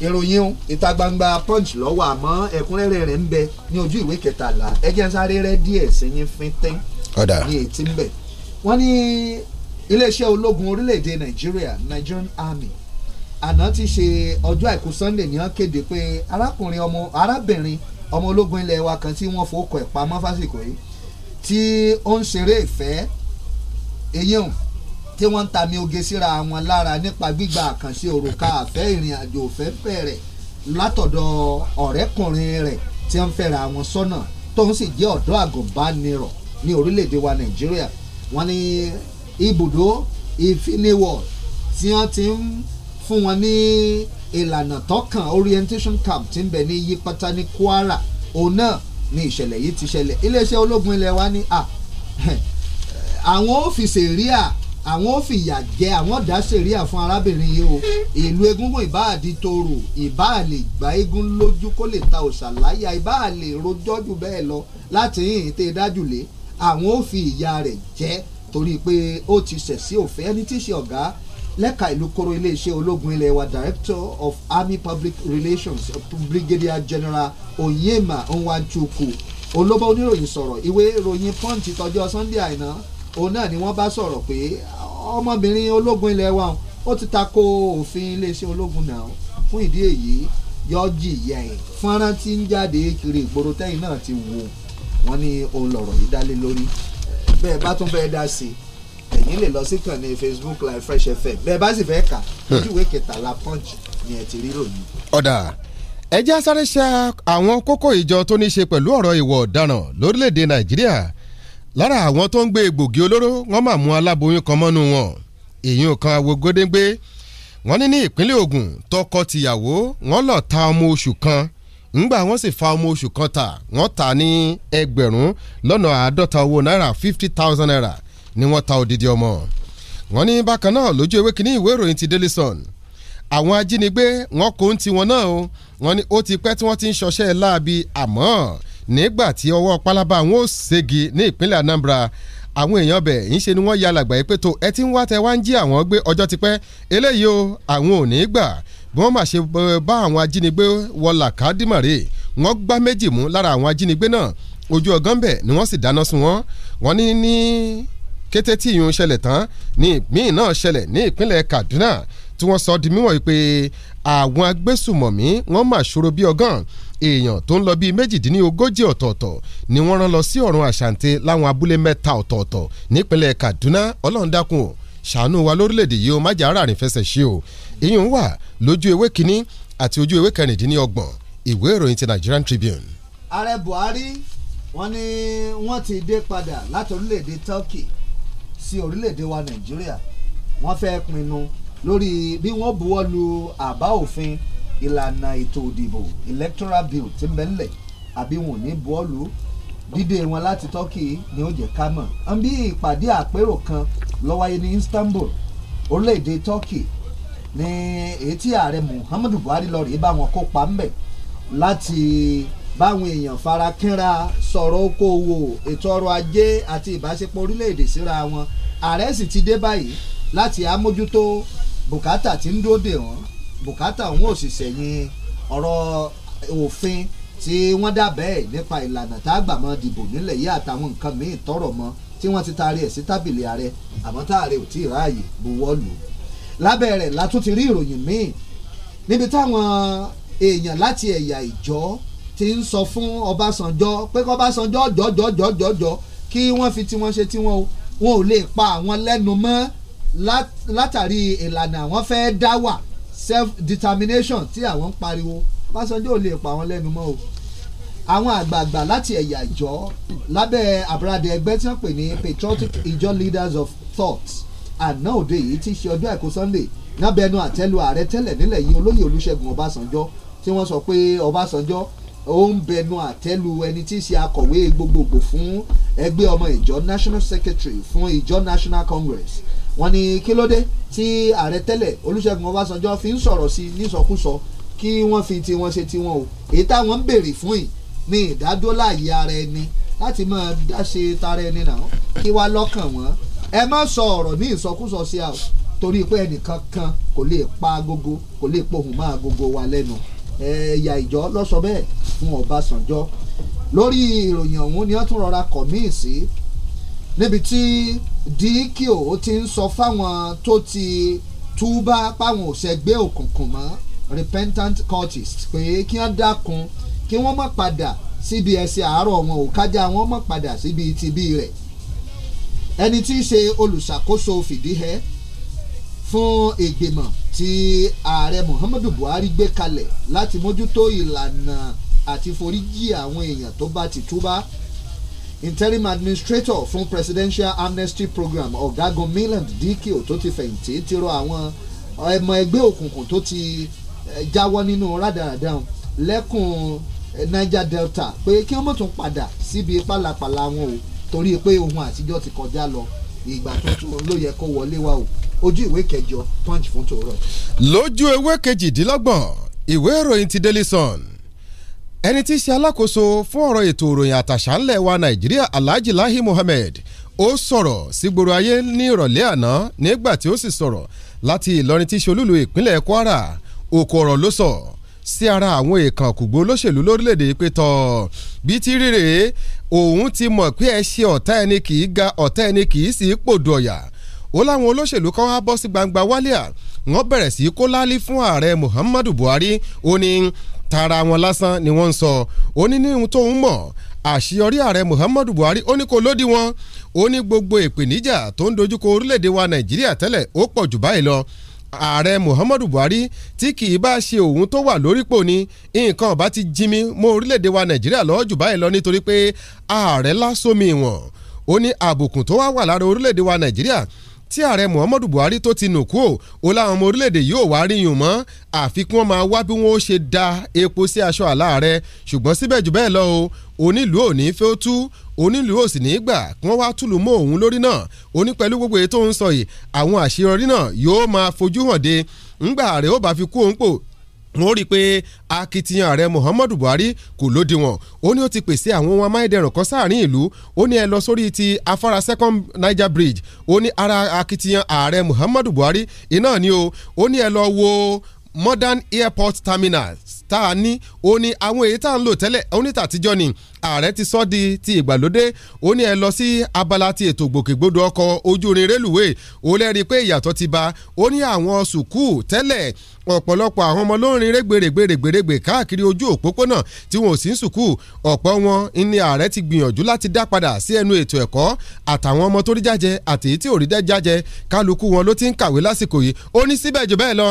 ìròyìn o ìta gbangba punch lọ́wọ́ àmọ́ ẹ̀kúnrẹ́rẹ́ rẹ̀ ń bẹ ní ojú ìwé kẹtàlá ẹjẹ́ ń sáré rẹ́ díẹ̀ sẹ́yìn fíntín ní etí ń bẹ wọ́n ní iléeṣẹ́ ológun orílẹ̀-èdè Nàìjíríà Nigerian Army àná ti ṣe ọjọ́ àìkú Sunday ni wọ́n kéde pé arákùnrin ọmọ arábìnrin ọmọ ológun ilẹ̀ wa kan tí wọ́n fowó kọ ẹ̀ pamọ́ fásitì yìí tí ó ń ṣeré ìfẹ́ eyín o tí wọ́n ń ta mi oge síra wọn lára nípa gbígba àkànṣe òrùka àfẹ́ ìrìn àjò òfẹ́ bẹ̀rẹ̀ látọ̀dọ̀ ọ̀rẹ́kùnrin rẹ̀ tí wọ́n fẹ́ra wọn sọ́nà tóun sì jẹ́ ọ̀dọ́ àgùnbánirọ̀ ní orílẹ̀-èdè wa nàìjíríà wọ́n ní ibùdó ìfiniwọ̀ tí wọ́n ti ń fún wọn ní ìlànà tọ́kàn orientation camp tí ń bẹ ní yípatá ní kwara òun náà ni ìṣẹ̀lẹ̀ yìí ti ṣẹlẹ̀ iléeṣẹ́ ológun ilẹ̀ wa ní à àwọn ò fi ṣèríà àwọn ò fìyà jẹ àwọn dá ṣèríà fún arábìnrin yìí o ìlú egúngún ìbáàdì toro ìbáàlè gba eégún lójú kó lè ta òòṣà láyà ìbáàlè rojọ́ jù bẹ́ẹ̀ lọ láti yìn tẹ́ dájú lé àwọn ò fi ìyà rẹ̀ jẹ torí pé ó ti ṣẹ̀ sí òfin ẹni tí í ṣe ọ̀gá lẹ́ka ìlú iléeṣẹ́ ológun ilẹ̀ wa director of army public relations brigadier general onyema nwanchukwu olóbó oníròyìn sọ̀rọ̀ ìwé ìròyìn punch tọjọ́ sunday àìná òun náà ni wọ́n bá sọ̀rọ̀ pé ọmọbìnrin ológun ilẹ̀ wa ó ti ta ko òfin iléeṣẹ́ ológun náà fún ìdí èyí yọjì yẹ fọ́nrán tí ń jáde kiri ìgboro tẹ́yìn náà ti wò wọ́n ní òun lọ̀rọ̀ yìí dálé lórí bẹ́ẹ̀ bá tún bẹ́ẹ̀ dá sí i lè lọ sí kànnì Facebook live Fresh FM bẹ́ẹ̀ bá sì fẹ́ kà hmm. ojúwe kẹtàlá Punch ni ẹ ti rí ròyìn. ọ̀dà ẹ já sáré ṣe àwọn kókó ìjọ tó ní í ṣe pẹ̀lú ọ̀rọ̀ ìwọ̀ ọ̀daràn lórílẹ̀‐èdè Nàìjíríà lára àwọn tó ń gbé egbògi olóró wọ́n máa mú aláboyún kan mọ́nú wọn èyàn kan awo gódéńgbé wọ́n ní ní ìpínlẹ̀ Ògùn tọkọ tìyàwó wọ́n lọ ta ọmọ oṣù kan ńgbà wọ́n sì fa ọmọ oṣù kan ta wọ́n ta ní ẹgbẹ̀rún lọ́nà àádọ́ta owó náírà fifty thousand naira ni wọ́n ta odidi ọmọ wọ́n ní bákan náà lójú ewé kínní ìwé ìròyìn ti Daily Sun àwọn ajínigbé wọ́n kò ń tiwọn náà o wọ́n ní ó ti pẹ́ tí wọ́n ti ń ṣọṣẹ́ láabi àmọ́ nígbà tí ọwọ́ pálábá wọn ò ségi ní ìpínlẹ̀ Anambra àwọn èèyàn bẹ̀ ń ṣe ni wọ́n ya làgbà yìí pé tó ẹ ti ń wá tẹ wá ń jí àwọn gbé ọjọ́ tipẹ́ eléyìí o àwọn ò ní gbà bí wọ́n mà ṣe bá àwọn ajínigbé wọ làkàdìmọ̀rè wọ́n gbá méjì mú lára àwọn ajínigbé náà ojú ọgán bẹ̀ ni wọ́n sì dáná sun wọ́n wọ́n ní ní kété tí ìyún ṣẹlẹ̀ tán ní míì náà ṣẹlẹ̀ ní ìpínlẹ̀ Kaduna tí wọ́n sọ di mímọ̀ wípé àwọn agbésùmọ̀mí wọ́n mà ṣòro bí ọgán èèyàn tó ń lọ bíi méjìdínlógójì ọ̀tọ̀ọ̀tọ̀ ni wọ́n rán lọ sí ọ̀run àṣàǹtẹ̀ láwọn abúlé mẹ́ta ọ̀tọ̀ọ̀tọ̀ nípínlẹ̀ Kaduna Ọlọ́run dákun o ṣàánú wa lórílẹ̀‐èdè yìí o má jà ara rìn fẹsẹ̀ ṣe o ìyún wà lójú ewé kínní àti ojú ewé kẹrìndínlọ́gbọ̀n ìwé ìròyìn ti Nigerian Tribune. ààrẹ Buhari wọ́n ní wọ́n ti dé padà láti orílẹ̀-èdè Turkey sí orílẹ̀-èdè wa Nàìjíríà wọ́n fẹ́ pinnu lórí bí wọ́n buwọ́ lu àbá òfin ìlànà ètò ìdìbò electoral bill ti mẹ́lẹ̀ àbí wọn ò ní bọ́ọ̀lù dídé wọn láti Turkey ni ó jẹ́ ká mọ̀ ń bí ìpàdé àpérò kan ló ní Istanbul orílẹ̀-èdè Turkey ní èyí ààrẹ Muhammadu Buhari lọ rèé bá wọn kópa ńbẹ̀ láti báwọn èèyàn farakínra sọ̀rọ̀ okòwò ètò ọrọ̀ ajé àti ìbáṣepọ̀ orílẹ̀-èdè síra wọn ààrẹ sì ti dé báyìí láti àmójútó bùkátà tí ń dóde wọn bùkátà òun ò sì sẹ̀yìn ọ̀rọ̀ òfin tí wọ́n dábẹ́ ẹ̀ nípa ìlànà tá a gbà mọ́ dìbò nílẹ̀ yìí àtàwọn nǹkan míì tọrọ mọ́ tí wọ́n ti taari ẹ̀ sí tábìlì ààrẹ àmọ́ táàrẹ ò tí ì ráàyè buwọ́ lù ú. lábẹ́ rẹ̀ la tún ti rí ìròyìn míì níbi táwọn èèyàn láti ẹ̀yà ìjọ ti ń sọ fún Ọbásanjọ́ pé kí Ọbásanjọ́ jọ́jọ́jọ́jọ́ kí wọ́n fi tiwọn ṣe tiwọn o wọn ò lè pa àwọn lẹ́nu mọ́ látàrí ìlànà àwọn fẹ́ dá wà self determination tí àwọn ń pariwo Ọbásanjọ́ ò lè pa àwọn lẹ́nu mọ́ o àwọn àgbààgbà láti ẹ̀yà ìjọ lábẹ́ àbúradẹ ẹgbẹ́ tí wọ́n pè ní patriotic ìjọ leaders of thought àná òde yìí ti ṣe ọjọ́ àìkú Sunday nábẹ́nu àtẹ́lu ààrẹ tẹ́lẹ̀ nílẹ̀ yìí olóyè Olúṣẹ́gun Ọbásanjọ́ Obasanjo. wọ́n sọ pé Ọbásanjọ́ ó ń bẹnu àtẹ́lu ẹni tí í ṣe akọ̀wé gbogbogbò fún ẹgbẹ́ ọmọ ìjọ national secretary fún ìjọ national congress wọ́n ní kí ló dé tí ààrẹ tẹ́lẹ̀ olúṣẹ́gun ọbásanjọ́ fi ń sọ̀rọ̀ sí i nísọkúsọ kí wọ́n fi tiwọn ṣe tiwọn o èyí táwọn ń béèrè fún yìí ní ìdádóláàyè ara ẹni láti máa dáṣe tara ẹni náà kí wá lọ́kàn wọ́n ẹ má sọ ọ̀rọ̀ ní ìsọkúsọ sí a o torí pé ẹnìkan kan kò lè pa agogo kò lè pohùn mọ́ agogo wa lẹ́nu ẹ̀yà ìjọ ló sọ bẹ́ẹ̀ fún ọbásanjọ́ lórí ìròyìn ọ̀hún ni wọ́n tún rọra kọ̀ míì sí níbi tí díkìó ti ń sọ fáwọn tó ti túbá páwọn òṣègbè òkùnkùn mọ́ repentant cultists pé kí wọ́n dákun kí wọ́n má padà síbi ẹsẹ̀ àárọ̀ wọn ò kájà wọ́n má padà síbi tibí rẹ̀ ẹni tí í ṣe olùṣàkóso fìdíhẹ́ fún ìgbìmọ̀ tí ààrẹ Muhammadu Buhari gbé kalẹ̀ láti mójútó ìlànà àti foríjì àwọn èèyàn tó bá ti túbá interim administrator fún presidential amnesty program ọ̀gágun Milland Dikio tó ti fẹ̀yìntì ti rọ àwọn eh, ọmọ ẹgbẹ́ òkùnkùn tó ti eh, jáwọ́ nínú rádaràdà lẹ́kùn eh, Niger Delta pé kí wọ́n mọ̀ tún padà síbi pálapàla wọn o torí pé ohun àtijọ́ ti kọjá lọ ìgbà tuntun ló yẹ kó wọlé wa o ojú ìwé kẹjọ punch fún tòórọ. lójú ewé kejìdínlọ́gbọ̀n ìwé ìròyìn ti Daily Sun ẹni tí í ṣe alákòóso fún ọ̀rọ̀ ètò òròyìn àtàṣà ńlẹ̀ wa nàìjíríà alhaji lahi muhammed ó sọ̀rọ̀ sígboro ayé ní ìrọ̀lẹ́ àná nígbà tí ó sì sọ̀rọ̀ láti ìlọrin tí í ṣe olúlu ìpínlẹ̀ kwara òkò ọ̀rọ̀ ló sọ sí ara àwọn èèkàn kùgbó olóṣèlú lórílẹ̀‐èdè pé tọ̀ bí ti rírè òun ti mọ̀ pé ẹ ṣe ọ̀tá ẹni kì í ga ọ̀tá ẹni kì í sì í pòdù ọ̀yà ó láwọn olóṣèlú kan wá bọ́ sí gbangba wálíà wọ́n bẹ̀rẹ̀ sí kó lálí fún ààrẹ Muhammadu Buhari ó ní tara wọn lásán ni wọ́n ń sọ ó ní ní ohun tóun mọ̀ àṣeyọrí ààrẹ Muhammadu Buhari ó ní kó lódì wọn ó ní gbogbo ìpèníjà tó ń dojúkọ orílẹ̀-èdè wa Nàìjíríà tẹ́lẹ̀ ó pọ̀ jù báyìí lọ ààrẹ muhammadu buhari tí kì í bá ṣe òun tó wà lórípò ni nǹkan ọba ti jimi mọ́ orílẹ̀-èdè wa nàìjíríà lọ́wọ́ jù báyìí lọ nítorí pé ààrẹ lásòmì wọn ó ní àbùkù tó wá wà lára orílẹ̀-èdè wa nàìjíríà tí ààrẹ muhammadu buhari tó ti nù kú ó láwọn ọmọ orílẹ̀-èdè yóò wá ríyùn mọ́ àfikún máa wá bí wọ́n ṣe da epo sí aṣọ àlàárẹ̀ ṣùgbọ́n síbẹ̀ jù bẹ́ẹ̀ lọ o onílùú ò ní fẹ́ ó tú onílùú ò sì ní gbà kí wọ́n wá túlù mọ́ òun lórí náà ó pẹ̀lú gbogbo èyí tó ń sọ yìí àwọn àṣeyọrí náà yóò máa fojú hàn de ńgbà rẹ̀ ó bá fi kú òun pò wọ́n rí i pé akitiyan ààrẹ muhammadu buhari kò lódiwọ̀n ó ní ó ti pèsè àwọn ohun amáyédẹrùn kan sáàrin ìlú ó ní ẹ lọ sórí ti afárá second niger bridge ó ní ara akitiyan ààrẹ muhammadu buhari iná ni o ó ní ẹ lọ wo modern airport terminals tá a ní ó ní àwọn èyí tá à ń lò tẹ́lẹ̀ onítàtijọ́ ni ààrẹ ti sọ́ di ti ìgbàlódé ó ní ẹ lọ sí abala ti ètò ìgbòkègbodò ọkọ̀ ojú irin rélùwéè ó lẹ́rìí pé ìyàtọ̀ ti bá ó ní àwọn sùkúù tẹ́lẹ̀ ọ̀pọ̀lọpọ̀ àwọn ọmọ ló ń rin rẹ́gbẹ̀rẹ̀gbẹ̀rẹ̀gbẹ̀ káàkiri ojú òpópónà tí wọn ò sí ń sùkú ọ̀pọ̀ wọn ni ààrẹ ti gbìyànjú láti dá padà sí ẹnu ètò ẹ̀kọ́ àtàwọn ọmọ tó rí jájẹ àtèyí tí ò rí jájẹ kálukú wọn ló ti ń kàwé lásìkò yìí ó ní síbẹ̀ jù bẹ́ẹ̀ lọ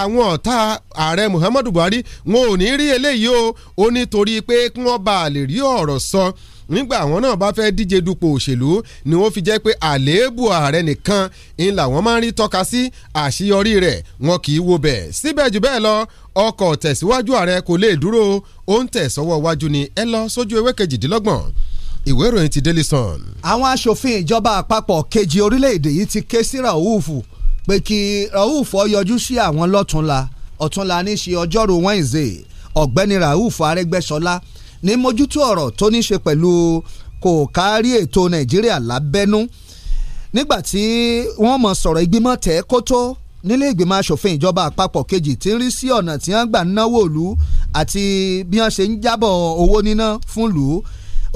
àwọn ọ̀tá ààrẹ Muhammadu Buhari wọn ò ní rí eléyìí o ó nítorí pé kí wọ́n bá a lè rí ọ̀rọ̀ sọ nígbà àwọn náà bá fẹ́ díje dupò òṣèlú ni wọ́n fi jẹ́ pé àléébù ààrẹ nìkan ń làwọn máa ń rí tọ́ka sí àṣeyọrí rẹ̀ wọn kì í wo bẹ̀ síbẹ̀ jù bẹ́ẹ̀ lọ ọkọ̀ tẹ̀síwájú ààrẹ kò lè dúró ó ń tẹ̀ sọ́wọ́ iwájú ni ẹ lọ sójú ewé kejìdínlọ́gbọ̀n ìwé ìròyìn ti Daily Sun. àwọn aṣòfin ìjọba àpapọ̀ kejì orílẹ̀-èdè yìí ti ké sí Rauf pé kí Rauf ó yọjú sí àwọn lọ́túnla ọ̀túnla ní ṣe ọjọ́rú Wednesday ọ̀gbẹ́ni Rauf Arẹ́gbẹ́ṣọlá ní mójútó ọ̀rọ̀ tó ní ṣe pẹ̀lú kò kárí ètò Nàìjíríà lábẹ́nú nígbà tí wọ́n mọ̀ sọ̀rọ̀ ìgbìmọ̀ tẹ̀ kótó nílé ìgbìmọ̀ asòfin ìjọba àpapọ̀ kejì tí ń rí sí ọ̀nà tí wọ́n gbà náwó ìlú àti bí wọ́n ṣe ń jábọ̀ owó níná fún ìlú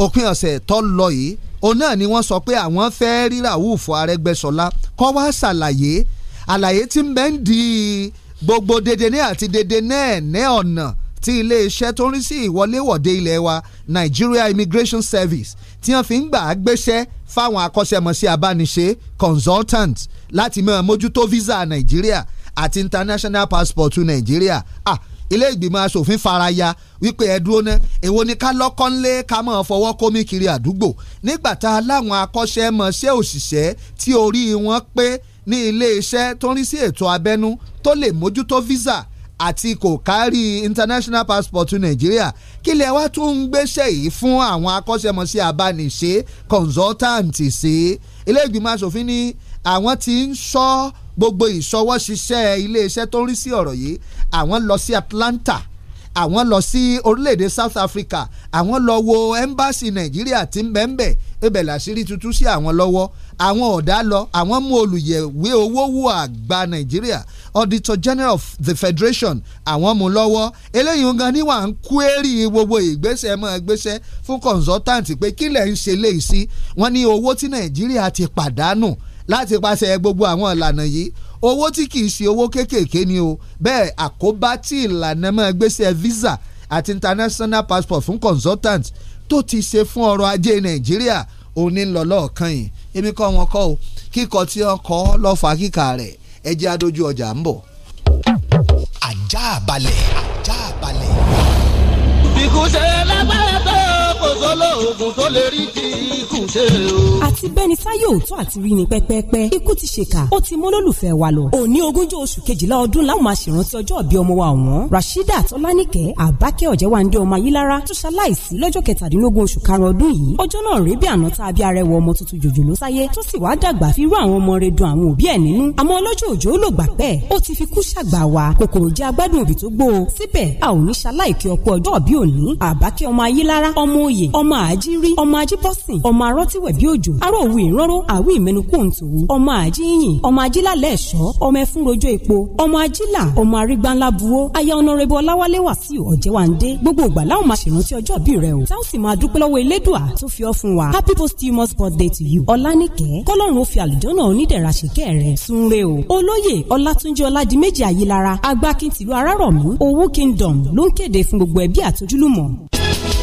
òpin ọ̀sẹ̀ tó lọ yìí òun náà ni wọ́n sọ pé àwọn fẹ́ rí Rauf Arẹ́gbẹ́ṣọlá kó wá ṣàlàyé àlàyé tí ń bẹ ń di gbogbo dedene àti dedene ní ọ̀nà tí iléeṣẹ́ tó ń rí sí ìwọléwọ̀de ilẹ̀ wa Nigeria Immigration Service tí wọ́n fi ń gbà á gbéṣẹ́ fáwọn akọ́ṣẹ́mọṣẹ́ abániṣe consultant láti máa mójútó visa Nigeria àti international passport to Nigeria ah ilé ìgbìmọ̀ asòfin faraya wípé ẹ dúró ná èwo ni ká lọ́kọ́ ńlé ká máa fọwọ́ kómi kiri àdúgbò nígbà tá a láwọn akọ́ṣẹ́mọṣẹ́ òṣìṣẹ́ tí orí wọn pé ní iléeṣẹ́ tó ń rí sí ètò abẹ́nú tó lè mójútó visa àti kò kárí international passport nàìjíríà kí lẹ wá tún ń gbéṣẹ́ yìí fún àwọn akọ́ṣẹ́mọṣẹ́ abániṣe consultant sí ilé ìgbìmọ̀ asòfin ni àwọn tí ń sọ gbogbo ìṣọwọ́ṣiṣẹ́ iléeṣẹ́ tó ń rí sí ọ̀rọ̀ yìí àwọn lọ sí Atlanta àwọn lọ sí orílẹ̀-èdè South Africa àwọn lọ wo embassy nàìjíríà tí ń bẹ́ẹ̀ bẹ́ẹ̀ ibẹ̀ làṣírí tuntun sí àwọn lọ́wọ́ àwọn ọ̀dà lọ àwọn mú olùyẹ̀wé owó wù àgbà nàìjíríà auditor general of the federation àwọn mú lọ́wọ́ eléyìí gan ni wà ń kúérì gbogbo ìgbésẹ̀ mọ́ ẹgbẹ́sẹ̀ fún consultant pé kí lẹ̀ ń ṣe léyìí sí wọ́n ní owó tí nàìjíríà ti pàdánù láti pàṣẹ gbogbo àwọn ìlànà yìí owó tí kì í ṣe owó kéékèèké ni o bẹ́ẹ̀ àkóbá tí ìlànà mọ́ ẹgbẹ́sẹ̀ visa àti international passport fún consultant tó ti ṣe fún ọrọ̀ ajé nàìjíríà òní ń lọ lọ́ọ̀kan yìí ebi kọ́ wọn kọ́ o kíkọ tí wọn kọ́ lọ́fà kíkà rẹ̀ ẹjẹ́ adójú ọjà ń bọ̀. ajá balẹ̀ ajá balẹ̀. ìkùṣe lágbára tó kò sólóògùn tó lè rí ti ìkùṣe o àti bẹ́ni sáyé òótọ́ àti rí ni pẹ́pẹ́pẹ́ ikú ti ṣèkà ó ti mú olólùfẹ́ wa lọ òní ogúnjọ́ oṣù kejìlá ọdún láwọn máa ṣèrántí ọjọ́ ìbí ọmọ wa ọ̀wọ́n Rashida Tọ́lánìkẹ́ Àbákẹ́ Ọ̀jẹ̀wándé ọmọ ayílára tó ṣaláìsí lọ́jọ́ kẹtàdínlógún oṣù karùn-ún ọdún yìí ọjọ́ náà rí bí àná tá a bí arẹwà ọmọ tuntun jòjòló sáyé tó sì wá dàgbà fi rú àwọn ọmọ rẹ̀ dun àwọn òbí ẹ̀ nínú àmọ́ ọlọ́jọ́ òjò ló o síbẹ̀ a ò ní ṣaláìkí ọkọ ọjọ́ bí òní Àbákẹ́ àjírí ọmọ ajíbọ́sìn ọmọ arọ́tíwẹ̀ bí òjò aró òwú ìrọ́ró àwí ìmẹ́nu kóńtù ọmọ àjíyìn ọmọ ajílálẹ̀ ẹ̀ṣọ́ ọmọ ẹfún rojọ́ epo ọmọ ajílà ọmọ arígbáńlá buwó aya ọ̀nàrẹ́bù ọláwálé wàsíù ọ̀jẹ̀wándé gbogbo ìgbà láwọn máa ṣèrántí ọjọ́ ìbí rẹ o táwọn sì máa dúpẹ́ lọ́wọ́ elédùà tó fi ọ́ fún wa happy posthumous birthday to you ọ̀lànìkẹ́ kọ́lọ́run ó fi àlùjọ́nà onídẹ̀ra ṣèkẹ́ rẹ̀ súnre o olóyè ọlátúnjí ọládìméjì àyílára agbákin tìlú arárọ̀mú owó kingdom ló ń kéde fún gbogbo ẹbí àtojúlùmọ̀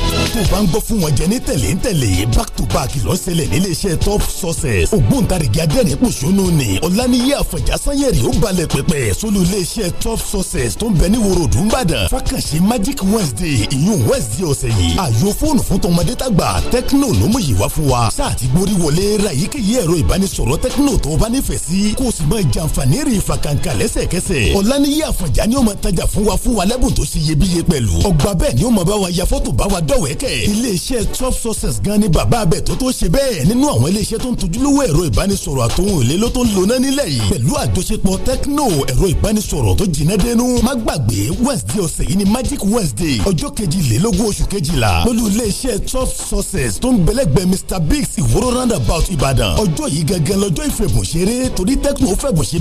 tó bá ń gbọ́ fún wọn jẹ ní tẹ̀lé ń tẹ̀lé back to back ló ń ṣẹlẹ̀ top success ògbóǹtarìgì adẹ́rìn pòṣónú ni ọ̀làníyé àfọ̀njá sanyẹ̀rì ó balẹ̀ pẹ̀pẹ̀ sólù ilé top success tó ń bẹ ní woro dùnbàdàn fàkànṣe magic wednesday ìyún wednesday ọ̀sẹ̀ yìí àyò fóònù fún tọmọdé tàgbà tecno ló mú yìí wá fún wa sáàtì gbórí wọlé ra èyíkéyìí ẹ̀rọ ìbánisọ̀rọ̀ tecno tó o bá nífẹ̀ẹ́ sí kó o sì máa jàǹfààní rìn fàkàǹkà lẹ́sẹ̀kẹsẹ̀ ọ̀làníyé àfọ̀njá ni ó máa tajà fún wa fún wa lẹ́bùn Adéwẹ̀kẹ̀ iléeṣẹ́ twelve sources gan ni bàbá abẹ tó tó ṣe bẹ́ẹ̀ nínú àwọn iléeṣẹ́ tó ń tojúlówó ẹ̀rọ ìbánisọ̀rọ̀ àtòhun èlé ló tó ń lona nílẹ̀ yìí pẹ̀lú àjọṣepọ̀ tecno ẹ̀rọ ìbánisọ̀rọ̀ tó jìnnà dénú má gbàgbé wednesday ọ̀sẹ̀ yìí ni magic wednesday ọjọ́ kejìlélógún oṣù kejìlá lólú iléeṣẹ́ twelve sources tó ń bẹ̀lẹ́gbẹ̀ mr biggs ìwòrò roundabout ìbàdàn ọjọ́ yìí gangan lọ́jọ́ ìfẹ̀bùnṣeré torí tecno fẹ̀bùnṣe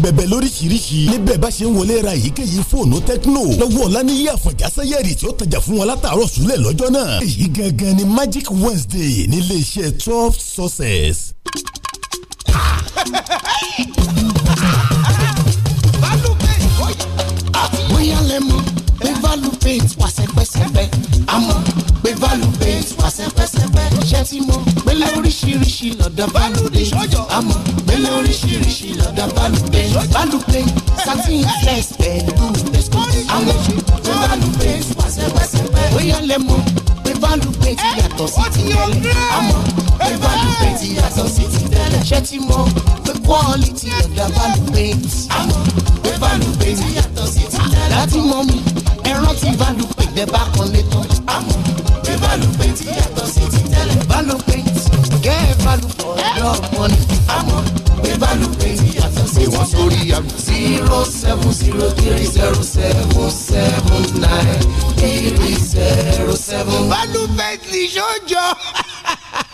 yìí gangan ni magic wednesday nílé iṣẹ́ top success. bóyá lẹ mọ̀ pé value paint wà sẹ́pẹ́sẹ́pẹ́ àmọ́ pé value paint wà sẹ́pẹ́sẹ́pẹ́ ṣẹ́ tí mo pélé oríṣiríṣi lọ́dọ̀ value paint àmọ́ pélé oríṣiríṣi lọ́dọ̀ value paint value paint satin flex pẹ̀lú àwọn pé value paint wà sẹ́pẹ́sẹ́pẹ́ bóyá lẹ evaluate yàtọ̀ sí ti tẹ́lẹ̀ àmọ́ evaluate yàtọ̀ sí ti tẹ́lẹ̀ ṣé ti mọ pé quality ọ̀dà evaluate àmọ́ evaluate yàtọ̀ sí ti tẹ́lẹ̀ láti mọ mi ẹ̀rọ ti evaluate bẹ́ẹ̀ bá kan lé tán àmọ́ evaluate yàtọ̀ sí ti tẹ́lẹ̀ evaluate get evaluate for your money àmọ́ evaluate wọ́n sórí àgbà. zero seven zero three zero seven seven nine three zero seven. balùwẹ̀ ní sọ́jọ́. *laughs*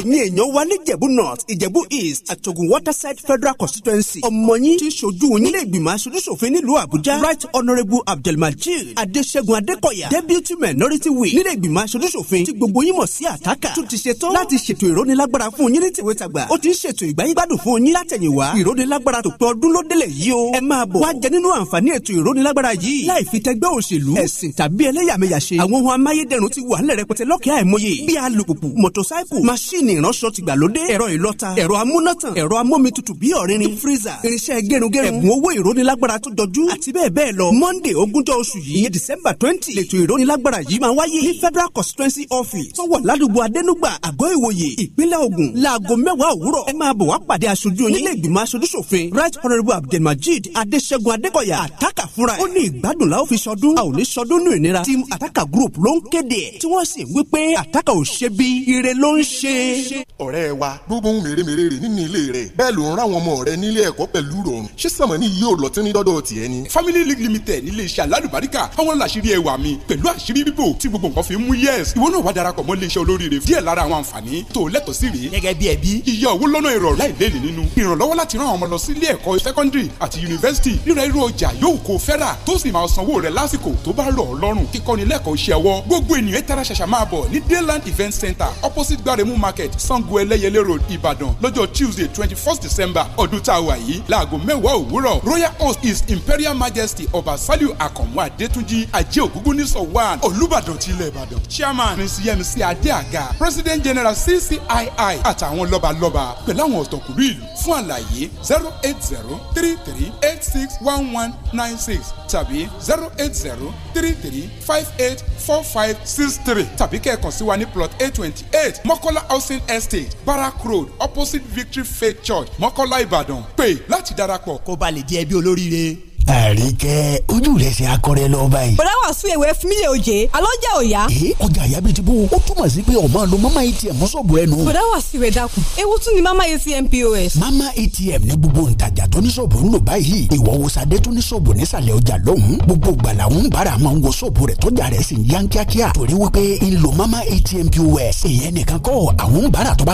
ẹ̀yin èèyàn wa ní ìjẹ̀bú north ìjẹ̀bú east àtògùn waterside federal constituency ọmọ yín ti ṣojú yín lè gbìmọ̀ aṣojúṣòfin nílùú àbújá right honourable abdulmajid adéṣẹ́gun adékọ̀yà deputy minority whip nílẹ̀ ìgbìmọ̀ aṣojúṣòfin tí gbogbo yín mọ̀ sí àtàkà tún ti ṣetán láti ṣètò ìrónilágbára fún yín ní tìwé tàgbà ó ti ń ṣètò ìgbáyégbádùn fún yín látẹ̀yìnwá ìrónilágbára tó pé ọdún ló délẹ̀ yìí o ẹ máa bọ̀ wá jẹ nínú àǹfààní ètò ìrónilágbára yìí láì fi tẹgbẹ́ òṣèlú ẹ̀sìn tàbí ẹlẹ́yàmẹ̀yà ṣe àwọn ohun amáyédẹrùn ti wà nílẹ̀ rẹpẹtẹ lọ́kẹ́ àìmọye bíi alùpùpù mọ́tòsáìkù máṣíìnì máṣíìnì ìránṣọ ti gbàlódé ẹ̀rọ ìlọ́ta ẹ̀rọ amúnátàn ẹ̀rọ amómitutù bíi ọ̀rinrin freezer irinṣẹ́ gẹrungẹrun ẹ̀bùn owó ìrónilágbára tó jọjú àti bẹ́ẹ̀ bẹ́ẹ̀ lọ monday ogúnjọ́ oṣù yìí december twenty lètò ìrónilágbára yìí máa wáyé ní federal constituency office tó wà ládùúgbò adẹ́núgbà àgọ́ ìwòye ìpínlẹ̀ ògùn láago mẹ́wàá òwúrọ̀ ẹ máa bọ̀ wá pàdé aṣojú onílé ìgbìmọ̀ aṣojúṣòfin right honourable abdulmajid adéṣẹ́gun adékọ̀yà àtàkà fúnra ó ní ìgbádùn la ó fi ṣọdún a ò ní ṣọdún ní ìnira team àtàkà group ló ń kéde ẹ̀ tí wọ́n sì wí pé àtàkà ò ṣe bí ṣe. ọ̀rẹ́ wa gbogbo ohun mèremère rẹ̀ nínú ilé rẹ̀ bẹ́ẹ̀ ló ń rán àwọn ọmọ rẹ̀ nílé ẹ̀kọ́ pẹ̀lú rọrùn ṣé sàmọ́ni yóò lọ tí ní dọ́dọ̀ tiẹ̀ ni. family league limited nílé iṣẹ́ alálùbáríkà àwọn làṣírí ẹwà mi pẹ̀lú àṣírí bíbò tí gbogbo nǹkan fi ń mú yẹ́s. ìwọ náà wá darapọ̀ mọ́ iléeṣẹ́ olóríire díẹ̀ lára àwọn àǹfààní tó lẹ́tọ̀ọ́ sí rèé. gẹ́gẹ́ bí ẹbí. iye owó lọ́nà ìrọ̀rùn láì léèlé nínú. ìrànlọ́wọ́ láti rán ọmọ lọ sí ilé ẹ̀kọ́ sẹ́kọ́ndìrì àti yunifásitì rírà irú ọjà yóò kó fẹ́rà tó sì máa sanwó rẹ̀ lásìkò tó bá event center opposite gbaremu market market sango ẹlẹ́yẹlé road ìbàdàn lọ́jọ́ tuesday twenty first december ọdún tá a wà yìí láago mẹ́wàá òwúrọ̀ royal host is imperial majesty ọba saliu akànmú adétúnjì ajé ògúngúnnísọ Wan olùbàdàn ti ilẹ̀ ìbàdàn chairman prince yemisi adéaga president general ccii àtàwọn lọ́balọ́ba pẹ̀lú àwọn ọ̀tọ̀kùnrin ìlú fún àlàyé zero eight zero three three eight six one one nine six tàbí zero eight zero three three five eight four five six three tàbí kẹ́ẹ̀kan sí wa ní plot eight twenty eight mọ́kọ́lá house housing estate barak road opposite victory faith church mọ́kọ́lá ìbàdàn pè láti darapọ̀. kó ba lè jẹ́ bí olóríire àríkẹ́ ojú rẹ̀ ṣe akọrẹ lọ báyìí. bọ̀dá wà sún ewé fún mi lè oje alọ́jà òya. ee ọjà àyà bíi ti bó o túmọ̀ sí pé ọmọ lo mama atm mọ́sọ̀bù ẹnu. bọ̀dá wà sí ìwé dákun ewu tún ni mama atm pos. mama atm ní gbogbo ntajà tó ní sọ̀bù ń lò báyìí ìwọ wo sadé tó ní sọ̀bù nísàlẹ̀ ọjà lọ́hùn gbogbo gbala ń bára máa ń wo sọ̀bù rẹ̀ tọ́jà rẹ̀ sì ń yán kíákíá mama atm pos èèyàn nìkan kọ́ àwọn ń bára tó